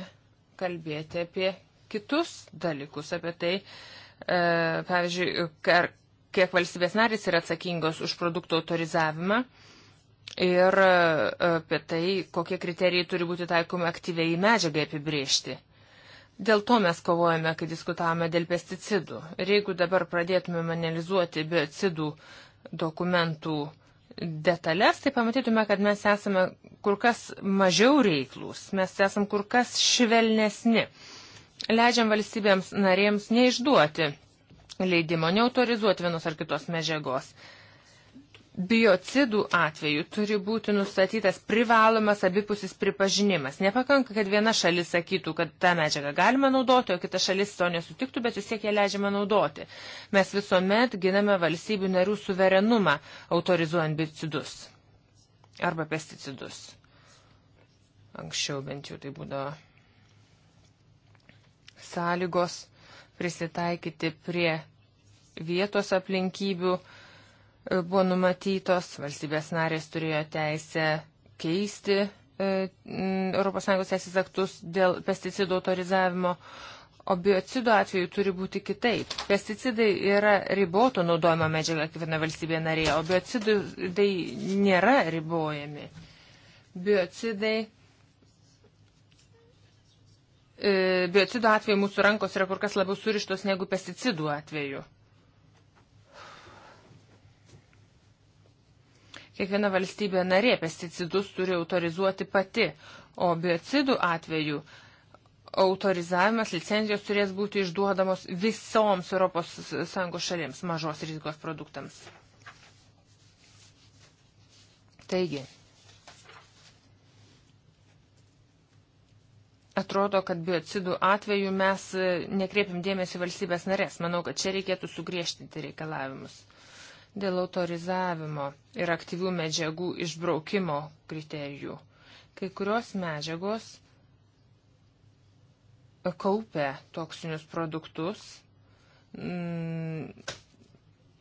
kalbėti apie kitus dalykus, apie tai, e, pavyzdžiui, kar, kiek valstybės narys yra atsakingos už produktų autorizavimą ir e, apie tai, kokie kriterijai turi būti taikomi aktyviai medžiagai apibriežti. Dėl to mes kovojame, kai diskutavome dėl pesticidų. Ir jeigu dabar pradėtumėm analizuoti biocidų dokumentų detalės, tai pamatytume, kad mes esame kur kas mažiau reiklus, mes esame kur kas švelnesni. Leidžiam valstybėms narėms neišduoti leidimo, neautorizuoti vienos ar kitos medžiagos biocidų atveju turi būti nustatytas privalomas abipusis pripažinimas. Nepakanka, kad viena šalis sakytų, kad tą medžiagą galima naudoti, o kita šalis to nesutiktų, bet vis tiek ją leidžiama naudoti. Mes visuomet giname valstybių narių suverenumą autorizuojant biocidus arba pesticidus. Anksčiau bent jau tai būdavo sąlygos prisitaikyti prie vietos aplinkybių buvo numatytos, valstybės narės turėjo teisę keisti e, ES teisės aktus dėl pesticidų autorizavimo, o biocido atveju turi būti kitaip. Pesticidai yra riboto naudojimo medžiaga kiekviena valstybė narėje, o biocidai nėra ribojami. Biocidai e, biocidų atveju mūsų rankos yra kur kas labiau surištos negu pesticidų atveju. Kiekviena valstybė narė pesticidus turi autorizuoti pati, o biocidų atveju autorizavimas, licenzijos turės būti išduodamos visoms ES šalims mažos rizikos produktams. Taigi, atrodo, kad biocidų atveju mes nekreipiam dėmesį valstybės narės. Manau, kad čia reikėtų sugriežtinti reikalavimus dėl autorizavimo ir aktyvių medžiagų išbraukimo kriterijų. Kai kurios medžiagos kaupia toksinius produktus, mm,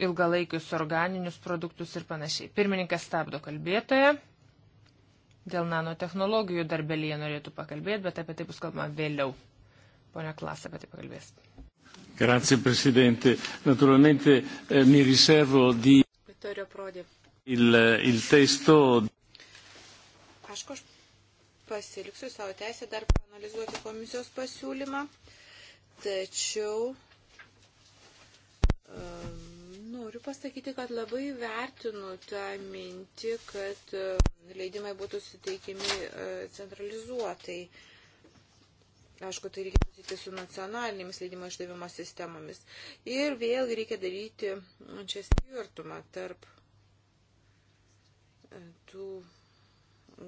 ilgalaikius organinius produktus ir panašiai. Pirmininkas stabdo kalbėtoje. Dėl nanotehnologijų darbelyje norėtų pakalbėti, bet apie tai bus kalbama vėliau. Pone Klas apie tai pakalbės. Grazie Presidente. Naturalmente eh, mi riservo di Vittorio Prodi. Il, il testo. Aš kaž pasiliksiu savo teisę dar panalizuoti komisijos pasiūlymą, tačiau um, noriu pasakyti, kad labai vertinu tą mintį, kad ehm, leidimai būtų suteikiami e, centralizuotai. Uh, Aišku, tai reikia susiti su nacionalinėmis leidimo išdavimo sistemomis. Ir vėl reikia daryti čia skirtumą tarp e, tų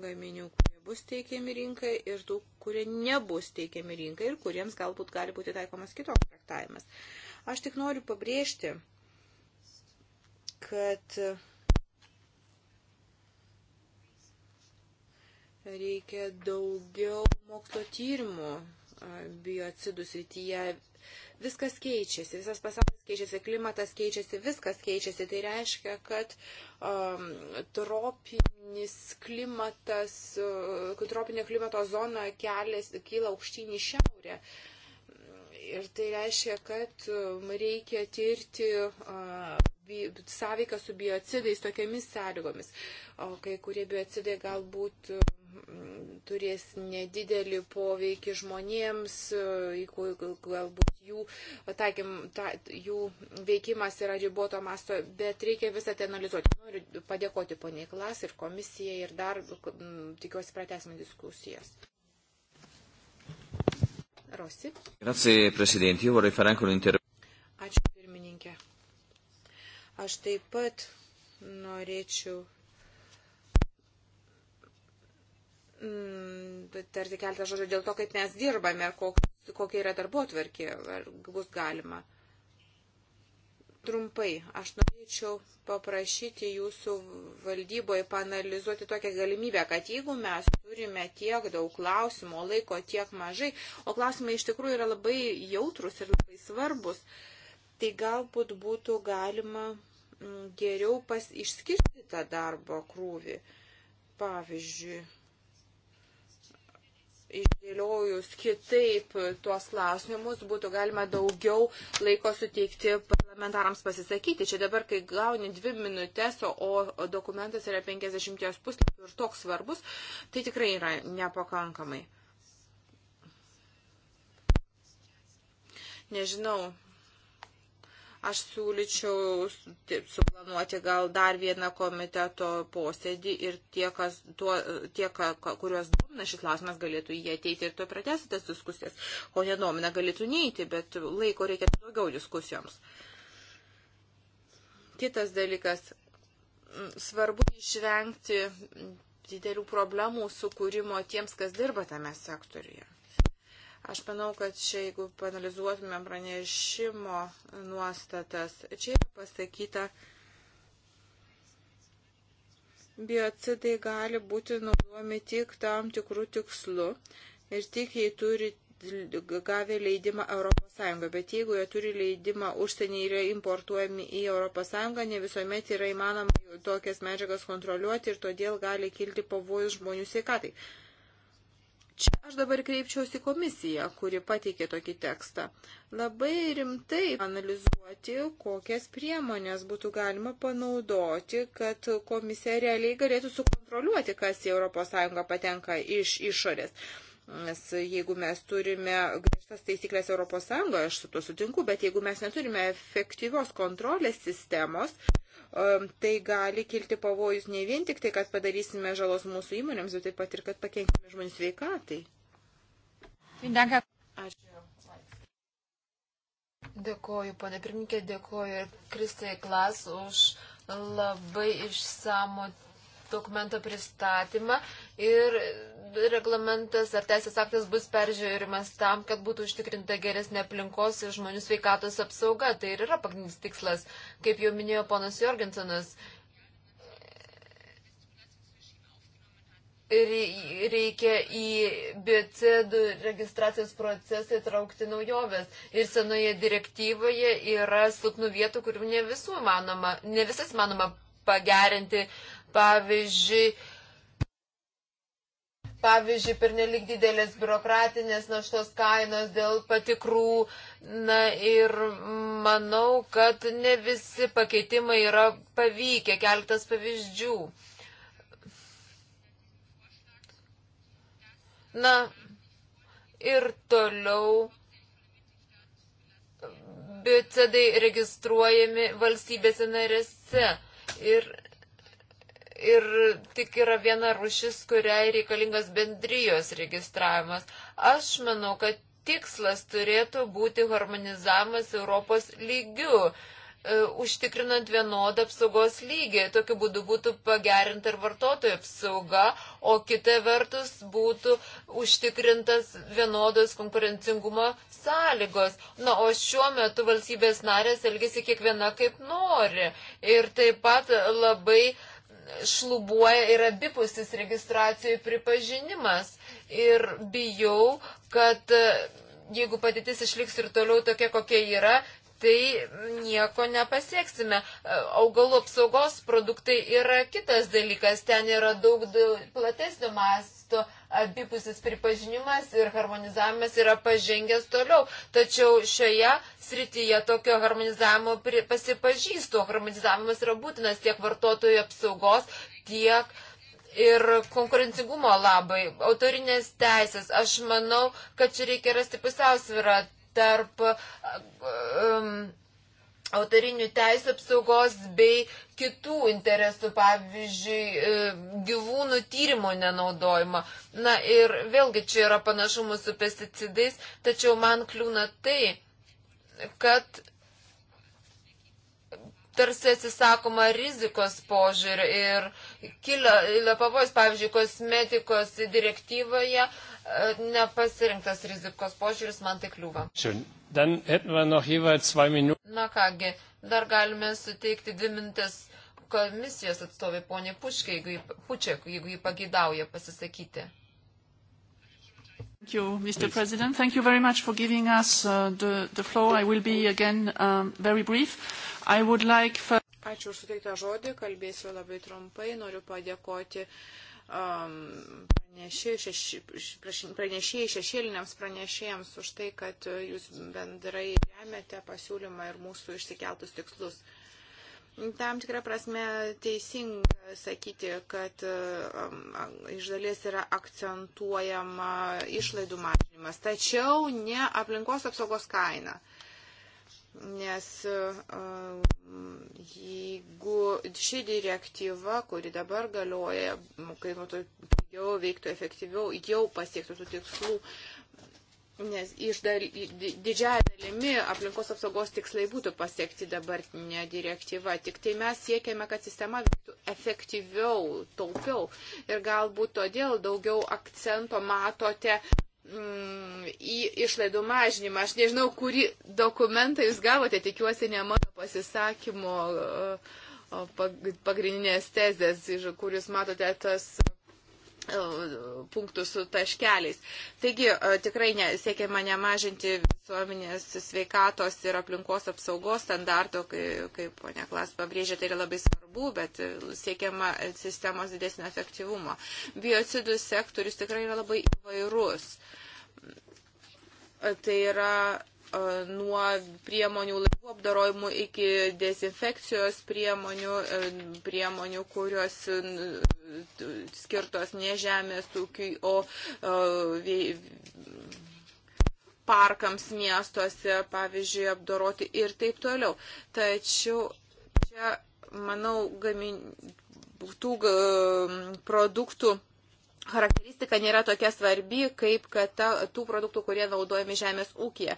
gaminių, kurie bus teikiami rinkai ir tų, kurie nebus teikiami rinkai ir kuriems galbūt gali būti taikomas kitoks traktavimas. Aš tik noriu pabrėžti, kad reikia daugiau mokslo tyrimų biocidų srityje. Viskas keičiasi, visas pasaulis keičiasi, klimatas keičiasi, viskas keičiasi. Tai reiškia, kad um, tropinis klimatas, uh, tropinio klimato zona kelias kyla aukštyn į šiaurę. Ir tai reiškia, kad um, reikia tirti uh, sąveiką su biocidais tokiamis sąlygomis. O kai kurie biocidai galbūt. Uh, turės nedidelį poveikį žmonėms, galbūt jų, taikym, ta, jų veikimas yra riboto masto, bet reikia visą tai analizuoti. Noriu padėkoti poniai klas ir komisijai ir dar m, tikiuosi pratesime diskusijas. Rosi. Grazie, Presidente. Io vorrei fare anche un intervento. Ačiū, pirmininkė. Aš taip pat norėčiau mm, tarti keltą žodžių dėl to, kaip mes dirbame ir kok, kokia yra darbo tvarkė, ar bus galima. Trumpai, aš norėčiau paprašyti jūsų valdyboje panalizuoti tokią galimybę, kad jeigu mes turime tiek daug klausimų, laiko tiek mažai, o klausimai iš tikrųjų yra labai jautrus ir labai svarbus, tai galbūt būtų galima mm, geriau pas, išskirti tą darbo krūvį. Pavyzdžiui, išdėliojus kitaip tuos klausimus, būtų galima daugiau laiko suteikti parlamentarams pasisakyti. Čia dabar, kai gauni dvi minutės, o, o dokumentas yra 50 puslapių ir toks svarbus, tai tikrai yra nepakankamai. Nežinau, Aš siūlyčiau suplanuoti gal dar vieną komiteto posėdį ir tie, kas, tuo, tie ka, kuriuos domina šis klausimas, galėtų jie ateiti ir to pratesti tas diskusijas, ko nedomina galėtų neiti, bet laiko reikia daugiau diskusijoms. Kitas dalykas, mm, svarbu išvengti didelių problemų sukūrimo tiems, kas dirba tame sektoriuje. Aš manau, kad čia, jeigu panalizuotumėm pranešimo nuostatas, čia yra pasakyta, biocidai gali būti naudojami tik tam tikrų tikslų ir tik jei turi gavę leidimą ES, bet jeigu jie turi leidimą užsienį ir importuojami į ES, ne visuomet yra įmanoma tokias medžiagas kontroliuoti ir todėl gali kilti pavojus žmonių sveikatai. Čia aš dabar kreipčiausi komisiją, kuri pateikė tokį tekstą. Labai rimtai analizuoti, kokias priemonės būtų galima panaudoti, kad komisija realiai galėtų sukontroliuoti, kas į ES patenka iš išorės. Nes jeigu mes turime griežtas taisyklės ES, aš su tuo sutinku, bet jeigu mes neturime efektyvios kontrolės sistemos, tai gali kilti pavojus ne vien tik tai, kad padarysime žalos mūsų įmonėms, bet taip pat ir, kad pakenkime žmonių sveikatai. Ačiū. Dėkoju, ponė pirmininkė, dėkoju Kristai Klas už labai išsamų dokumento pristatymą ir reglamentas ar teisės aktas bus peržiūrimas tam, kad būtų užtikrinta geresnė aplinkos ir žmonių sveikatos apsauga. Tai ir yra pagrindinis tikslas, kaip jau minėjo ponas Jorgensonas. Reikia į biocidų registracijos procesą įtraukti naujoves. Ir senoje direktyvoje yra silpnų vietų, kurių ne, manoma, ne visas manoma pagerinti. Pavyzdžiui, pavyzdžiui, pernelik didelės biurokratinės naštos kainos dėl patikrų. Na ir manau, kad ne visi pakeitimai yra pavykę, keltas pavyzdžių. Na ir toliau biocidai registruojami valstybėse narėse. Ir ir tik yra viena rušis, kuriai reikalingas bendrijos registravimas. Aš manau, kad tikslas turėtų būti harmonizavimas Europos lygių, e, užtikrinant vienodą apsaugos lygį. Tokiu būdu būtų pagerinta ir vartotojų apsauga, o kita vertus būtų užtikrintas vienodos konkurencingumo sąlygos. Na, o šiuo metu valstybės narės elgesi kiekviena kaip nori. Ir taip pat labai uh, šlubuoja ir abipusis registracijų pripažinimas. Ir bijau, kad e, jeigu padėtis išliks ir toliau tokia, kokia yra, tai nieko nepasieksime. E, augalų apsaugos produktai yra kitas dalykas, ten yra daug platesnio mas, mastu abipusis pripažinimas ir harmonizavimas yra pažengęs toliau. Tačiau šioje srityje tokio harmonizavimo pasipažįstu. Harmonizavimas yra būtinas tiek vartotojų apsaugos, tiek ir konkurencingumo labai. Autorinės teisės. Aš manau, kad čia reikia rasti pusiausvyrą tarp. Um, autorinių teisų apsaugos bei kitų interesų, pavyzdžiui, e, gyvūnų tyrimo nenaudojimą. Na ir vėlgi čia yra panašumų su pesticidais, tačiau man kliūna tai, kad tarsi atsisakoma rizikos požiūrį ir kilė pavojus, pavyzdžiui, kosmetikos direktyvoje e, nepasirinktas rizikos požiūris man tai kliūva. Šiandien Dann hätten wir noch jeweils zwei Minuten. Na kągi, dar galime suteikti dvi minutės komisijos atstovė ponė Puškė, jeigu jį, Puček, jeigu jį pagidauja pasisakyti. Thank you, Mr. Please. President. Thank you very much for giving us uh, the, the floor. I will be again um, very brief. I would like... For... Ačiū už suteiktą žodį, kalbėsiu labai trumpai. Noriu padėkoti uh, Um, pranešėjai šešėliniams pranešėjams už tai, kad uh, jūs bendrai remiate pasiūlymą ir mūsų išsikeltus tikslus. Tam tikrą prasme teisinga sakyti, kad uh, um, iš dalies yra akcentuojama išlaidų mažinimas, tačiau ne aplinkos apsaugos kaina. Uh, Nes uh, jeigu ši direktyva, kuri dabar galioja, kainuotų pigiau, veiktų efektyviau, jau pasiektų tų tikslų, nes iš dal, didžiąją dalimi aplinkos apsaugos tikslai būtų pasiekti dabartinė direktyva. Tik tai mes siekiame, kad sistema veiktų efektyviau, taupiau. Ir galbūt todėl daugiau akcento matote Mm, į išlaidų mažinimą. Aš nežinau, kurį dokumentą jūs gavote, tikiuosi ne mano pasisakymo pagrindinės tezės, kur jūs matote tas E, punktų su taškeliais. Taigi e, tikrai ne, siekiama nemažinti visuomenės sveikatos ir aplinkos apsaugos standartų, kaip, kaip ponia Klas pabrėžė, tai yra labai svarbu, bet siekiama sistemos didesnio efektyvumo. Biocidų sektorius tikrai yra labai įvairus. Tai yra E, nuo priemonių laivų apdarojimų iki dezinfekcijos priemonių, e, priemonių, kurios skirtos ne žemės ūkiui, o e, parkams miestuose, pavyzdžiui, apdoroti ir taip toliau. Tačiau čia, manau, gamin, tų produktų charakteristika nėra tokia svarbi, kaip kad ta, tų produktų, kurie naudojami žemės ūkija.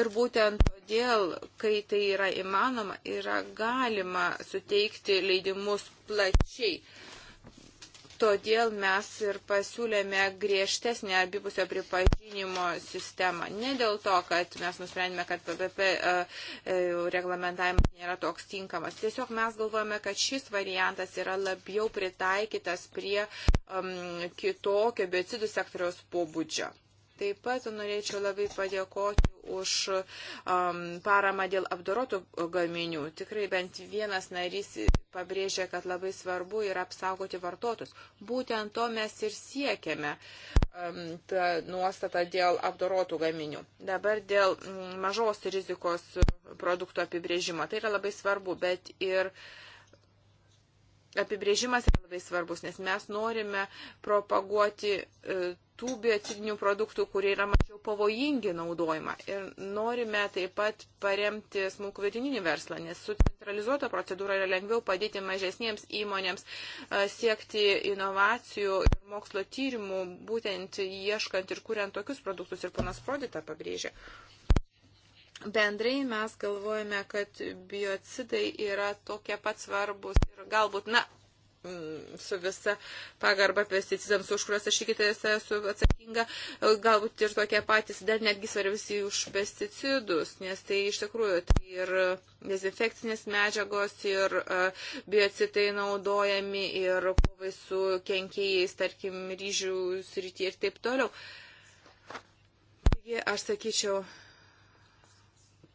Ir būtent todėl, kai tai yra įmanoma, yra galima suteikti leidimus plačiai. Uh, Todėl mes ir pasiūlėme griežtesnę abipusio pripažinimo sistemą. Ne dėl to, kad mes nusprendėme, kad PPP e, e, reglamentavimas nėra toks tinkamas. Tiesiog mes galvojame, kad šis variantas yra labiau pritaikytas prie um, kitokio biocidų sektoriaus pobūdžio. Taip pat norėčiau labai padėkoti už um, paramą dėl apdorotų gaminių. Tikrai bent vienas narys pabrėžė, kad labai svarbu yra apsaugoti vartotus. Būtent to mes ir siekiame um, tą nuostatą dėl apdorotų gaminių. Dabar dėl um, mažos rizikos produktų apibrėžimo. Tai yra labai svarbu, bet ir apibrėžimas yra labai svarbus, nes mes norime propaguoti. Uh, tų biocidinių produktų, kurie yra mažiau pavojingi naudojimą. Ir norime taip pat paremti smulkų vietininį verslą, nes su centralizuota procedūra yra lengviau padėti mažesniems įmonėms siekti inovacijų ir mokslo tyrimų, būtent ieškant ir kuriant tokius produktus. Ir ponas Prodita pabrėžė. Bendrai mes galvojame, kad biocidai yra tokie pat svarbus ir galbūt, na, Mm, su visa pagarba pesticidams, už kuriuos aš iki tiesa esu atsakinga, galbūt ir tokie patys, dar netgi svarbiausi už pesticidus, nes tai iš tikrųjų tai ir dezinfekcinės medžiagos, ir e, biocitai naudojami, ir kovai su kenkėjais, tarkim, ryžių srityje ir taip toliau. Taigi, aš sakyčiau,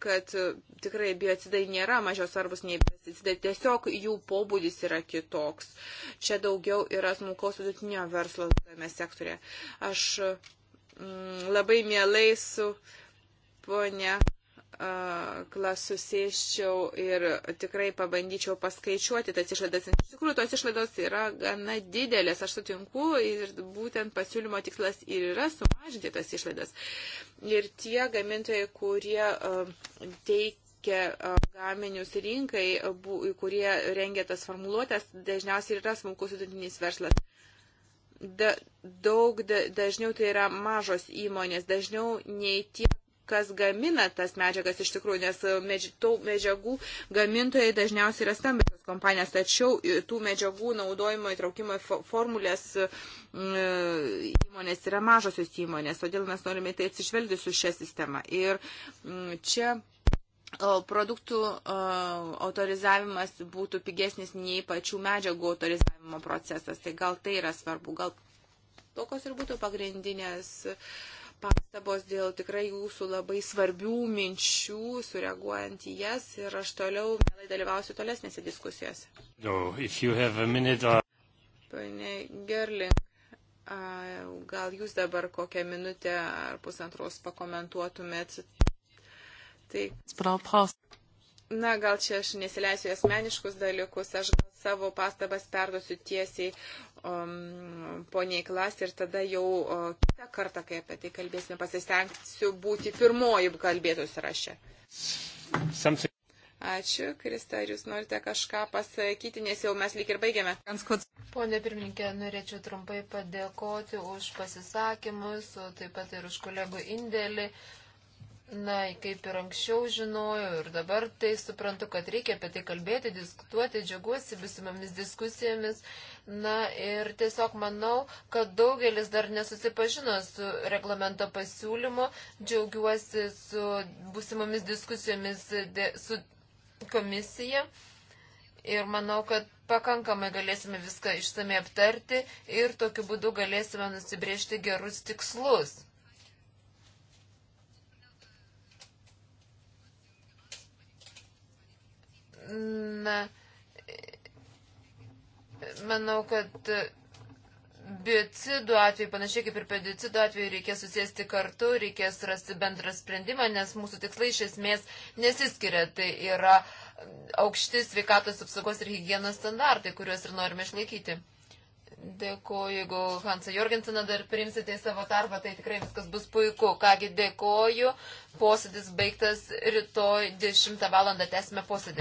kad e, tikrai biocidai nėra mažiau svarbus nei pesticidai, tiesiog jų pobūdis yra kitoks. Čia daugiau yra smulkaus vidutinio verslo tame sektorė. Aš mm, labai mielai su ponia klas susėščiau ir tikrai pabandyčiau paskaičiuoti tas išlaidas. Iš tikrųjų, tos išlaidos yra gana didelės, aš sutinku, ir būtent pasiūlymo tikslas ir yra sumažinti tas išlaidas. Ir tie gamintojai, kurie um, teikia teikia um, gaminius rinkai, kurie rengia tas formuluotės, dažniausiai yra smulkus vidutinis verslas. Da, daug da, dažniau tai yra mažos įmonės, dažniau nei tie kas gamina tas medžiagas iš tikrųjų, nes medž tų medžiagų gamintojai dažniausiai yra stambios kompanijos, tačiau e, tų medžiagų naudojimo įtraukimo formulės įmonės yra mažosios įmonės, todėl mes norime tai atsižvelgti su šią sistemą. Ir čia produktų autorizavimas būtų pigesnis nei pačių medžiagų autorizavimo procesas. Tai gal tai yra svarbu, gal tokios ir būtų pagrindinės uh, pastabos dėl tikrai jūsų labai svarbių minčių, sureaguojant į jas ir aš toliau mielai dalyvausiu tolesnėse diskusijose. No, minute, I... Uh, Pane Gerling, gal jūs dabar kokią minutę ar pusantros pakomentuotumėt? Tai... Na, gal čia aš nesileisiu asmeniškus dalykus, aš gal savo pastabas perduosiu tiesiai um, poniai klasė ir tada jau uh, kitą kartą, kai apie tai kalbėsime, pasistengsiu būti pirmoji kalbėtų sąraše. Something. Ačiū, Krista, ar jūs norite kažką pasakyti, nes jau mes lyg ir baigėme. Pone pirmininkė, norėčiau trumpai padėkoti už pasisakymus, taip pat ir už kolegų indėlį. Na, kaip ir anksčiau žinojau ir dabar tai suprantu, kad reikia apie tai kalbėti, diskutuoti, džiaugiuosi visomis diskusijomis. Na ir tiesiog manau, kad daugelis dar nesusipažino su reglamento pasiūlymu, džiaugiuosi su busimomis diskusijomis de, su komisija. Ir manau, kad pakankamai galėsime viską išsamei aptarti ir tokiu būdu galėsime nusibriežti gerus tikslus. Na, manau, kad biocidų atveju, panašiai kaip ir pedicidų atveju, reikės susėsti kartu, reikės rasti bendrą sprendimą, nes mūsų tikslai iš esmės nesiskiria. Tai yra aukšti sveikatos apsaugos ir hygienos standartai, kuriuos ir norime išlaikyti. Dėkuoju, jeigu Hansą Jorgenseną dar priimsite į savo darbą, tai tikrai viskas bus puiku. Kągi, dėkuoju. Posėdis baigtas rytoj 10 val. tęsime posėdį.